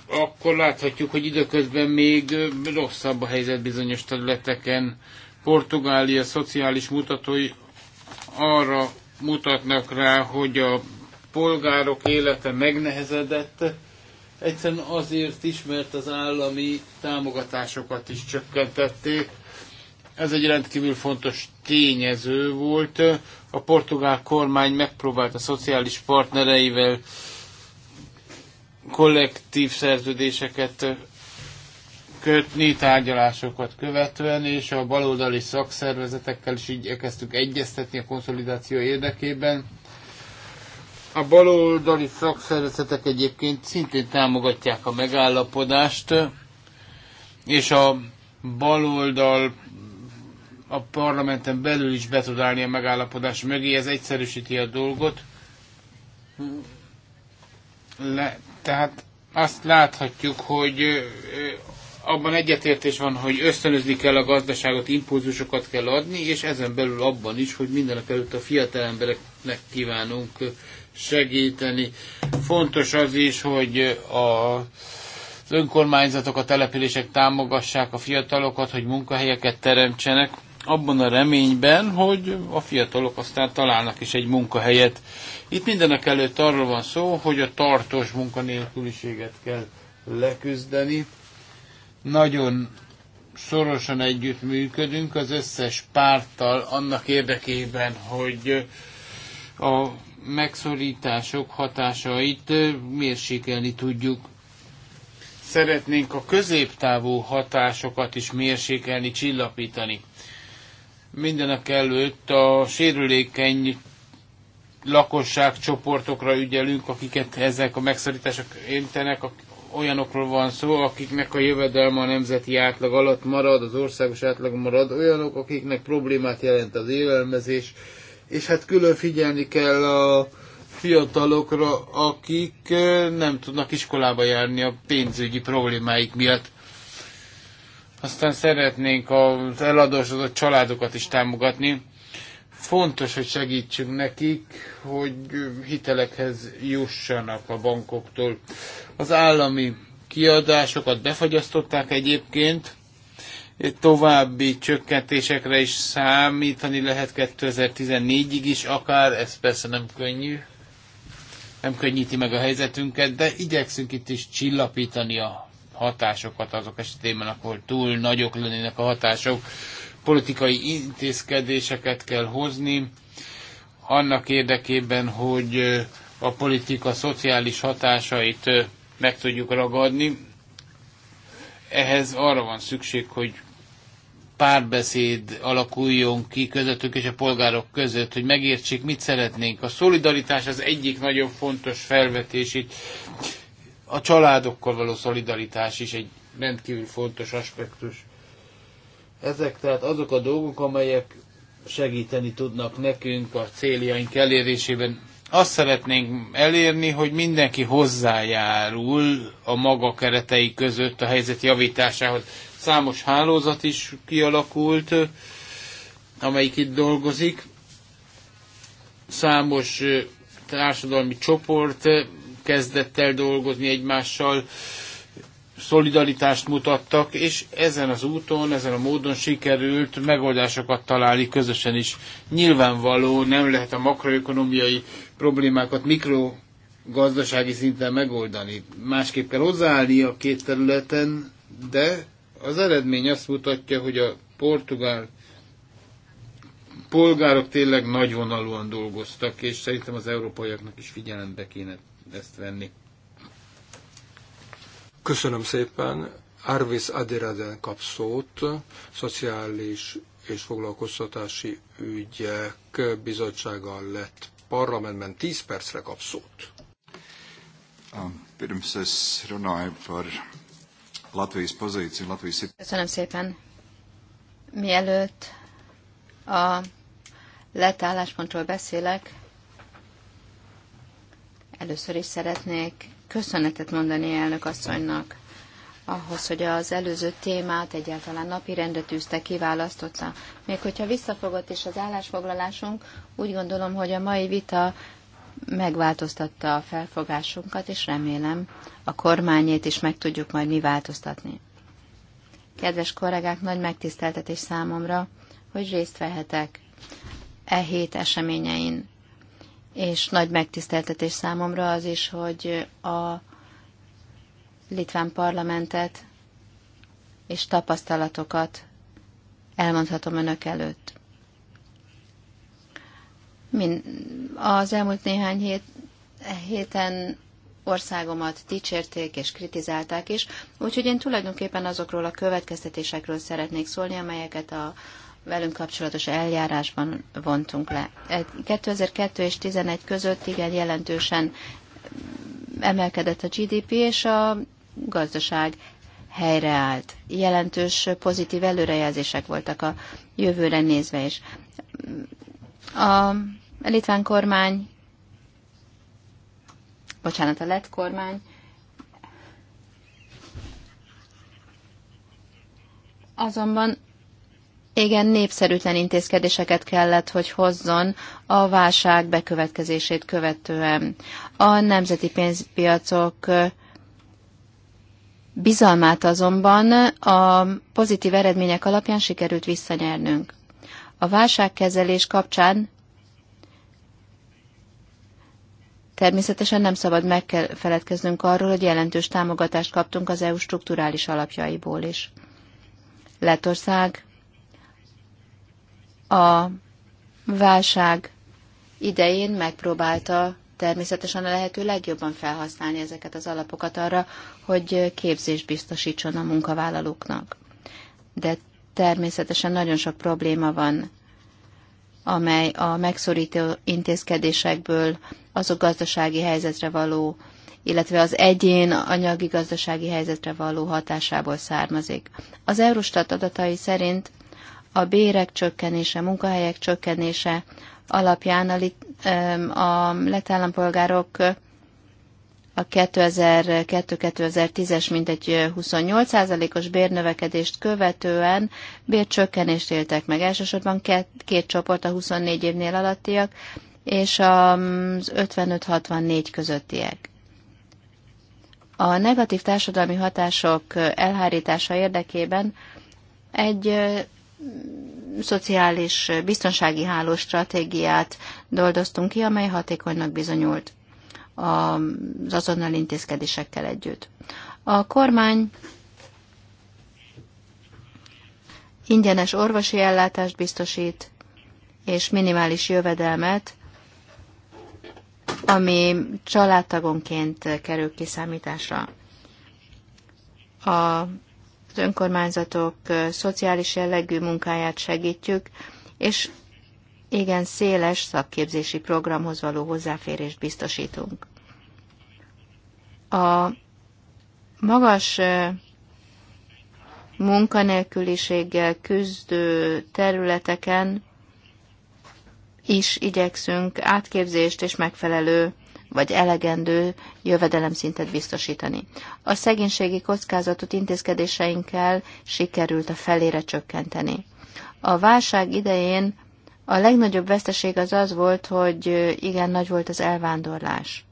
Speaker 3: akkor láthatjuk, hogy időközben még rosszabb a helyzet bizonyos területeken. Portugália szociális mutatói arra mutatnak rá, hogy a polgárok élete megnehezedett, egyszerűen azért is, mert az állami támogatásokat is csökkentették. Ez egy rendkívül fontos tényező volt. A portugál kormány megpróbált a szociális partnereivel kollektív szerződéseket kötni tárgyalásokat követően, és a baloldali szakszervezetekkel is így elkezdtük egyeztetni a konszolidáció érdekében. A baloldali szakszervezetek egyébként szintén támogatják a megállapodást, és a baloldal a parlamenten belül is be tud állni a megállapodás mögé, ez egyszerűsíti a dolgot. Le, tehát azt láthatjuk, hogy abban egyetértés van, hogy ösztönözni kell a gazdaságot, impulzusokat kell adni, és ezen belül abban is, hogy mindenek előtt a fiatal embereknek kívánunk segíteni. Fontos az is, hogy a, az önkormányzatok, a települések támogassák a fiatalokat, hogy munkahelyeket teremtsenek abban a reményben, hogy a fiatalok aztán találnak is egy munkahelyet. Itt mindenek előtt arról van szó, hogy a tartós munkanélküliséget kell leküzdeni. Nagyon szorosan együtt működünk, az összes párttal annak érdekében, hogy a megszorítások hatásait mérsékelni tudjuk. Szeretnénk a középtávú hatásokat is mérsékelni, csillapítani. Mindenek előtt a sérülékeny lakosságcsoportokra ügyelünk, akiket ezek a megszorítások érintenek, olyanokról van szó, akiknek a jövedelme a nemzeti átlag alatt marad, az országos átlag marad, olyanok, akiknek problémát jelent az élelmezés, és hát külön figyelni kell a fiatalokra, akik eh, nem tudnak iskolába járni a pénzügyi problémáik miatt. Aztán szeretnénk az eladósodott családokat is támogatni. Fontos, hogy segítsünk nekik, hogy hitelekhez jussanak a bankoktól. Az állami kiadásokat befagyasztották egyébként, további csökkentésekre is számítani lehet 2014-ig is akár, ez persze nem könnyű, nem könnyíti meg a helyzetünket, de igyekszünk itt is csillapítani a hatásokat azok esetében, akkor túl nagyok lennének a hatások. Politikai intézkedéseket kell hozni annak érdekében, hogy a politika szociális hatásait meg tudjuk ragadni. Ehhez arra van szükség, hogy párbeszéd alakuljon ki közöttük és a polgárok között, hogy megértsék, mit szeretnénk. A szolidaritás az egyik nagyon fontos felvetés itt a családokkal való szolidaritás is egy rendkívül fontos aspektus. Ezek tehát azok a dolgok, amelyek segíteni tudnak nekünk a céljaink elérésében. Azt szeretnénk elérni, hogy mindenki hozzájárul a maga keretei között a helyzet javításához. Számos hálózat is kialakult, amelyik itt dolgozik. Számos társadalmi csoport kezdett el dolgozni egymással, szolidaritást mutattak, és ezen az úton, ezen a módon sikerült megoldásokat találni közösen is. Nyilvánvaló, nem lehet a makroökonomiai problémákat mikro gazdasági szinten megoldani. Másképp kell hozzáállni a két területen, de az eredmény azt mutatja, hogy a portugál polgárok tényleg nagyvonalúan dolgoztak, és szerintem az európaiaknak is figyelembe kéne ezt venni.
Speaker 2: Köszönöm szépen. Arvis Adiraden kap szót, Szociális és Foglalkoztatási Ügyek Bizottsága lett parlamentben 10 percre kap szót. Um,
Speaker 4: Köszönöm szépen. Mielőtt a letálláspontról beszélek, Először is szeretnék köszönetet mondani elnök asszonynak ahhoz, hogy az előző témát egyáltalán napirendre tűzte, kiválasztotta. Még hogyha visszafogott is az állásfoglalásunk, úgy gondolom, hogy a mai vita megváltoztatta a felfogásunkat, és remélem a kormányét is meg tudjuk majd mi változtatni. Kedves kollégák, nagy megtiszteltetés számomra, hogy részt vehetek e hét eseményein és nagy megtiszteltetés számomra az is, hogy a litván parlamentet és tapasztalatokat elmondhatom önök előtt. Min, az elmúlt néhány hét, héten országomat dicsérték és kritizálták is, úgyhogy én tulajdonképpen azokról a következtetésekről szeretnék szólni, amelyeket a, velünk kapcsolatos eljárásban vontunk le. 2002 és 2011 között igen jelentősen emelkedett a GDP, és a gazdaság helyreállt. Jelentős pozitív előrejelzések voltak a jövőre nézve is. A litván kormány, bocsánat, a lett kormány azonban igen népszerűtlen intézkedéseket kellett, hogy hozzon a válság bekövetkezését követően. A nemzeti pénzpiacok bizalmát azonban a pozitív eredmények alapján sikerült visszanyernünk. A válságkezelés kapcsán természetesen nem szabad megfeledkeznünk arról, hogy jelentős támogatást kaptunk az EU strukturális alapjaiból is. Lettország a válság idején megpróbálta természetesen a lehető legjobban felhasználni ezeket az alapokat arra, hogy képzést biztosítson a munkavállalóknak. De természetesen nagyon sok probléma van, amely a megszorító intézkedésekből azok gazdasági helyzetre való, illetve az egyén anyagi gazdasági helyzetre való hatásából származik. Az Eurostat adatai szerint a bérek csökkenése, munkahelyek csökkenése alapján a, a letállampolgárok a 2002-2010-es mintegy 28%-os bérnövekedést követően bércsökkenést éltek meg. Elsősorban két, két csoport a 24 évnél alattiak és az 55-64 közöttiek. A negatív társadalmi hatások elhárítása érdekében egy szociális biztonsági háló stratégiát doldoztunk ki, amely hatékonynak bizonyult az azonnal intézkedésekkel együtt. A kormány ingyenes orvosi ellátást biztosít, és minimális jövedelmet, ami családtagonként kerül kiszámításra. A önkormányzatok szociális jellegű munkáját segítjük, és igen széles szakképzési programhoz való hozzáférést biztosítunk. A magas munkanélküliséggel küzdő területeken is igyekszünk átképzést és megfelelő vagy elegendő jövedelemszintet biztosítani. A szegénységi kockázatot intézkedéseinkkel sikerült a felére csökkenteni. A válság idején a legnagyobb veszteség az az volt, hogy igen nagy volt az elvándorlás.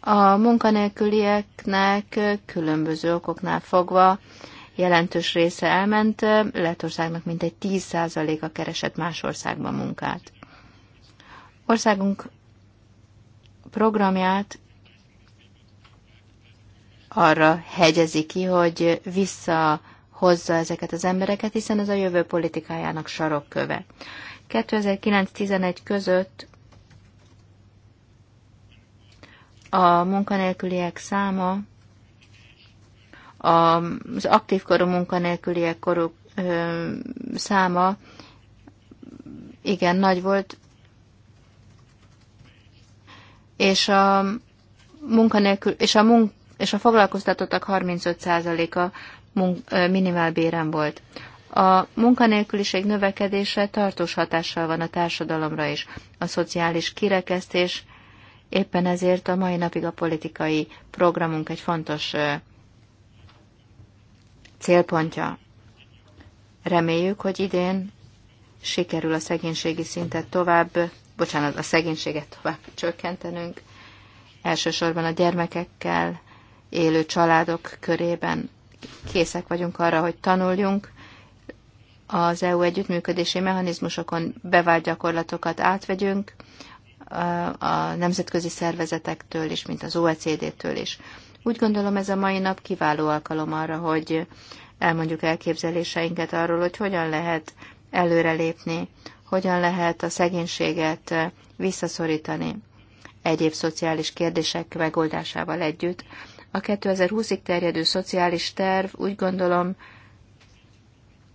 Speaker 4: A munkanélkülieknek különböző okoknál fogva jelentős része elment, Lettországnak mintegy 10%-a keresett más országban munkát. Országunk programját arra hegyezi ki, hogy visszahozza ezeket az embereket, hiszen ez a jövő politikájának sarokköve. 2009-11 között a munkanélküliek száma az aktív korú munkanélküliek korú ö, száma igen nagy volt, és a munkanélkül, és a, munk, és a foglalkoztatottak 35%-a munk, béren volt. A munkanélküliség növekedése tartós hatással van a társadalomra is. A szociális kirekesztés éppen ezért a mai napig a politikai programunk egy fontos célpontja. Reméljük, hogy idén sikerül a szegénységi szintet tovább bocsánat, a szegénységet tovább csökkentenünk, elsősorban a gyermekekkel élő családok körében készek vagyunk arra, hogy tanuljunk, az EU együttműködési mechanizmusokon bevált gyakorlatokat átvegyünk, a nemzetközi szervezetektől is, mint az OECD-től is. Úgy gondolom ez a mai nap kiváló alkalom arra, hogy elmondjuk elképzeléseinket arról, hogy hogyan lehet előrelépni hogyan lehet a szegénységet visszaszorítani egyéb szociális kérdések megoldásával együtt. A 2020-ig terjedő szociális terv úgy gondolom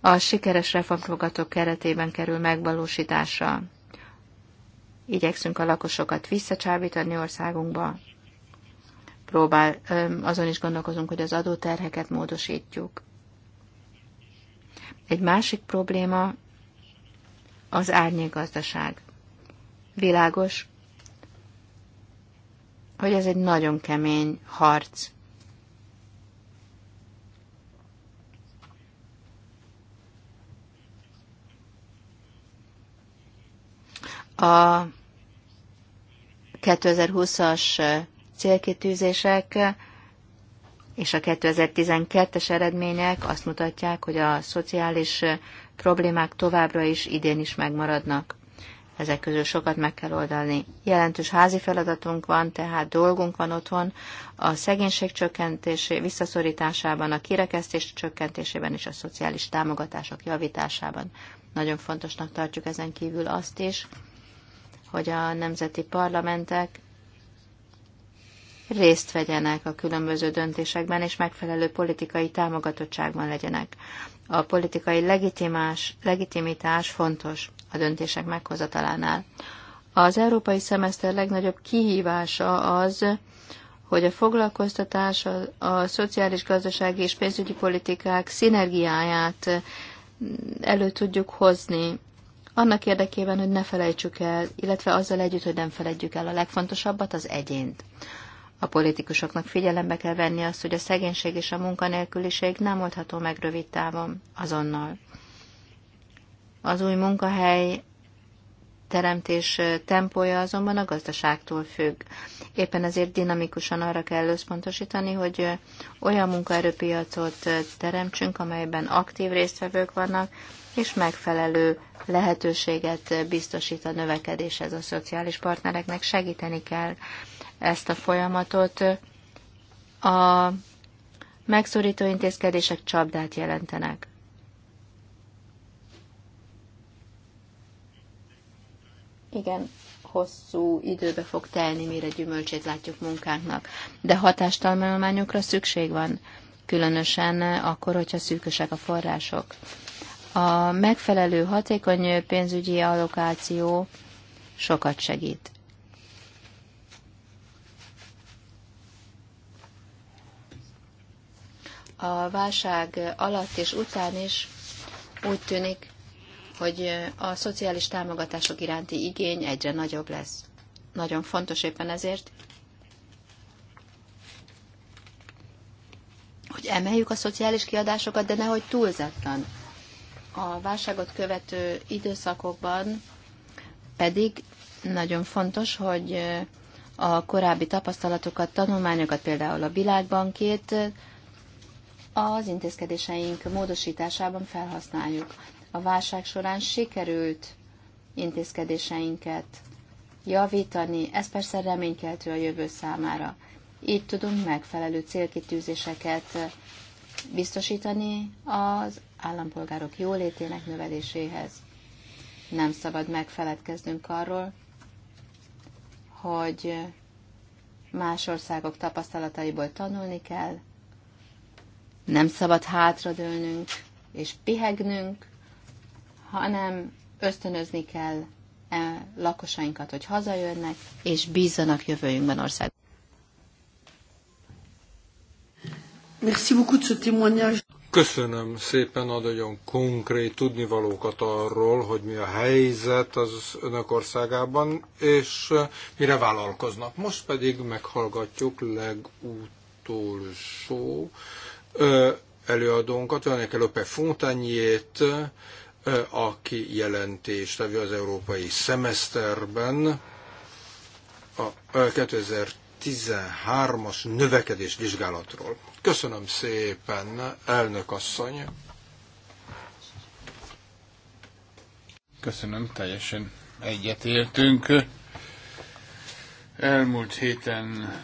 Speaker 4: a sikeres reformfogatók keretében kerül megvalósításra. Igyekszünk a lakosokat visszacsábítani országunkba. Próbál, azon is gondolkozunk, hogy az adóterheket módosítjuk. Egy másik probléma az árnyék gazdaság. Világos, hogy ez egy nagyon kemény harc. A 2020-as célkitűzések és a 2012-es eredmények azt mutatják, hogy a szociális problémák továbbra is idén is megmaradnak. Ezek közül sokat meg kell oldani. Jelentős házi feladatunk van, tehát dolgunk van otthon a szegénység csökkentésé, visszaszorításában, a kirekesztés csökkentésében és a szociális támogatások javításában. Nagyon fontosnak tartjuk ezen kívül azt is, hogy a nemzeti parlamentek részt vegyenek a különböző döntésekben, és megfelelő politikai támogatottságban legyenek. A politikai legitimás, legitimitás fontos a döntések meghozatalánál. Az európai szemeszter legnagyobb kihívása az, hogy a foglalkoztatás, a, a szociális, gazdasági és pénzügyi politikák szinergiáját elő tudjuk hozni, annak érdekében, hogy ne felejtsük el, illetve azzal együtt, hogy nem felejtjük el a legfontosabbat, az egyént. A politikusoknak figyelembe kell venni azt, hogy a szegénység és a munkanélküliség nem oldható meg rövid távon, azonnal. Az új munkahely teremtés tempója azonban a gazdaságtól függ. Éppen ezért dinamikusan arra kell összpontosítani, hogy olyan munkaerőpiacot teremtsünk, amelyben aktív résztvevők vannak, és megfelelő lehetőséget biztosít a növekedéshez a szociális partnereknek segíteni kell ezt a folyamatot. A megszorító intézkedések csapdát jelentenek. Igen, hosszú időbe fog telni, mire gyümölcsét látjuk munkánknak. De hatástalmányokra szükség van, különösen akkor, hogyha szűkösek a források. A megfelelő hatékony pénzügyi allokáció sokat segít. a válság alatt és után is úgy tűnik, hogy a szociális támogatások iránti igény egyre nagyobb lesz. Nagyon fontos éppen ezért, hogy emeljük a szociális kiadásokat, de nehogy túlzattan. A válságot követő időszakokban pedig nagyon fontos, hogy a korábbi tapasztalatokat, tanulmányokat, például a világbankét az intézkedéseink módosításában felhasználjuk. A válság során sikerült intézkedéseinket javítani, ez persze reménykeltő a jövő számára. Így tudunk megfelelő célkitűzéseket biztosítani az állampolgárok jólétének növeléséhez. Nem szabad megfeledkeznünk arról, hogy más országok tapasztalataiból tanulni kell, nem szabad hátradőlnünk és pihegnünk, hanem ösztönözni kell e lakosainkat, hogy hazajönnek, és bízzanak jövőjünkben ország. Merci beaucoup de ce
Speaker 1: témoignage.
Speaker 2: Köszönöm szépen a nagyon konkrét tudnivalókat arról, hogy mi a helyzet az önök országában, és mire vállalkoznak. Most pedig meghallgatjuk legutolsó előadónkat, Veronika Lope Fontanyét, aki jelentéstevő az európai szemeszterben a 2013-as növekedés vizsgálatról. Köszönöm szépen, elnök asszony!
Speaker 3: Köszönöm, teljesen egyetértünk. Elmúlt héten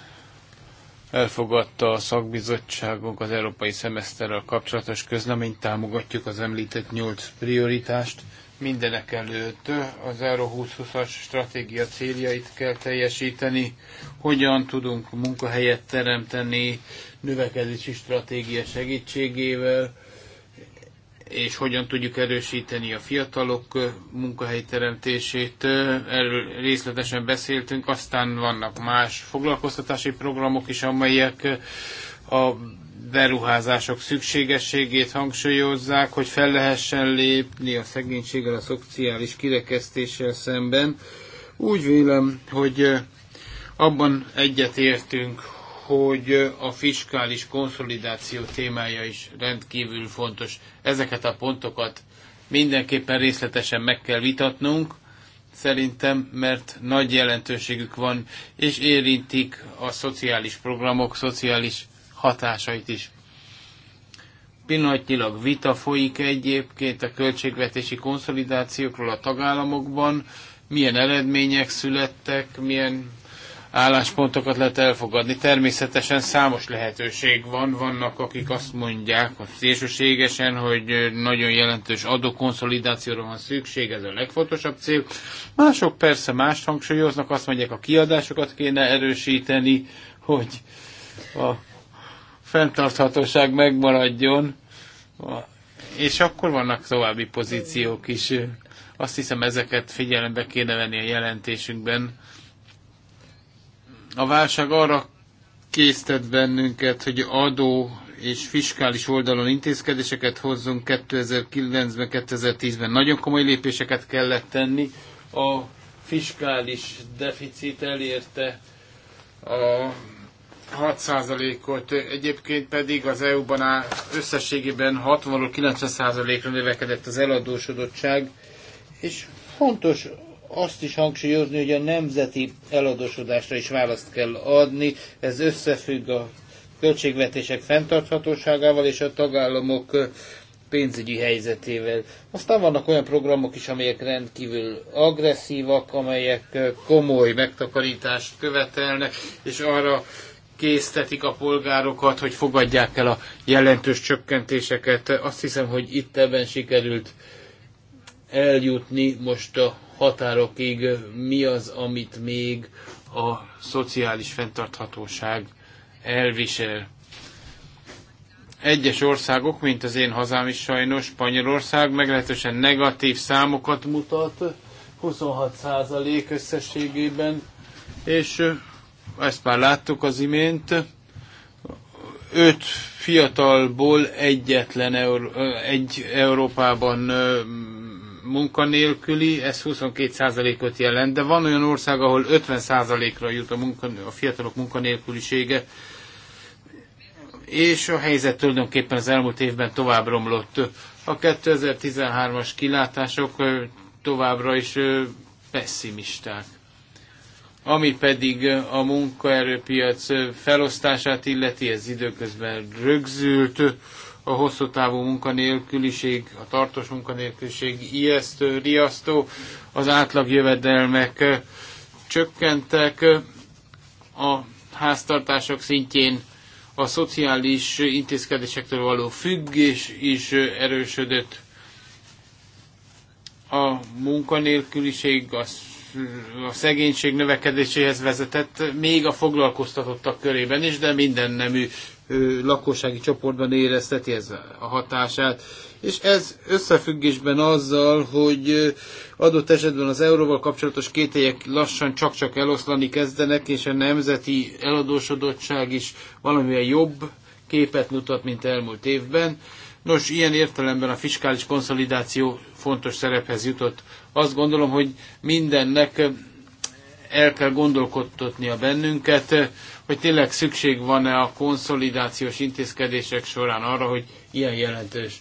Speaker 3: elfogadta a szakbizottságunk az európai szemeszterrel kapcsolatos közleményt, támogatjuk az említett nyolc prioritást. Mindenek előtt az Euró 2020-as stratégia céljait kell teljesíteni, hogyan tudunk munkahelyet teremteni növekedési stratégia segítségével, és hogyan tudjuk erősíteni a fiatalok munkahelyteremtését. Erről részletesen beszéltünk, aztán vannak más foglalkoztatási programok is, amelyek a beruházások szükségességét hangsúlyozzák, hogy fel lehessen lépni a szegénységgel, a szociális kirekesztéssel szemben. Úgy vélem, hogy abban egyetértünk, hogy a fiskális konszolidáció témája is rendkívül fontos. Ezeket a pontokat mindenképpen részletesen meg kell vitatnunk, szerintem, mert nagy jelentőségük van, és érintik a szociális programok szociális hatásait is. Pillanatnyilag vita folyik egyébként a költségvetési konszolidációkról a tagállamokban, milyen eredmények születtek, milyen álláspontokat lehet elfogadni. Természetesen számos lehetőség van. Vannak, akik azt mondják hogy szélsőségesen, hogy nagyon jelentős adókonszolidációra van szükség, ez a legfontosabb cél. Mások persze más hangsúlyoznak, azt mondják, a kiadásokat kéne erősíteni, hogy a fenntarthatóság megmaradjon. És akkor vannak további pozíciók is. Azt hiszem, ezeket figyelembe kéne venni a jelentésünkben a válság arra késztet bennünket, hogy adó és fiskális oldalon intézkedéseket hozzunk 2009-ben, 2010-ben. Nagyon komoly lépéseket kellett tenni. A fiskális deficit elérte a 6%-ot, egyébként pedig az EU-ban összességében 60-90%-ra növekedett az eladósodottság, és fontos azt is hangsúlyozni, hogy a nemzeti eladósodásra is választ kell adni. Ez összefügg a költségvetések fenntarthatóságával és a tagállamok pénzügyi helyzetével. Aztán vannak olyan programok is, amelyek rendkívül agresszívak, amelyek komoly megtakarítást követelnek, és arra késztetik a polgárokat, hogy fogadják el a jelentős csökkentéseket. Azt hiszem, hogy itt ebben sikerült eljutni most a határokig mi az, amit még a szociális fenntarthatóság elvisel. Egyes országok, mint az én hazám is sajnos, Spanyolország meglehetősen negatív számokat mutat, 26% összességében, és ezt már láttuk az imént, öt fiatalból egyetlen egy Európában munkanélküli, ez 22%-ot jelent, de van olyan ország, ahol 50%-ra jut a, munka, a fiatalok munkanélkülisége, és a helyzet tulajdonképpen az elmúlt évben tovább romlott. A 2013-as kilátások továbbra is pessimisták. Ami pedig a munkaerőpiac felosztását illeti, ez időközben rögzült, a hosszú távú munkanélküliség, a tartós munkanélküliség ijesztő, riasztó, az átlag jövedelmek csökkentek, a háztartások szintjén a szociális intézkedésektől való függés is erősödött. A munkanélküliség, a, a szegénység növekedéséhez vezetett, még a foglalkoztatottak körében is, de minden nemű lakossági csoportban érezteti ez a hatását. És ez összefüggésben azzal, hogy adott esetben az euróval kapcsolatos kételyek lassan csak-csak eloszlani kezdenek, és a nemzeti eladósodottság is valamilyen jobb képet mutat, mint elmúlt évben. Nos, ilyen értelemben a fiskális konszolidáció fontos szerephez jutott. Azt gondolom, hogy mindennek el kell gondolkodtatnia bennünket, hogy tényleg szükség van-e a konszolidációs intézkedések során arra, hogy ilyen jelentős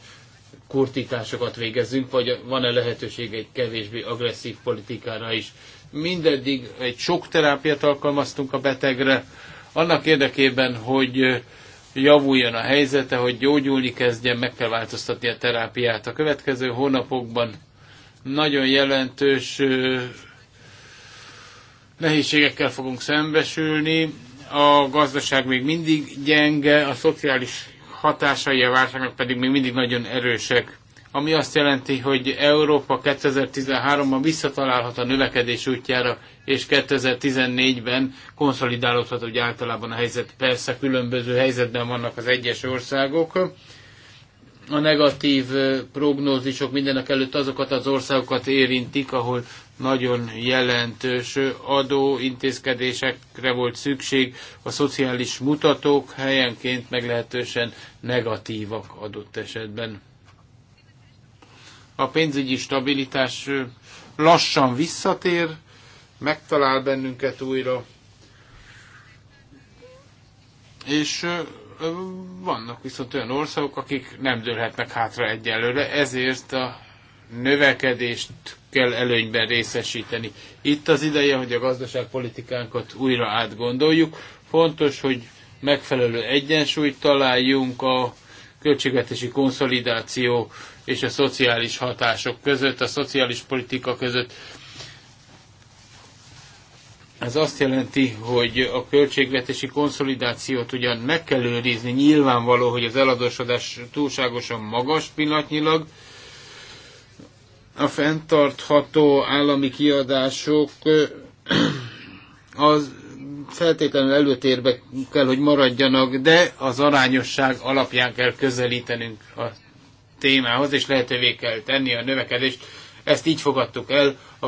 Speaker 3: kurtításokat végezzünk, vagy van-e lehetőség egy kevésbé agresszív politikára is. Mindeddig egy sok terápiát alkalmaztunk a betegre, annak érdekében, hogy javuljon a helyzete, hogy gyógyulni kezdjen, meg kell változtatni a terápiát. A következő hónapokban nagyon jelentős nehézségekkel fogunk szembesülni a gazdaság még mindig gyenge, a szociális hatásai a válságnak pedig még mindig nagyon erősek. Ami azt jelenti, hogy Európa 2013-ban visszatalálhat a növekedés útjára, és 2014-ben konszolidálódhat hogy általában a helyzet. Persze különböző helyzetben vannak az egyes országok, a negatív eh, prognózisok mindenek előtt azokat az országokat érintik, ahol nagyon jelentős adóintézkedésekre volt szükség, a szociális mutatók helyenként meglehetősen negatívak adott esetben. A pénzügyi stabilitás lassan visszatér, megtalál bennünket újra, és vannak viszont olyan országok, akik nem dőlhetnek hátra egyelőre, ezért a növekedést kell előnyben részesíteni. Itt az ideje, hogy a gazdaságpolitikánkat újra átgondoljuk. Fontos, hogy megfelelő egyensúlyt találjunk a költségvetési konszolidáció és a szociális hatások között, a szociális politika között. Ez azt jelenti, hogy a költségvetési konszolidációt ugyan meg kell őrizni, nyilvánvaló, hogy az eladósodás túlságosan magas pillanatnyilag, a fenntartható állami kiadások az feltétlenül előtérbe kell, hogy maradjanak, de az arányosság alapján kell közelítenünk a témához, és lehetővé kell tenni a növekedést. Ezt így fogadtuk el a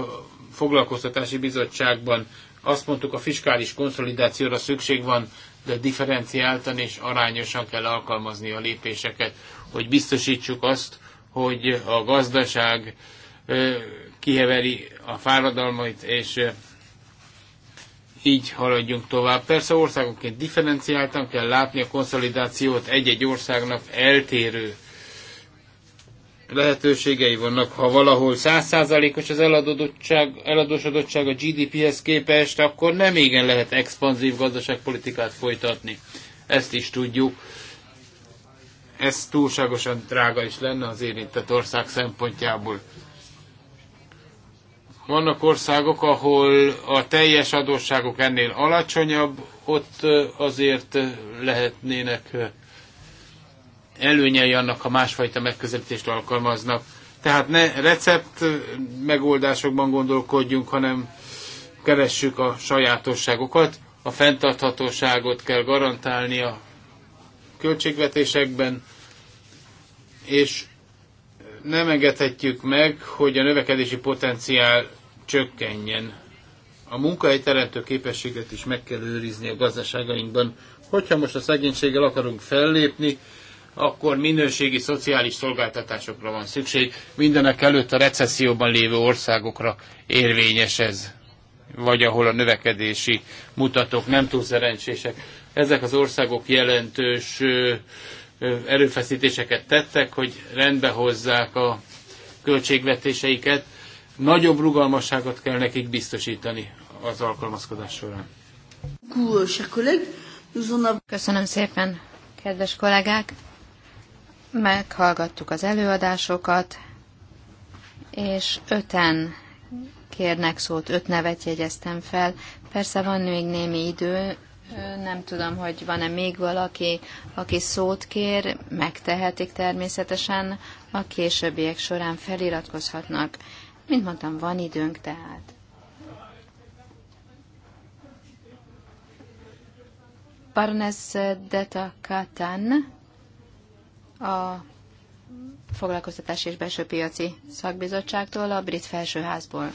Speaker 3: foglalkoztatási bizottságban. Azt mondtuk, a fiskális konszolidációra szükség van, de differenciáltan és arányosan kell alkalmazni a lépéseket, hogy biztosítsuk azt, hogy a gazdaság kiheveri a fáradalmait, és így haladjunk tovább. Persze országokként differenciáltan kell látni a konszolidációt egy-egy országnak eltérő lehetőségei vannak. Ha valahol 100%-os az eladósodottság a GDP-hez képest, akkor nem igen lehet expanzív gazdaságpolitikát folytatni. Ezt is tudjuk ez túlságosan drága is lenne az érintett ország szempontjából. Vannak országok, ahol a teljes adósságok ennél alacsonyabb, ott azért lehetnének előnyei annak, ha másfajta megközelítést alkalmaznak. Tehát ne recept megoldásokban gondolkodjunk, hanem keressük a sajátosságokat. A fenntarthatóságot kell garantálni a költségvetésekben, és nem engedhetjük meg, hogy a növekedési potenciál csökkenjen. A teremtő képességet is meg kell őrizni a gazdaságainkban. Hogyha most a szegénységgel akarunk fellépni, akkor minőségi szociális szolgáltatásokra van szükség. Mindenek előtt a recesszióban lévő országokra érvényes ez, vagy ahol a növekedési mutatók nem túl szerencsések. Ezek az országok jelentős erőfeszítéseket tettek, hogy rendbe hozzák a költségvetéseiket. Nagyobb rugalmasságot kell nekik biztosítani az alkalmazkodás során.
Speaker 4: Köszönöm szépen, kedves kollégák! Meghallgattuk az előadásokat, és öten kérnek szót, öt nevet jegyeztem fel. Persze van még némi idő, nem tudom, hogy van-e még valaki, aki szót kér, megtehetik természetesen, a későbbiek során feliratkozhatnak. Mint mondtam, van időnk tehát. Barnes Deta Katan, a Foglalkoztatás és Belső Piaci Szakbizottságtól, a Brit Felsőházból.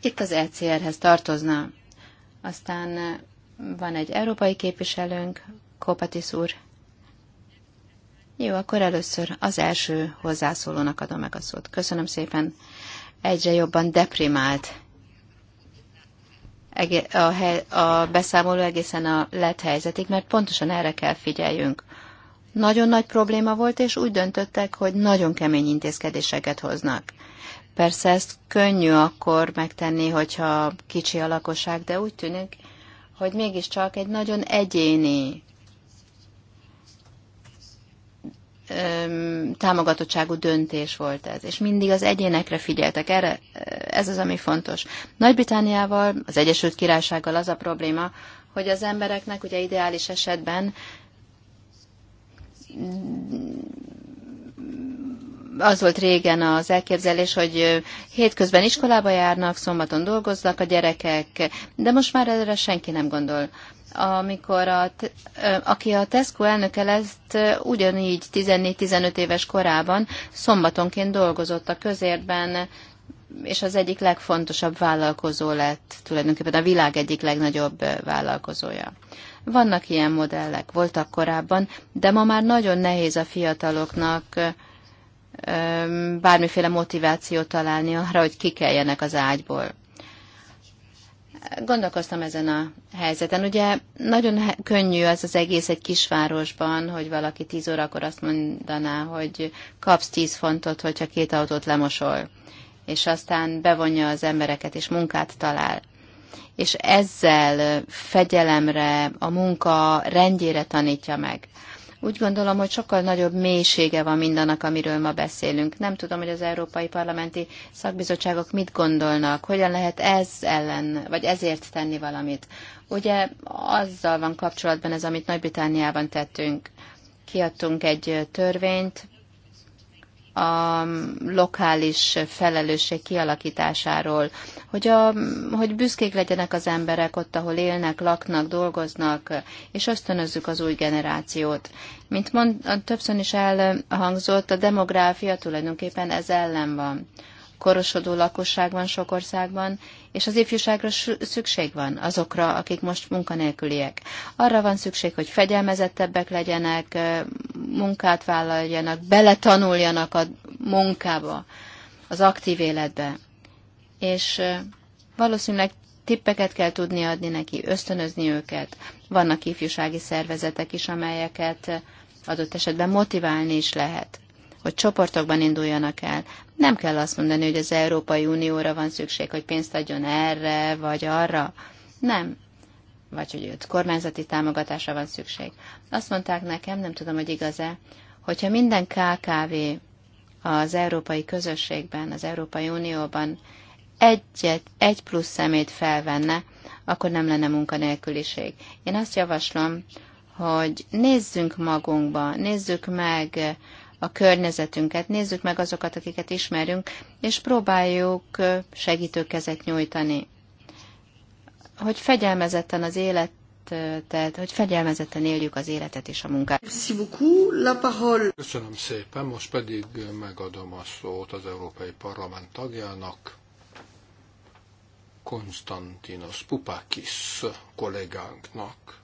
Speaker 4: Itt az ECR-hez tartozna. Aztán eh, van egy európai képviselőnk, Kopatis úr. Jó, akkor először az első hozzászólónak adom meg a szót. Köszönöm szépen. Egyre jobban deprimált a, beszámoló egészen a lett helyzetig, mert pontosan erre kell figyeljünk. Nagyon nagy probléma volt, és úgy döntöttek, hogy nagyon kemény intézkedéseket hoznak. Persze ezt könnyű akkor megtenni, hogyha kicsi a lakosság, de úgy tűnik, hogy mégiscsak egy nagyon egyéni támogatottságú döntés volt ez, és mindig az egyénekre figyeltek. Erre, ez az, ami fontos. Nagy-Britániával, az Egyesült Királysággal az a probléma, hogy az embereknek ugye ideális esetben az volt régen az elképzelés, hogy hétközben iskolába járnak, szombaton dolgoznak a gyerekek, de most már erre senki nem gondol. Amikor a, aki a Tesco elnöke lett, ugyanígy 14-15 éves korában szombatonként dolgozott a közértben, és az egyik legfontosabb vállalkozó lett, tulajdonképpen a világ egyik legnagyobb vállalkozója. Vannak ilyen modellek, voltak korábban, de ma már nagyon nehéz a fiataloknak bármiféle motivációt találni arra, hogy kikeljenek az ágyból. Gondolkoztam ezen a helyzeten. Ugye nagyon könnyű ez az egész egy kisvárosban, hogy valaki tíz órakor azt mondaná, hogy kapsz tíz fontot, hogyha két autót lemosol, és aztán bevonja az embereket, és munkát talál és ezzel fegyelemre, a munka rendjére tanítja meg. Úgy gondolom, hogy sokkal nagyobb mélysége van mindannak, amiről ma beszélünk. Nem tudom, hogy az európai parlamenti szakbizottságok mit gondolnak, hogyan lehet ez ellen, vagy ezért tenni valamit. Ugye azzal van kapcsolatban ez, amit Nagy-Britániában tettünk. Kiadtunk egy törvényt, a lokális felelősség kialakításáról, hogy, a, hogy büszkék legyenek az emberek ott, ahol élnek, laknak, dolgoznak, és ösztönözzük az új generációt. Mint mond, többször is elhangzott, a demográfia tulajdonképpen ez ellen van. Korosodó lakosság van sok országban, és az ifjúságra szükség van azokra, akik most munkanélküliek. Arra van szükség, hogy fegyelmezettebbek legyenek, munkát vállaljanak, beletanuljanak a munkába, az aktív életbe. És valószínűleg tippeket kell tudni adni neki, ösztönözni őket. Vannak ifjúsági szervezetek is, amelyeket adott esetben motiválni is lehet, hogy csoportokban induljanak el. Nem kell azt mondani, hogy az Európai Unióra van szükség, hogy pénzt adjon erre vagy arra. Nem vagy hogy őt kormányzati támogatásra van szükség. Azt mondták nekem, nem tudom, hogy igaz-e, hogyha minden KKV az európai közösségben, az Európai Unióban egyet, egy plusz szemét felvenne, akkor nem lenne munkanélküliség. Én azt javaslom, hogy nézzünk magunkba, nézzük meg a környezetünket, nézzük meg azokat, akiket ismerünk, és próbáljuk segítőkezet nyújtani hogy fegyelmezetten az életet, hogy fegyelmezetten éljük az életet és a munkát.
Speaker 2: Köszönöm szépen, most pedig megadom a szót az Európai Parlament tagjának, Konstantinos Pupakis kollégánknak,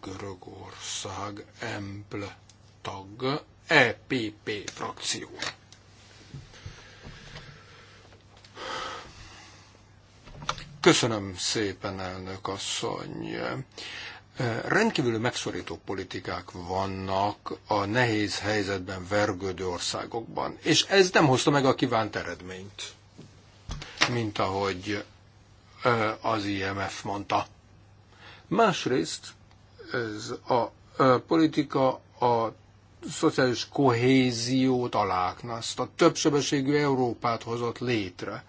Speaker 2: Görögország Emble tag, EPP frakció. Köszönöm szépen, elnök asszony. Rendkívül megszorító politikák vannak a nehéz helyzetben vergődő országokban, és ez nem hozta meg a kívánt eredményt, mint ahogy az IMF mondta. Másrészt ez a politika a szociális kohéziót a többsebességű Európát hozott létre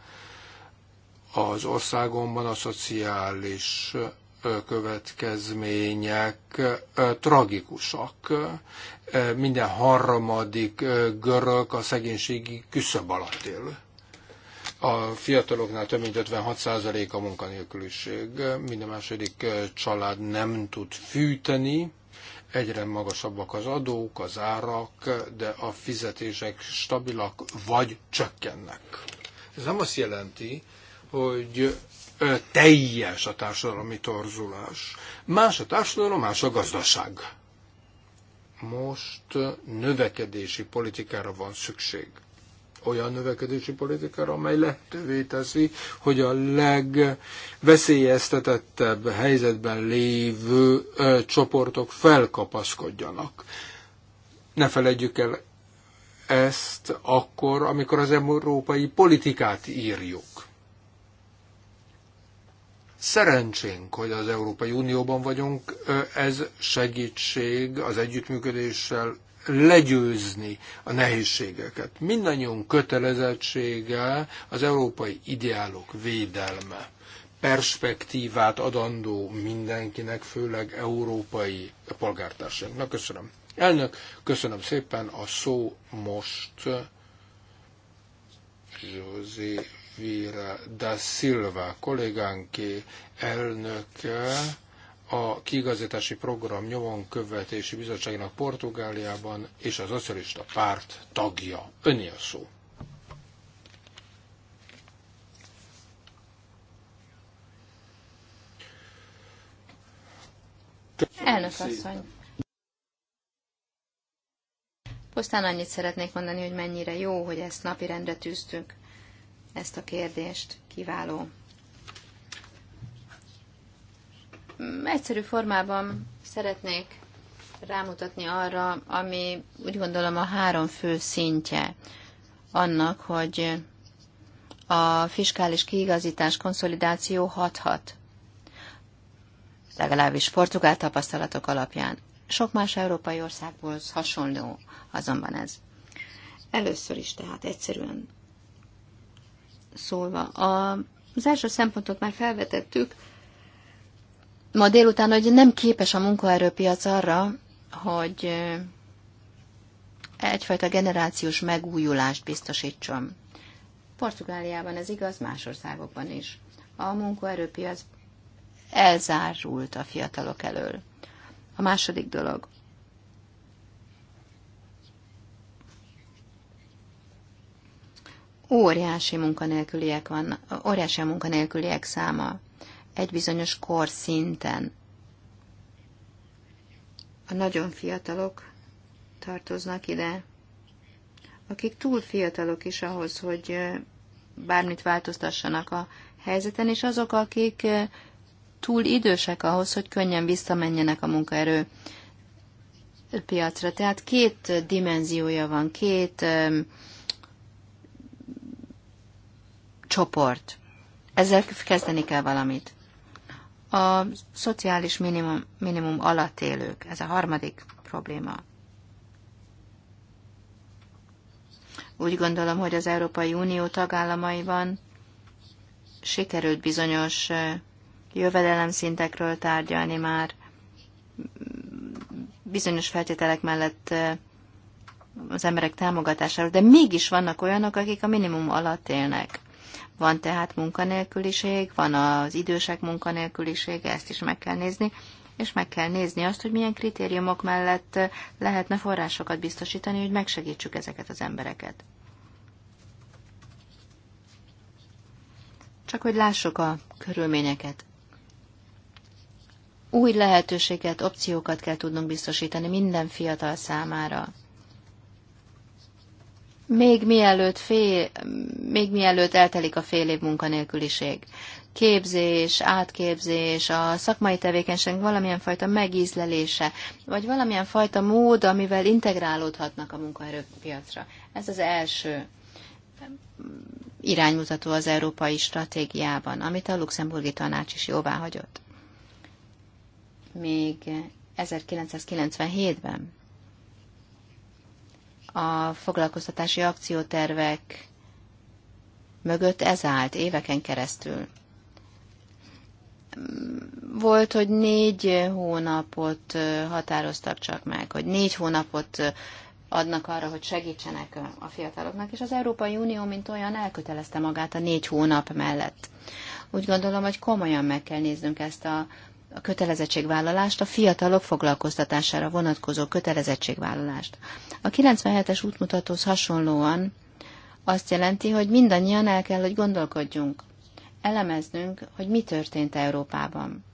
Speaker 2: az országomban a szociális következmények tragikusak. Minden harmadik görög a szegénységi küszöb alatt él. A fiataloknál több mint 56% a munkanélküliség, minden második család nem tud fűteni, egyre magasabbak az adók, az árak, de a fizetések stabilak vagy csökkennek. Ez nem azt jelenti, hogy teljes a társadalmi torzulás. Más a társadalom, más a gazdaság. Most növekedési politikára van szükség. Olyan növekedési politikára, amely lehetővé teszi, hogy a legveszélyeztetettebb helyzetben lévő ö, csoportok felkapaszkodjanak. Ne felejtjük el ezt akkor, amikor az európai politikát írjuk Szerencsénk, hogy az Európai Unióban vagyunk, ez segítség az együttműködéssel legyőzni a nehézségeket. Mindannyiunk kötelezettsége az európai ideálok védelme perspektívát adandó mindenkinek, főleg európai polgártársainknak. Köszönöm. Elnök, köszönöm szépen a szó most José Elvira da Silva kollégánké elnöke a kiigazítási program nyomon követési bizottságnak Portugáliában és az szocialista párt tagja. a szó.
Speaker 4: Elnök asszony. Pusztán annyit szeretnék mondani, hogy mennyire jó, hogy ezt napirendre tűztük ezt a kérdést. Kiváló. Egyszerű formában szeretnék rámutatni arra, ami úgy gondolom a három fő szintje annak, hogy a fiskális kiigazítás konszolidáció hathat. Legalábbis portugál tapasztalatok alapján. Sok más európai országból hasonló azonban ez. Először is tehát egyszerűen szólva. A, az első szempontot már felvetettük ma délután, hogy nem képes a munkaerőpiac arra, hogy egyfajta generációs megújulást biztosítson. Portugáliában ez igaz, más országokban is. A munkaerőpiac elzárult a fiatalok elől. A második dolog. óriási munkanélküliek van, óriási a munkanélküliek száma egy bizonyos kor szinten. A nagyon fiatalok tartoznak ide, akik túl fiatalok is ahhoz, hogy bármit változtassanak a helyzeten, és azok, akik túl idősek ahhoz, hogy könnyen visszamenjenek a munkaerő piacra. Tehát két dimenziója van, két csoport. Ezzel kezdeni kell valamit. A szociális minimum, minimum alatt élők, ez a harmadik probléma. Úgy gondolom, hogy az Európai Unió tagállamaiban sikerült bizonyos jövedelemszintekről tárgyalni már, bizonyos feltételek mellett az emberek támogatására, de mégis vannak olyanok, akik a minimum alatt élnek. Van tehát munkanélküliség, van az idősek munkanélkülisége, ezt is meg kell nézni, és meg kell nézni azt, hogy milyen kritériumok mellett lehetne forrásokat biztosítani, hogy megsegítsük ezeket az embereket. Csak hogy lássuk a körülményeket. Új lehetőséget, opciókat kell tudnunk biztosítani minden fiatal számára még mielőtt, fél, még mielőtt eltelik a fél év munkanélküliség. Képzés, átképzés, a szakmai tevékenység valamilyen fajta megízlelése, vagy valamilyen fajta mód, amivel integrálódhatnak a munkaerőpiacra. Ez az első iránymutató az európai stratégiában, amit a luxemburgi tanács is jóvá hagyott. Még 1997-ben a foglalkoztatási akciótervek mögött ez állt éveken keresztül. Volt, hogy négy hónapot határoztak csak meg, hogy négy hónapot adnak arra, hogy segítsenek a fiataloknak, és az Európai Unió, mint olyan, elkötelezte magát a négy hónap mellett. Úgy gondolom, hogy komolyan meg kell néznünk ezt a a kötelezettségvállalást, a fiatalok foglalkoztatására vonatkozó kötelezettségvállalást. A 97-es útmutatóhoz hasonlóan azt jelenti, hogy mindannyian el kell, hogy gondolkodjunk, elemeznünk, hogy mi történt Európában.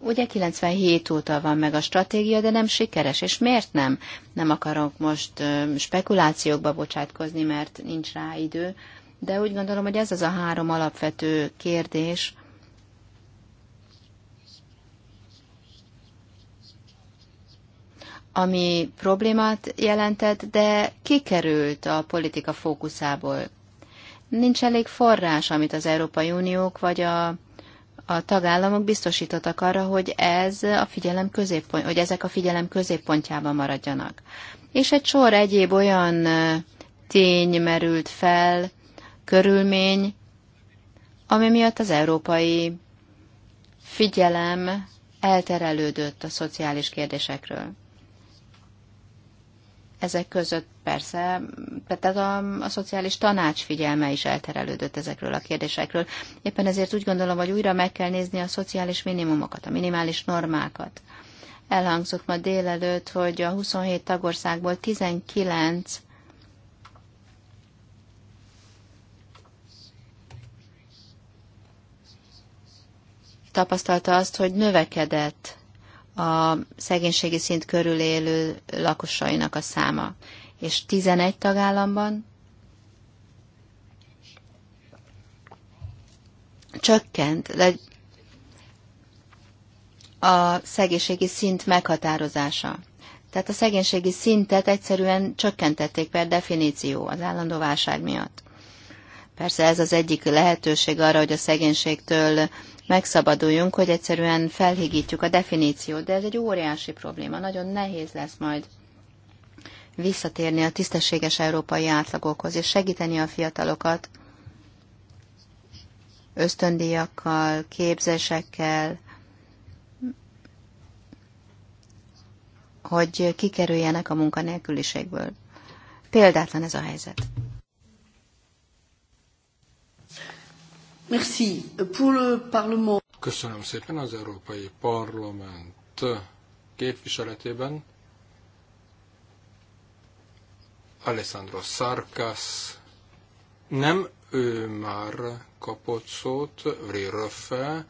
Speaker 4: Ugye 97 óta van meg a stratégia, de nem sikeres, és miért nem? Nem akarok most spekulációkba bocsátkozni, mert nincs rá idő, de úgy gondolom, hogy ez az a három alapvető kérdés, ami problémát jelentett, de kikerült a politika fókuszából. Nincs elég forrás, amit az Európai Uniók vagy a, a tagállamok biztosítottak arra, hogy, ez a figyelem középpont, hogy ezek a figyelem középpontjában maradjanak. És egy sor egyéb olyan tény merült fel, körülmény, ami miatt az európai figyelem elterelődött a szociális kérdésekről. Ezek között persze, tehát a, a szociális tanács figyelme is elterelődött ezekről a kérdésekről. Éppen ezért úgy gondolom, hogy újra meg kell nézni a szociális minimumokat, a minimális normákat. Elhangzott ma délelőtt, hogy a 27 tagországból 19 tapasztalta azt, hogy növekedett a szegénységi szint körül élő lakosainak a száma. És 11 tagállamban csökkent de a szegénységi szint meghatározása. Tehát a szegénységi szintet egyszerűen csökkentették per definíció az állandó válság miatt. Persze ez az egyik lehetőség arra, hogy a szegénységtől megszabaduljunk, hogy egyszerűen felhigítjuk a definíciót, de ez egy óriási probléma, nagyon nehéz lesz majd visszatérni a tisztességes európai átlagokhoz, és segíteni a fiatalokat ösztöndíjakkal, képzésekkel, hogy kikerüljenek a munkanélküliségből. Példátlan ez a helyzet.
Speaker 1: Merci. Pour le Parlement.
Speaker 2: Köszönöm szépen az Európai Parlament képviseletében. Alessandro Sarkas nem ő már kapott szót, Röffe,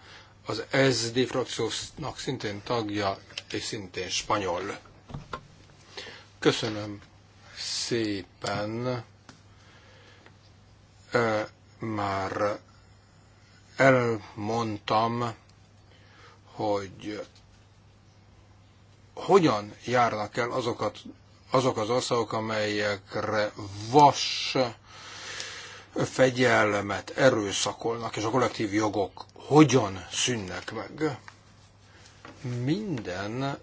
Speaker 2: az SD frakciósnak szintén tagja, és szintén spanyol. Köszönöm szépen. Már elmondtam, hogy hogyan járnak el azokat, azok az országok, amelyekre vas fegyelmet erőszakolnak, és a kollektív jogok hogyan szűnnek meg. Minden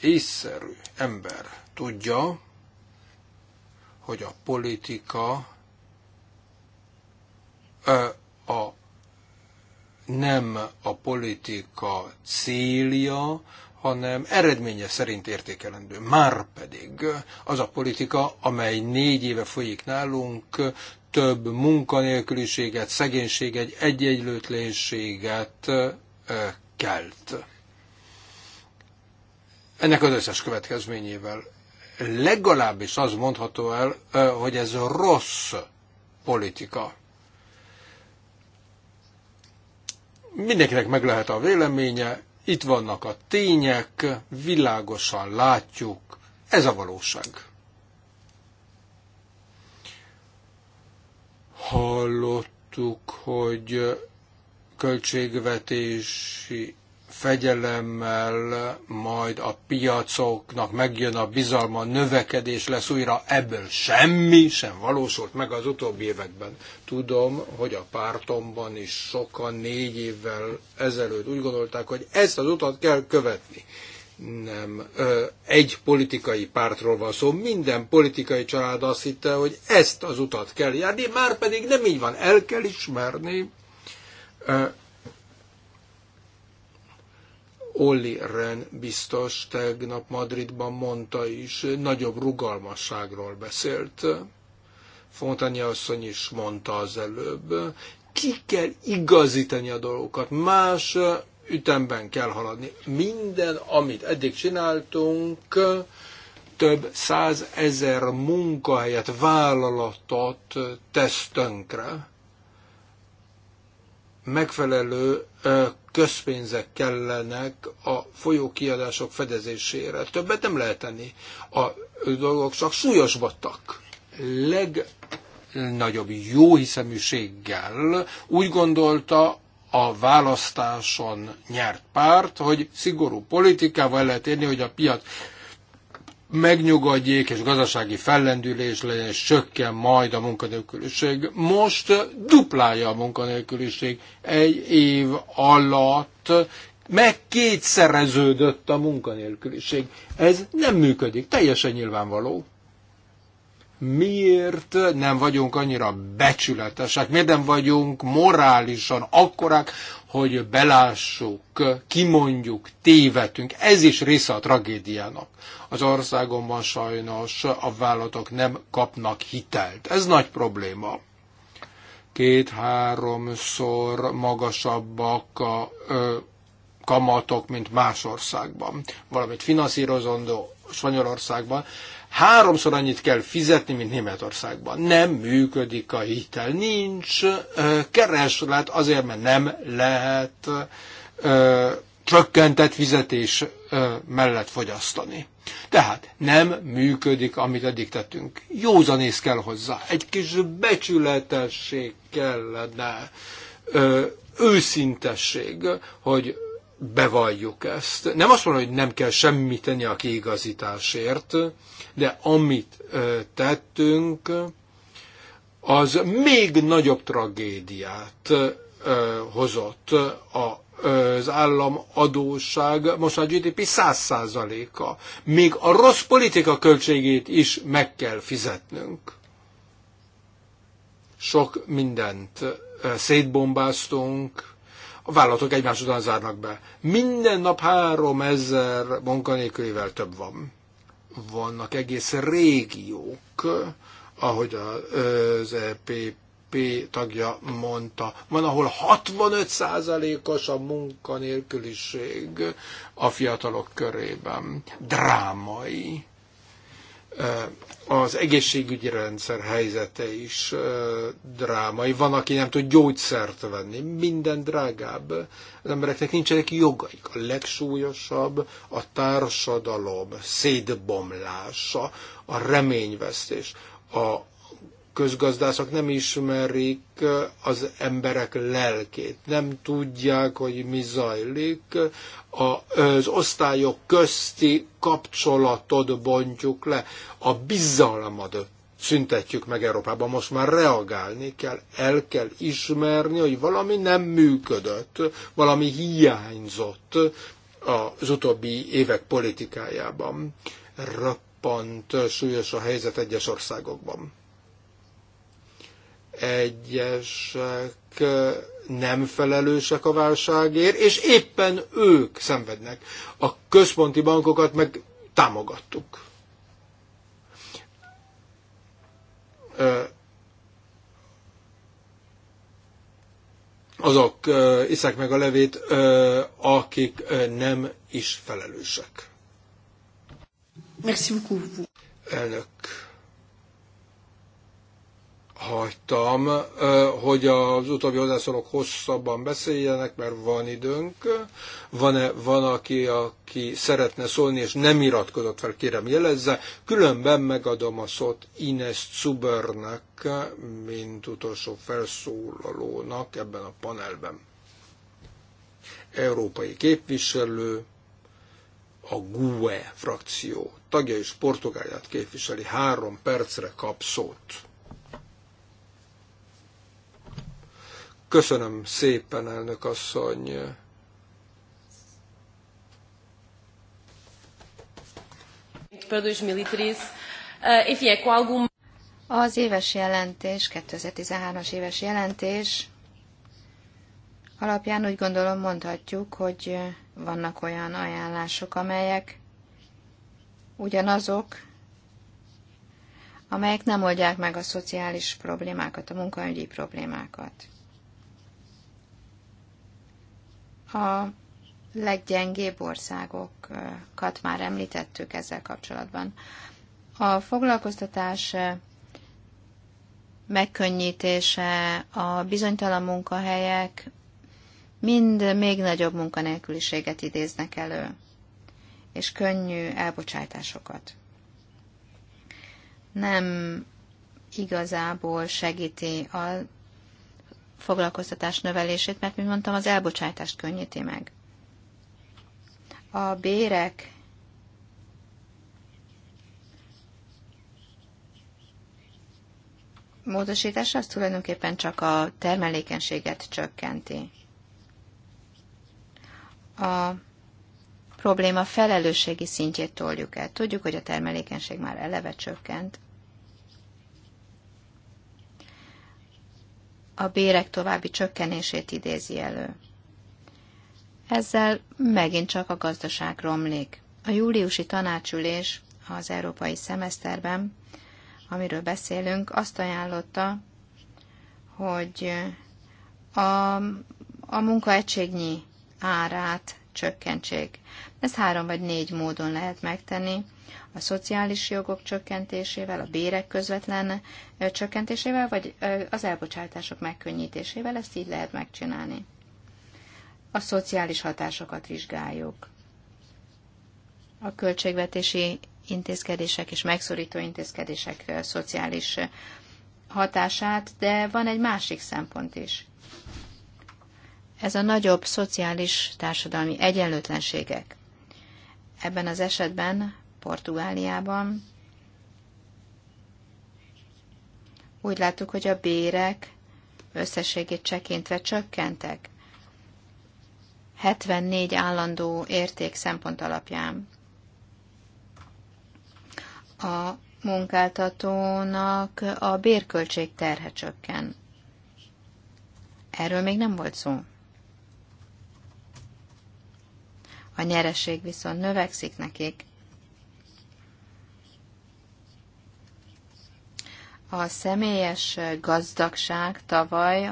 Speaker 2: észszerű ember tudja, hogy a politika a nem a politika célja, hanem eredménye szerint értékelendő. Már pedig az a politika, amely négy éve folyik nálunk, több munkanélküliséget, szegénységet, egyegylőtlenséget kelt. Ennek az összes következményével legalábbis az mondható el, hogy ez rossz politika. Mindenkinek meg lehet a véleménye, itt vannak a tények, világosan látjuk, ez a valóság. Hallottuk, hogy költségvetési fegyelemmel majd a piacoknak megjön a bizalma, a növekedés lesz újra, ebből semmi sem valósult meg az utóbbi években. Tudom, hogy a pártomban is sokan négy évvel ezelőtt úgy gondolták, hogy ezt az utat kell követni. Nem ö, egy politikai pártról van szó, minden politikai család azt hitte, hogy ezt az utat kell járni, már pedig nem így van, el kell ismerni Olli Ren biztos tegnap Madridban mondta is, nagyobb rugalmasságról beszélt. Fontanya asszony is mondta az előbb. Ki kell igazítani a dolgokat, más ütemben kell haladni. Minden, amit eddig csináltunk, több százezer munkahelyet, vállalatot tesz tönkre. Megfelelő közpénzek kellenek a folyókiadások fedezésére. Többet nem lehet tenni. A dolgok csak súlyosbattak. Legnagyobb jóhiszeműséggel úgy gondolta a választáson nyert párt, hogy szigorú politikával lehet érni, hogy a piac megnyugodjék, és gazdasági fellendülés legyen, és sökken majd a munkanélküliség. Most duplája a munkanélküliség. Egy év alatt meg kétszereződött a munkanélküliség. Ez nem működik, teljesen nyilvánvaló miért nem vagyunk annyira becsületesek, miért nem vagyunk morálisan akkorák, hogy belássuk, kimondjuk, tévetünk. Ez is része a tragédiának. Az országomban sajnos a vállalatok nem kapnak hitelt. Ez nagy probléma. Két-háromszor magasabbak a ö, kamatok, mint más országban. Valamit finanszírozandó Spanyolországban háromszor annyit kell fizetni, mint Németországban. Nem működik a hitel, nincs kereslet azért, mert nem lehet csökkentett fizetés mellett fogyasztani. Tehát nem működik, amit eddig tettünk. Józanész kell hozzá, egy kis becsületesség kellene, őszintesség, hogy bevalljuk ezt. Nem azt mondom, hogy nem kell semmit tenni a kiigazításért, de amit tettünk, az még nagyobb tragédiát hozott a az állam adósság most a GDP 100%-a. Még a rossz politika költségét is meg kell fizetnünk. Sok mindent szétbombáztunk, a vállalatok egymás után zárnak be. Minden nap 3000 munkanélkülivel több van. Vannak egész régiók, ahogy az EPP tagja mondta, van, ahol 65%-os a munkanélküliség a fiatalok körében. Drámai az egészségügyi rendszer helyzete is drámai. Van, aki nem tud gyógyszert venni. Minden drágább. Az embereknek nincsenek jogaik. A legsúlyosabb a társadalom szétbomlása, a reményvesztés, a közgazdászok nem ismerik az emberek lelkét, nem tudják, hogy mi zajlik, az osztályok közti kapcsolatot bontjuk le, a bizalmad szüntetjük meg Európában. Most már reagálni kell, el kell ismerni, hogy valami nem működött, valami hiányzott az utóbbi évek politikájában. Röppant súlyos a helyzet egyes országokban egyesek nem felelősek a válságért, és éppen ők szenvednek. A központi bankokat meg támogattuk. Azok iszek meg a levét, akik nem is felelősek.
Speaker 1: Merci beaucoup.
Speaker 2: Elnök hagytam, hogy az utóbbi hozzászólók hosszabban beszéljenek, mert van időnk. Van-e van, aki, aki szeretne szólni, és nem iratkozott fel, kérem jelezze. Különben megadom a szót Ines Zubernek, mint utolsó felszólalónak ebben a panelben. Európai képviselő, a GUE frakció tagja és Portugáliát képviseli. Három percre kap szót. Köszönöm szépen, elnök asszony.
Speaker 1: Eh,
Speaker 4: Az éves jelentés, 2013-as éves jelentés alapján úgy gondolom mondhatjuk, hogy vannak olyan ajánlások, amelyek ugyanazok, amelyek nem oldják meg a szociális problémákat, a munkaügyi problémákat. A leggyengébb országokat már említettük ezzel kapcsolatban. A foglalkoztatás megkönnyítése, a bizonytalan munkahelyek mind még nagyobb munkanélküliséget idéznek elő, és könnyű elbocsátásokat. Nem igazából segíti a foglalkoztatás növelését, mert, mint mondtam, az elbocsátást könnyíti meg. A bérek módosítása az tulajdonképpen csak a termelékenységet csökkenti. A probléma felelősségi szintjét toljuk el. Tudjuk, hogy a termelékenység már eleve csökkent, a bérek további csökkenését idézi elő. Ezzel megint csak a gazdaság romlik. A júliusi tanácsülés az európai szemeszterben, amiről beszélünk, azt ajánlotta, hogy a, a munkaegységnyi árát csökkentsék. Ez három vagy négy módon lehet megtenni a szociális jogok csökkentésével, a bérek közvetlen csökkentésével, vagy az elbocsátások megkönnyítésével, ezt így lehet megcsinálni. A szociális hatásokat vizsgáljuk. A költségvetési intézkedések és megszorító intézkedések szociális hatását, de van egy másik szempont is. Ez a nagyobb szociális társadalmi egyenlőtlenségek. Ebben az esetben Portugáliában. Úgy láttuk, hogy a bérek összességét csekintve csökkentek. 74 állandó érték szempont alapján. A munkáltatónak a bérköltség terhe csökken. Erről még nem volt szó. A nyereség viszont növekszik nekik. A személyes gazdagság tavaly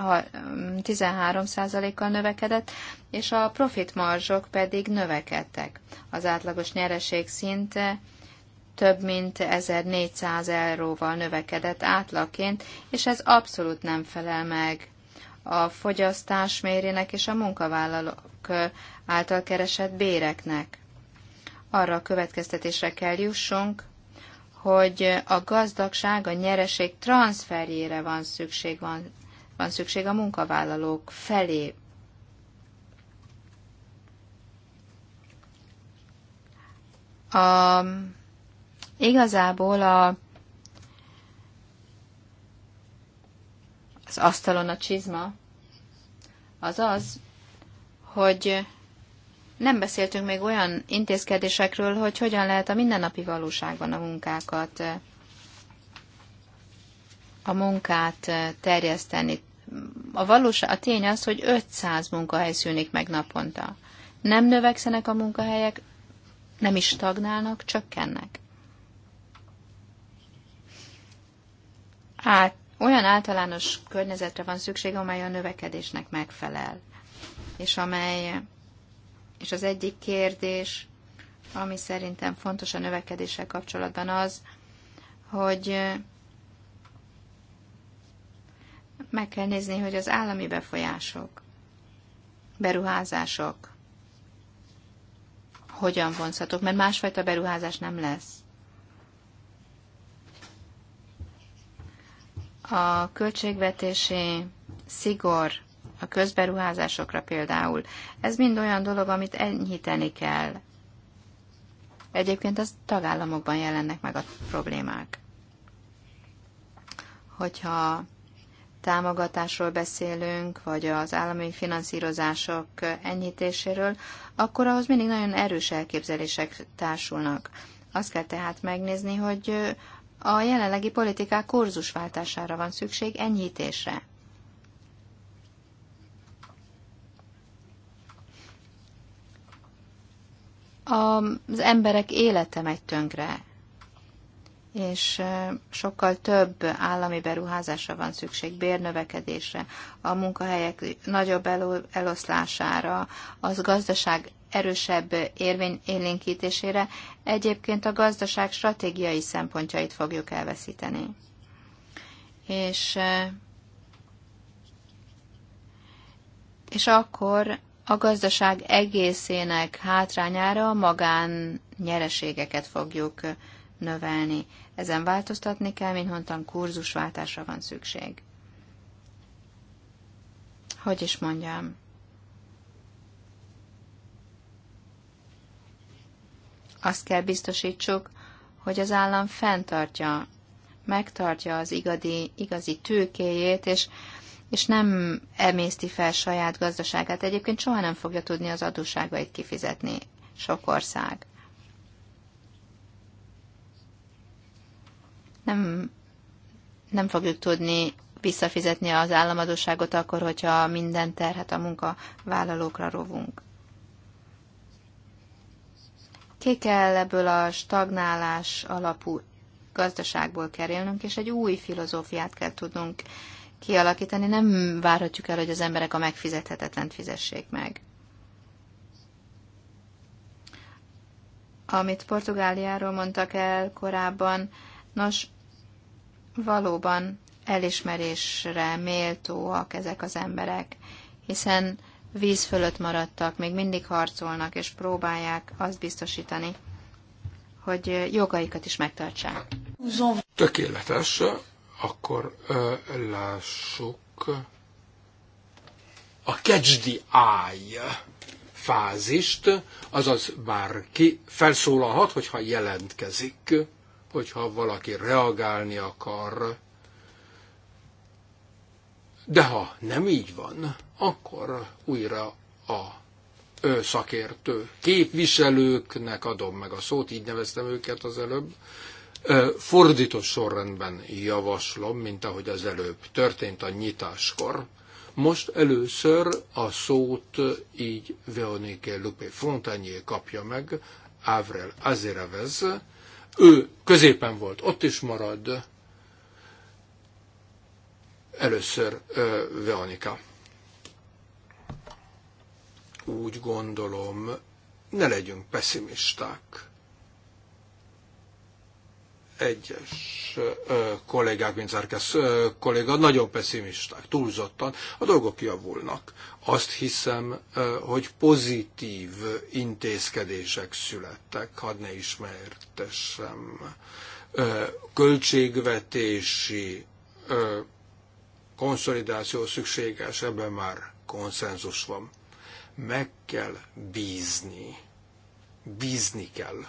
Speaker 4: 13%-kal mm, növekedett, és a profitmarzsok pedig növekedtek. Az átlagos nyereség szinte több mint 1400 euróval növekedett átlagként, és ez abszolút nem felel meg a fogyasztás mérének és a munkavállalók által keresett béreknek. Arra a következtetésre kell jussunk, hogy a gazdagság, a nyereség transferjére van szükség, van, van szükség a munkavállalók felé. A, igazából a, az asztalon a csizma az az, hogy nem beszéltünk még olyan intézkedésekről, hogy hogyan lehet a mindennapi valóságban a munkákat, a munkát terjeszteni. A, valóság, a tény az, hogy 500 munkahely szűnik meg naponta. Nem növekszenek a munkahelyek, nem is stagnálnak, csökkennek. Át, olyan általános környezetre van szükség, amely a növekedésnek megfelel, és amely és az egyik kérdés, ami szerintem fontos a növekedéssel kapcsolatban az, hogy meg kell nézni, hogy az állami befolyások, beruházások hogyan vonzhatók, mert másfajta beruházás nem lesz. A költségvetési szigor a közberuházásokra például. Ez mind olyan dolog, amit enyhíteni kell. Egyébként az tagállamokban jelennek meg a problémák. Hogyha támogatásról beszélünk, vagy az állami finanszírozások enyhítéséről, akkor ahhoz mindig nagyon erős elképzelések társulnak. Azt kell tehát megnézni, hogy a jelenlegi politikák kurzusváltására van szükség, enyhítésre. az emberek élete megy tönkre, és sokkal több állami beruházásra van szükség, bérnövekedésre, a munkahelyek nagyobb eloszlására, az gazdaság erősebb érvény élénkítésére, egyébként a gazdaság stratégiai szempontjait fogjuk elveszíteni. És, és akkor a gazdaság egészének hátrányára magán nyereségeket fogjuk növelni. Ezen változtatni kell, mint mondtam, kurzusváltásra van szükség. Hogy is mondjam? Azt kell biztosítsuk, hogy az állam fenntartja, megtartja az igazi, igazi tőkéjét, és és nem emészti fel saját gazdaságát. Egyébként soha nem fogja tudni az adósságait kifizetni sok ország. Nem, nem fogjuk tudni visszafizetni az államadóságot akkor, hogyha minden terhet a munkavállalókra rovunk. Ki kell ebből a stagnálás alapú gazdaságból kerülnünk, és egy új filozófiát kell tudnunk kialakítani. Nem várhatjuk el, hogy az emberek a megfizethetetlen fizessék meg. Amit Portugáliáról mondtak el korábban, nos, valóban elismerésre méltóak ezek az emberek, hiszen víz fölött maradtak, még mindig harcolnak, és próbálják azt biztosítani, hogy jogaikat is megtartsák.
Speaker 2: Tökéletes akkor lássuk a catch the eye fázist, azaz bárki felszólalhat, hogyha jelentkezik, hogyha valaki reagálni akar. De ha nem így van, akkor újra a ő szakértő képviselőknek adom meg a szót, így neveztem őket az előbb, fordított sorrendben javaslom, mint ahogy az előbb történt a nyitáskor. Most először a szót így Veronique Lupé Fontanyé kapja meg, Avrel Azirevez. Ő középen volt, ott is marad. Először Veronika. Úgy gondolom, ne legyünk pessimisták egyes kollégák, mint Zárkesz kolléga, nagyon pessimisták, túlzottan, a dolgok javulnak. Azt hiszem, hogy pozitív intézkedések születtek, hadd ne ismertessem. Költségvetési konszolidáció szükséges, ebben már konszenzus van. Meg kell bízni. Bízni kell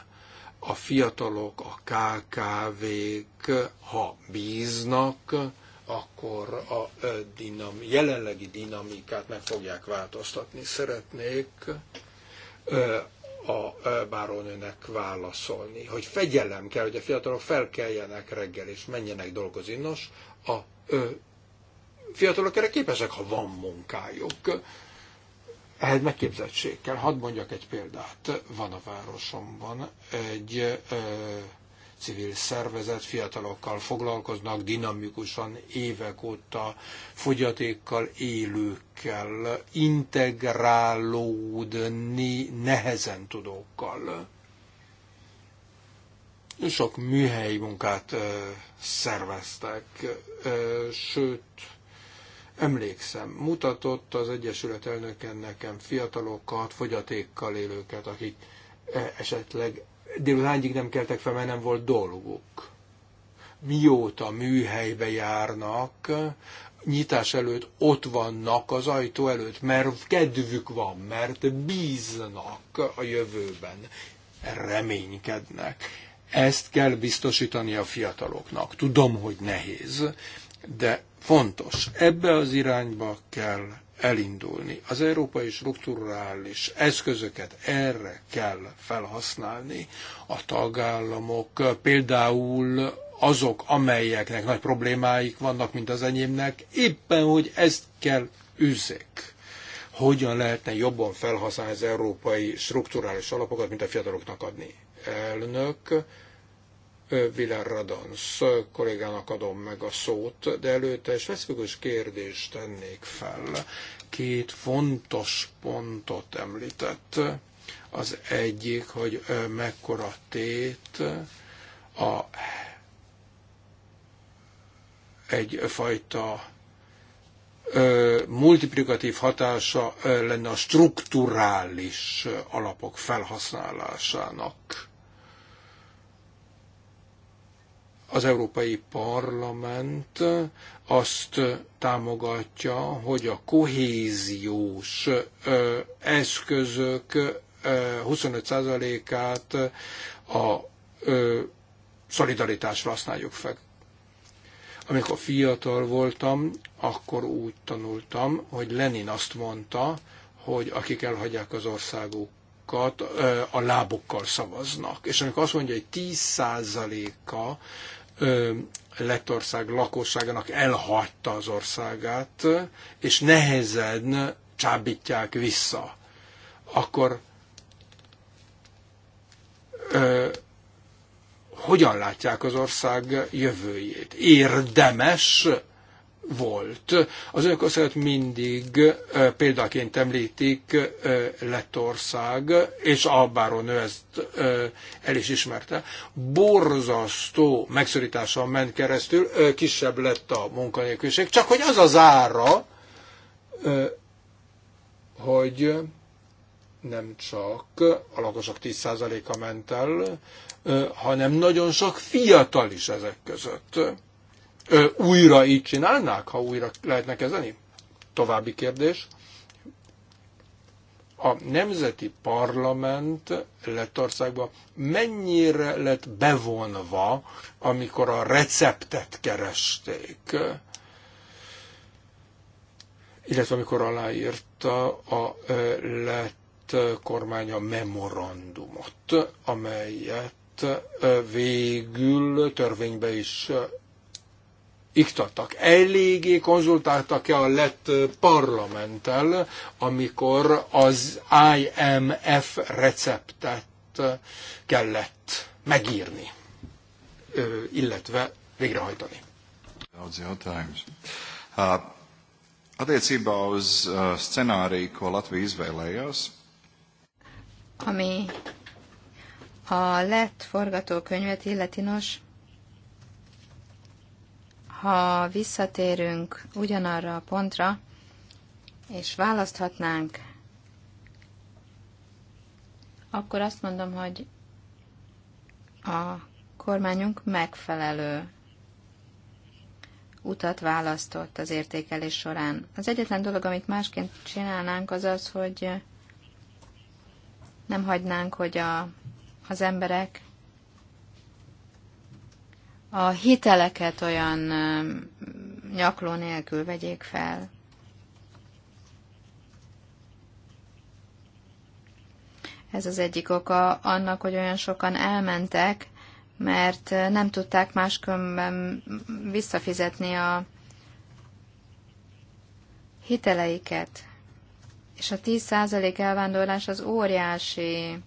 Speaker 2: a fiatalok, a KKV-k, ha bíznak, akkor a dinam, jelenlegi dinamikát meg fogják változtatni. Szeretnék a bárónőnek válaszolni, hogy fegyelem kell, hogy a fiatalok felkeljenek reggel és menjenek dolgozni. Nos, a fiatalok erre képesek, ha van munkájuk ehhez megképzettség kell. Hadd mondjak egy példát. Van a városomban egy ö, civil szervezet, fiatalokkal foglalkoznak dinamikusan évek óta fogyatékkal élőkkel, integrálódni nehezen tudókkal. Sok műhelyi munkát ö, szerveztek, ö, sőt, emlékszem, mutatott az Egyesület elnöken nekem fiatalokat, fogyatékkal élőket, akik e, esetleg délutánig nem keltek fel, mert nem volt dolguk. Mióta műhelybe járnak, nyitás előtt ott vannak az ajtó előtt, mert kedvük van, mert bíznak a jövőben, reménykednek. Ezt kell biztosítani a fiataloknak. Tudom, hogy nehéz, de fontos. Ebbe az irányba kell elindulni. Az európai strukturális eszközöket erre kell felhasználni. A tagállamok például azok, amelyeknek nagy problémáik vannak, mint az enyémnek, éppen, hogy ezt kell üzzék. Hogyan lehetne jobban felhasználni az európai strukturális alapokat, mint a fiataloknak adni? Elnök, Vilar Radons kollégának adom meg a szót, de előtte egy specifikus kérdést tennék fel. Két fontos pontot említett. Az egyik, hogy mekkora tét a egyfajta multiplikatív hatása lenne a strukturális alapok felhasználásának az Európai Parlament azt támogatja, hogy a kohéziós eszközök 25%-át a szolidaritásra használjuk fel. Amikor fiatal voltam, akkor úgy tanultam, hogy Lenin azt mondta, hogy akik elhagyják az országukat, a lábukkal szavaznak. És amikor azt mondja, hogy 10%-a Lettország lakosságának elhagyta az országát, és nehezen csábítják vissza, akkor ö, hogyan látják az ország jövőjét? Érdemes volt. Az önkországot mindig, mindig példaként említik Lettország, és Albáron ő ezt el is ismerte. Borzasztó megszorításon ment keresztül, kisebb lett a munkanélküliség, csak hogy az az ára, hogy nem csak a lakosok 10%-a ment el, hanem nagyon sok fiatal is ezek között újra így csinálnák, ha újra lehetne kezdeni? További kérdés. A nemzeti parlament Lettországban mennyire lett bevonva, amikor a receptet keresték? illetve amikor aláírta a lett kormány a memorandumot, amelyet végül törvénybe is iktattak. Eléggé konzultáltak-e a lett parlamenttel, amikor az IMF receptet kellett megírni, illetve végrehajtani. Attiecībā uz scenāriju, ko Latvija izvēlējās,
Speaker 4: ami a lett forgatókönyvet illeti nos, ha visszatérünk ugyanarra a pontra, és választhatnánk, akkor azt mondom, hogy a kormányunk megfelelő utat választott az értékelés során. Az egyetlen dolog, amit másként csinálnánk, az az, hogy nem hagynánk, hogy a, az emberek a hiteleket olyan nyakló nélkül vegyék fel. Ez az egyik oka annak, hogy olyan sokan elmentek, mert nem tudták máskönben visszafizetni a hiteleiket. És a 10% elvándorlás az óriási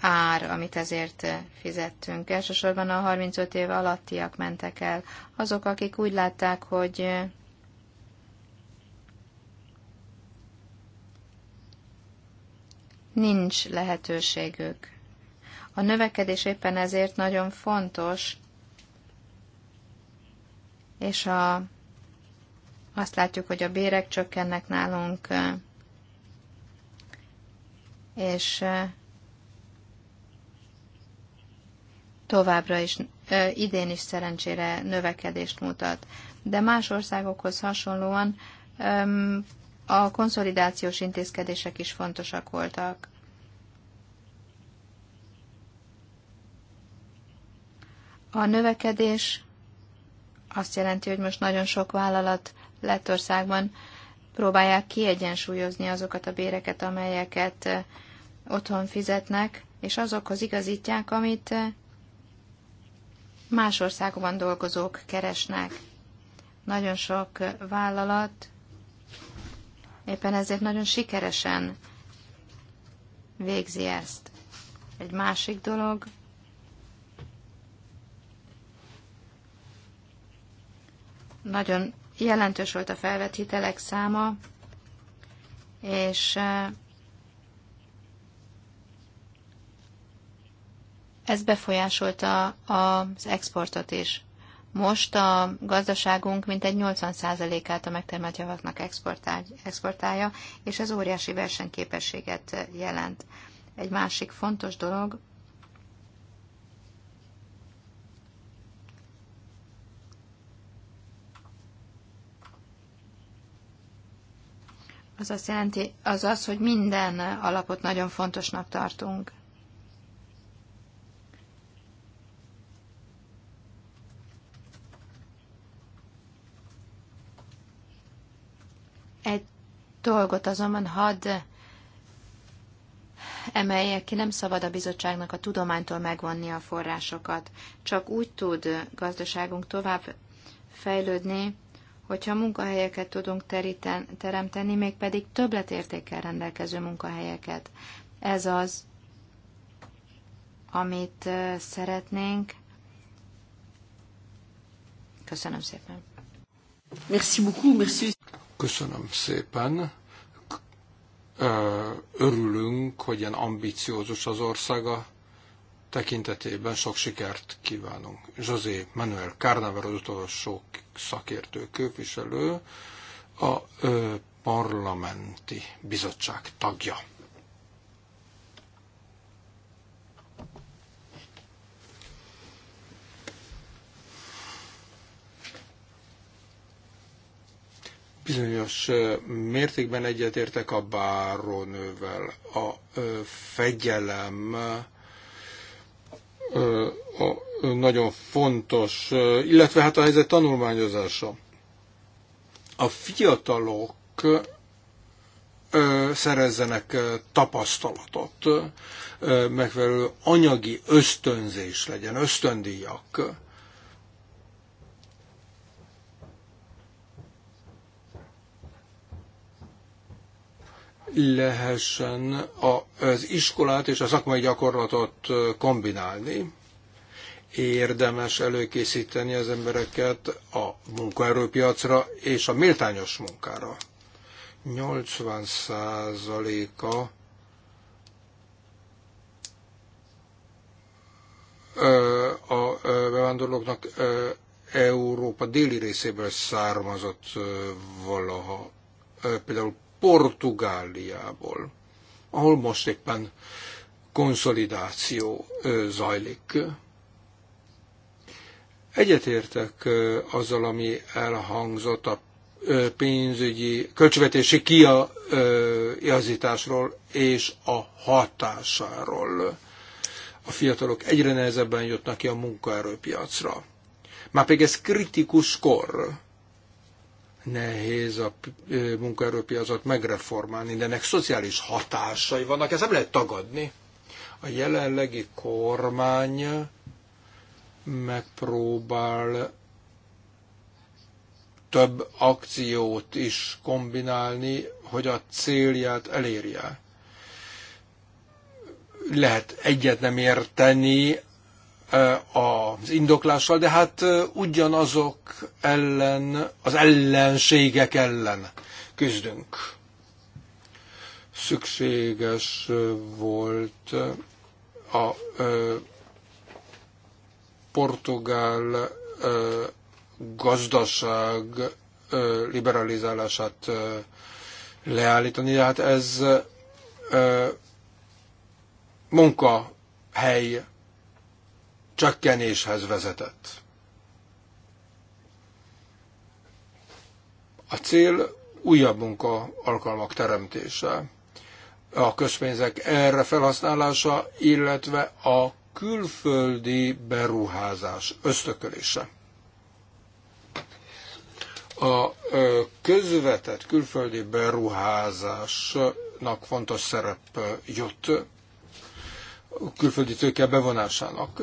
Speaker 4: ár, amit ezért eh, fizettünk. Elsősorban a 35 év alattiak mentek el. Azok, akik úgy látták, hogy eh, nincs lehetőségük. A növekedés éppen ezért nagyon fontos, és a, azt látjuk, hogy a bérek csökkennek nálunk, eh, és továbbra is, idén is szerencsére növekedést mutat. De más országokhoz hasonlóan a konszolidációs intézkedések is fontosak voltak. A növekedés azt jelenti, hogy most nagyon sok vállalat Lettországban próbálják kiegyensúlyozni azokat a béreket, amelyeket otthon fizetnek, és azokhoz igazítják, amit más országokban dolgozók keresnek. Nagyon sok vállalat éppen ezért nagyon sikeresen végzi ezt. Egy másik dolog, nagyon jelentős volt a felvett hitelek száma, és Ez befolyásolta az exportot is. Most a gazdaságunk mintegy 80%-át a megtermelt javaknak exportálja, és ez óriási versenyképességet jelent. Egy másik fontos dolog, az azt jelenti, az az, hogy minden alapot nagyon fontosnak tartunk. Egy dolgot azonban hadd emeljek ki, nem szabad a bizottságnak a tudománytól megvonni a forrásokat. Csak úgy tud gazdaságunk tovább fejlődni, hogyha munkahelyeket tudunk teríten, teremteni, mégpedig többletértékkel rendelkező munkahelyeket. Ez az, amit szeretnénk. Köszönöm szépen. Merci beaucoup, merci.
Speaker 2: Köszönöm szépen. Örülünk, hogy ilyen ambiciózus az országa tekintetében sok sikert kívánunk. José Manuel Carnaver az utolsó szakértő képviselő, a parlamenti bizottság tagja. Bizonyos mértékben egyetértek a báronővel. A fegyelem a nagyon fontos, illetve hát a helyzet tanulmányozása. A fiatalok szerezzenek tapasztalatot, megfelelő anyagi ösztönzés legyen, ösztöndíjak lehessen az iskolát és a szakmai gyakorlatot kombinálni. Érdemes előkészíteni az embereket a munkaerőpiacra és a méltányos munkára. 80%-a a bevándorlóknak Európa déli részéből származott valaha, például Portugáliából, ahol most éppen konszolidáció zajlik. Egyetértek azzal, ami elhangzott a pénzügyi, költségvetési kiazításról és a hatásáról. A fiatalok egyre nehezebben jutnak ki a munkaerőpiacra. Már pedig ez kritikus kor nehéz a munkaerőpiacot megreformálni, de ennek szociális hatásai vannak, ezt nem lehet tagadni. A jelenlegi kormány megpróbál több akciót is kombinálni, hogy a célját elérje. Lehet egyet nem érteni az indoklással, de hát ugyanazok ellen, az ellenségek ellen küzdünk. Szükséges volt a portugál gazdaság liberalizálását leállítani. Hát ez munkahely csökkenéshez vezetett. A cél újabb munka alkalmak teremtése, a közpénzek erre felhasználása, illetve a külföldi beruházás ösztökölése. A közvetett külföldi beruházásnak fontos szerep jött a külföldi tőke bevonásának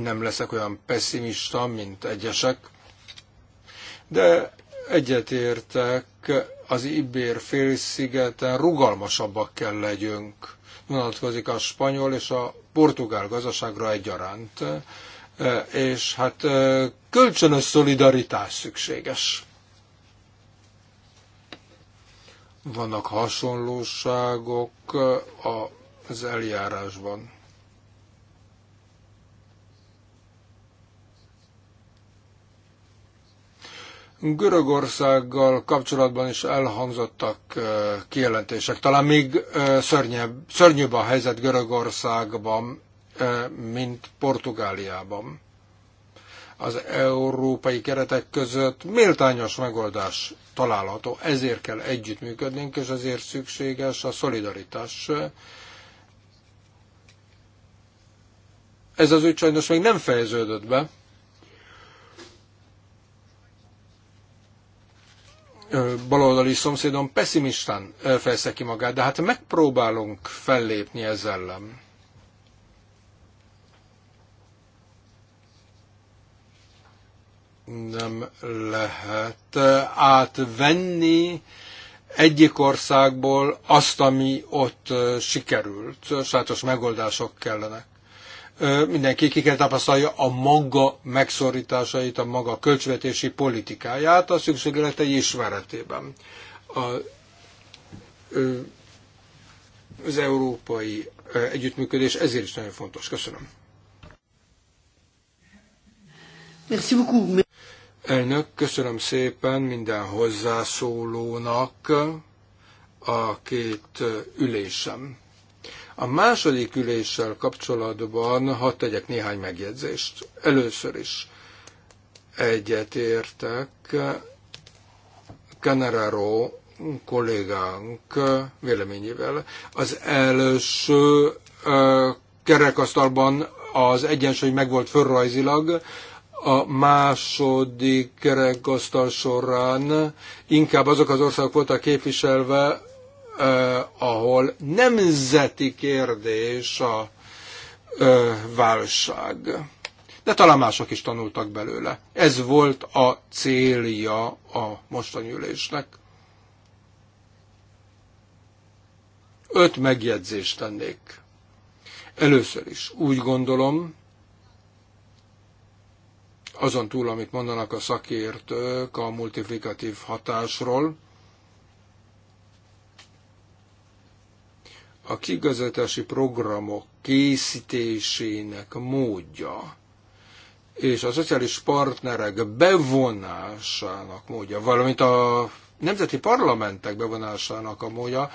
Speaker 2: nem leszek olyan pessimista, mint egyesek, de egyetértek, az Ibér félszigeten rugalmasabbak kell legyünk. Vonatkozik a spanyol és a portugál gazdaságra egyaránt, és hát kölcsönös szolidaritás szükséges. Vannak hasonlóságok az eljárásban Görögországgal kapcsolatban is elhangzottak kijelentések. Talán még szörnyebb, szörnyűbb a helyzet Görögországban, mint Portugáliában. Az európai keretek között méltányos megoldás található, ezért kell együttműködnünk, és ezért szükséges a szolidaritás. Ez az ügy sajnos még nem fejeződött be, baloldali szomszédom pessimistán fejezte ki magát, de hát megpróbálunk fellépni ezzel ellen. Nem lehet átvenni egyik országból azt, ami ott sikerült. Sajátos megoldások kellenek mindenki ki kell tapasztalja a maga megszorításait, a maga költségvetési politikáját a szükségletei ismeretében. A, az európai együttműködés ezért is nagyon fontos. Köszönöm.
Speaker 1: Merci beaucoup.
Speaker 2: Elnök, köszönöm szépen minden hozzászólónak a két ülésem. A második üléssel kapcsolatban hadd tegyek néhány megjegyzést. Először is egyetértek Canararo kollégánk véleményével. Az első kerekasztalban az egyensúly megvolt fölrajzilag, a második kerekasztal során inkább azok az országok voltak képviselve, ahol nemzeti kérdés a válság. De talán mások is tanultak belőle. Ez volt a célja a mostani ülésnek. Öt megjegyzést tennék. Először is úgy gondolom, azon túl, amit mondanak a szakértők a multiplikatív hatásról, a kigazatási programok készítésének módja és a szociális partnerek bevonásának módja, valamint a nemzeti parlamentek bevonásának a módja,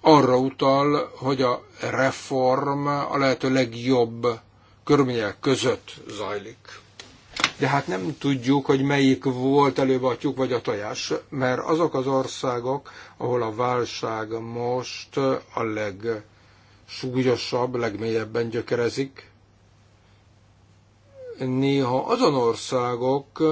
Speaker 2: arra utal, hogy a reform a lehető legjobb körülmények között zajlik de hát nem tudjuk, hogy melyik volt előbb a tyúk vagy a tojás, mert azok az országok, ahol a válság most a legsúlyosabb, legmélyebben gyökerezik, néha azon országok,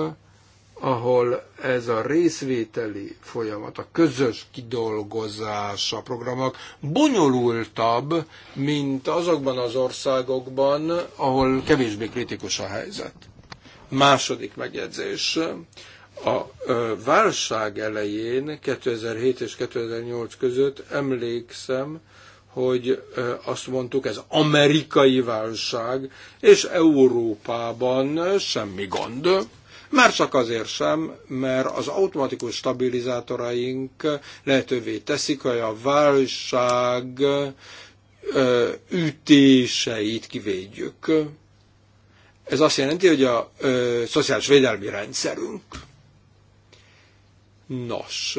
Speaker 2: ahol ez a részvételi folyamat, a közös kidolgozása a programok bonyolultabb, mint azokban az országokban, ahol kevésbé kritikus a helyzet. Második megjegyzés. A válság elején, 2007 és 2008 között emlékszem, hogy azt mondtuk, ez amerikai válság, és Európában semmi gond. Már csak azért sem, mert az automatikus stabilizátoraink lehetővé teszik, hogy a válság ütéseit kivédjük ez azt jelenti, hogy a ö, szociális védelmi rendszerünk, nos,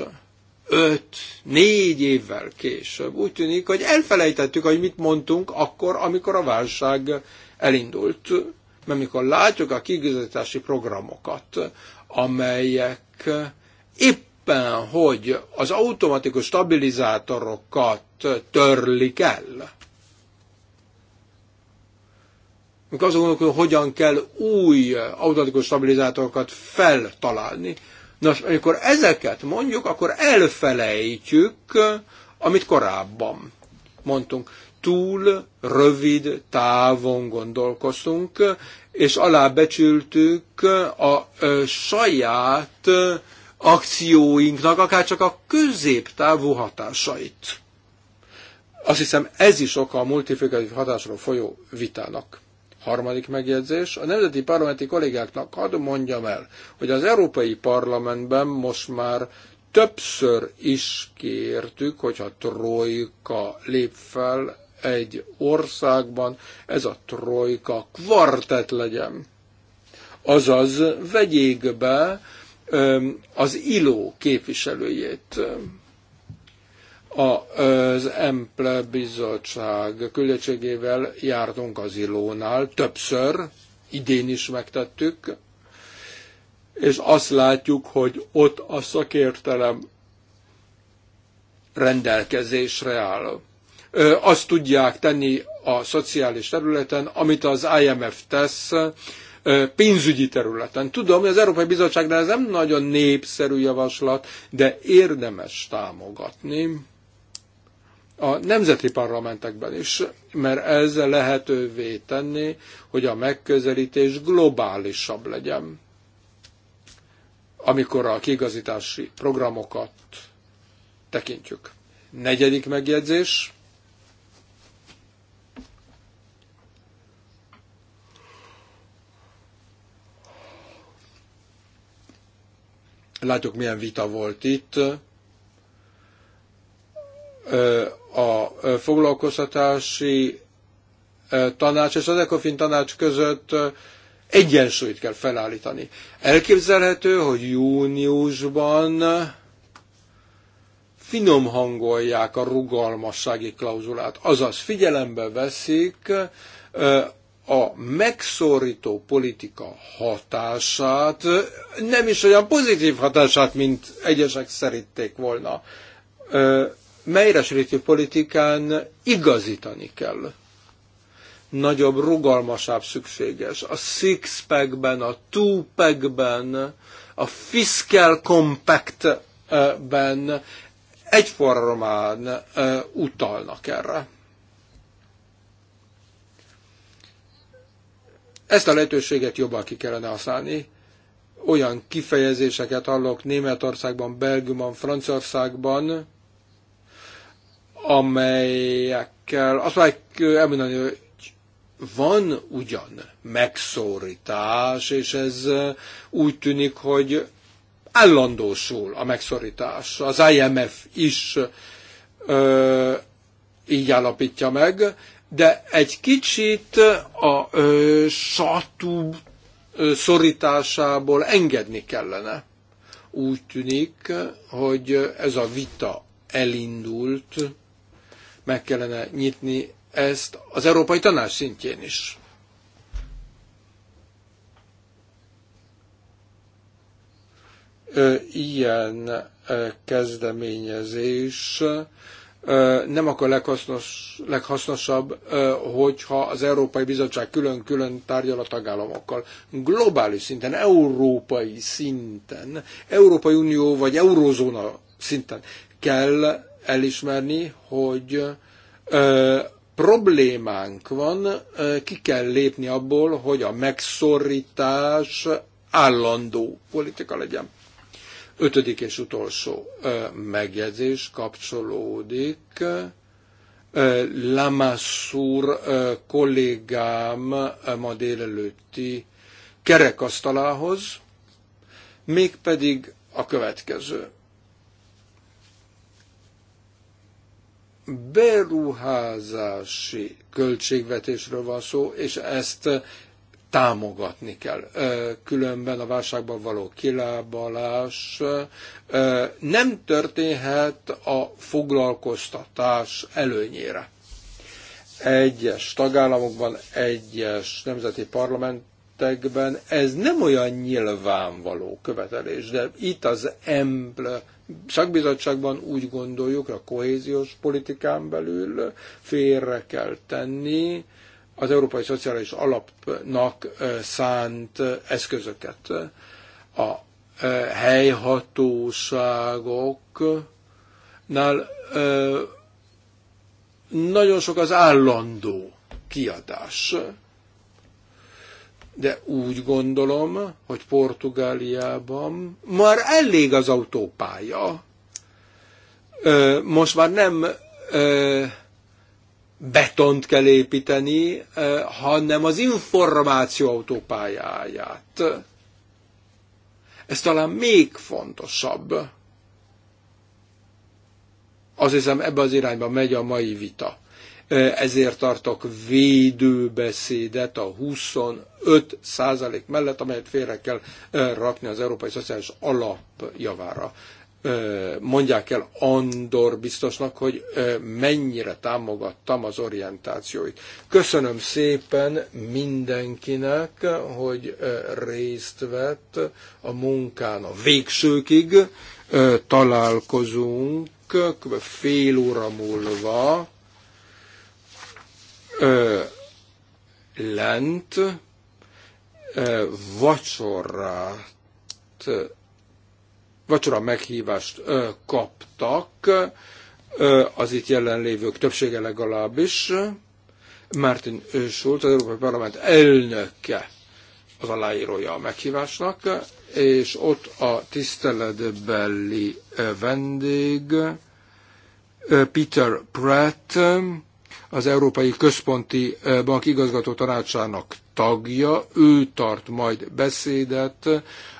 Speaker 2: öt, négy évvel később úgy tűnik, hogy elfelejtettük, hogy mit mondtunk akkor, amikor a válság elindult. Mert mikor látjuk a kigazítási programokat, amelyek éppen hogy az automatikus stabilizátorokat törlik el, Amikor azon hogy hogyan kell új automatikus stabilizátorokat feltalálni. Nos, amikor ezeket mondjuk, akkor elfelejtjük, amit korábban mondtunk. Túl rövid távon gondolkoztunk, és alábecsültük a saját akcióinknak akár csak a középtávú hatásait. Azt hiszem ez is oka a multiplikatív hatásról folyó vitának. Harmadik megjegyzés, a nemzeti parlamenti kollégáknak hadd mondjam el, hogy az Európai Parlamentben most már többször is kértük, hogyha trojka lép fel egy országban, ez a trojka kvartet legyen. Azaz vegyék be az ILO képviselőjét az Emple Bizottság küldöttségével jártunk az Ilónál többször, idén is megtettük, és azt látjuk, hogy ott a szakértelem rendelkezésre áll. Azt tudják tenni a szociális területen, amit az IMF tesz, pénzügyi területen. Tudom, hogy az Európai Bizottságnál ez nem nagyon népszerű javaslat, de érdemes támogatni a nemzeti parlamentekben is, mert ez lehetővé tenni, hogy a megközelítés globálisabb legyen. Amikor a kigazítási programokat tekintjük. Negyedik megjegyzés. Látjuk, milyen vita volt itt a foglalkoztatási e, tanács és az ECOFIN tanács között e, egyensúlyt kell felállítani. Elképzelhető, hogy júniusban finom hangolják a rugalmassági klauzulát, azaz figyelembe veszik e, a megszorító politika hatását, nem is olyan pozitív hatását, mint egyesek szerinték volna melyresréti politikán igazítani kell. Nagyobb rugalmasább szükséges. A six-packben, a two-packben, a fiscal compactben egyformán utalnak erre. Ezt a lehetőséget jobban ki kellene használni. Olyan kifejezéseket hallok Németországban, Belgiumban, Franciaországban, amelyekkel azt lehet elmondani, hogy van ugyan megszorítás, és ez úgy tűnik, hogy állandósul a megszorítás. Az IMF is ö, így állapítja meg, de egy kicsit a ö, satú ö, szorításából engedni kellene. Úgy tűnik, hogy ez a vita elindult, meg kellene nyitni ezt az Európai Tanács szintjén is. Ilyen kezdeményezés nem akkor leghasznos, leghasznosabb, hogyha az Európai Bizottság külön-külön tárgyal a tagállamokkal. Globális szinten, európai szinten, Európai Unió vagy Eurózóna szinten kell elismerni, hogy ö, problémánk van, ö, ki kell lépni abból, hogy a megszorítás állandó politika legyen. Ötödik és utolsó ö, megjegyzés kapcsolódik Lamassur kollégám ma délelőtti kerekasztalához, mégpedig a következő. beruházási költségvetésről van szó, és ezt támogatni kell. Különben a válságban való kilábalás nem történhet a foglalkoztatás előnyére. Egyes tagállamokban, egyes nemzeti parlament esetekben ez nem olyan nyilvánvaló követelés, de itt az EMBL szakbizottságban úgy gondoljuk, a kohéziós politikán belül félre kell tenni az Európai Szociális Alapnak szánt eszközöket. A helyhatóságoknál nagyon sok az állandó kiadás de úgy gondolom, hogy Portugáliában már elég az autópálya. Most már nem betont kell építeni, hanem az információ autópályáját. Ez talán még fontosabb. Azt hiszem, ebbe az irányba megy a mai vita ezért tartok védőbeszédet a 25 százalék mellett, amelyet félre kell rakni az Európai Szociális Alap javára. Mondják el Andor biztosnak, hogy mennyire támogattam az orientációit. Köszönöm szépen mindenkinek, hogy részt vett a munkán a végsőkig. Találkozunk fél óra múlva ö, lent ö, vacsorát, vacsora meghívást ö, kaptak, ö, az itt jelenlévők többsége legalábbis, Martin Schulz, az Európai Parlament elnöke az aláírója a meghívásnak, és ott a tiszteletbeli vendég Peter Pratt, az Európai Központi eh, Bank igazgató tanácsának tagja, ő tart majd beszédet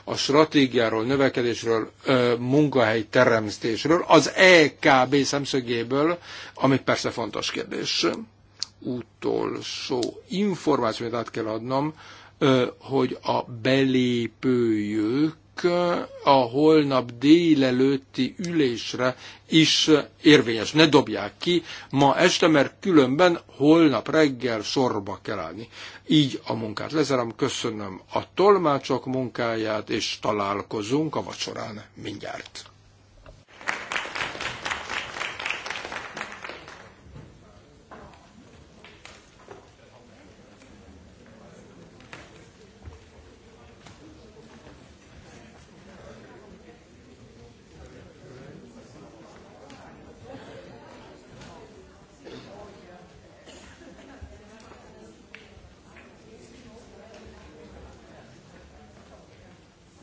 Speaker 2: a stratégiáról, növekedésről, eh, munkahely teremtésről, az EKB szemszögéből, ami persze fontos kérdés. Utolsó információt át kell adnom, eh, hogy a belépőjük a holnap délelőtti ülésre is érvényes. Ne dobják ki ma este, mert különben holnap reggel sorba kell állni. Így a munkát lezárom. Köszönöm a tolmácsok munkáját, és találkozunk a vacsorán mindjárt.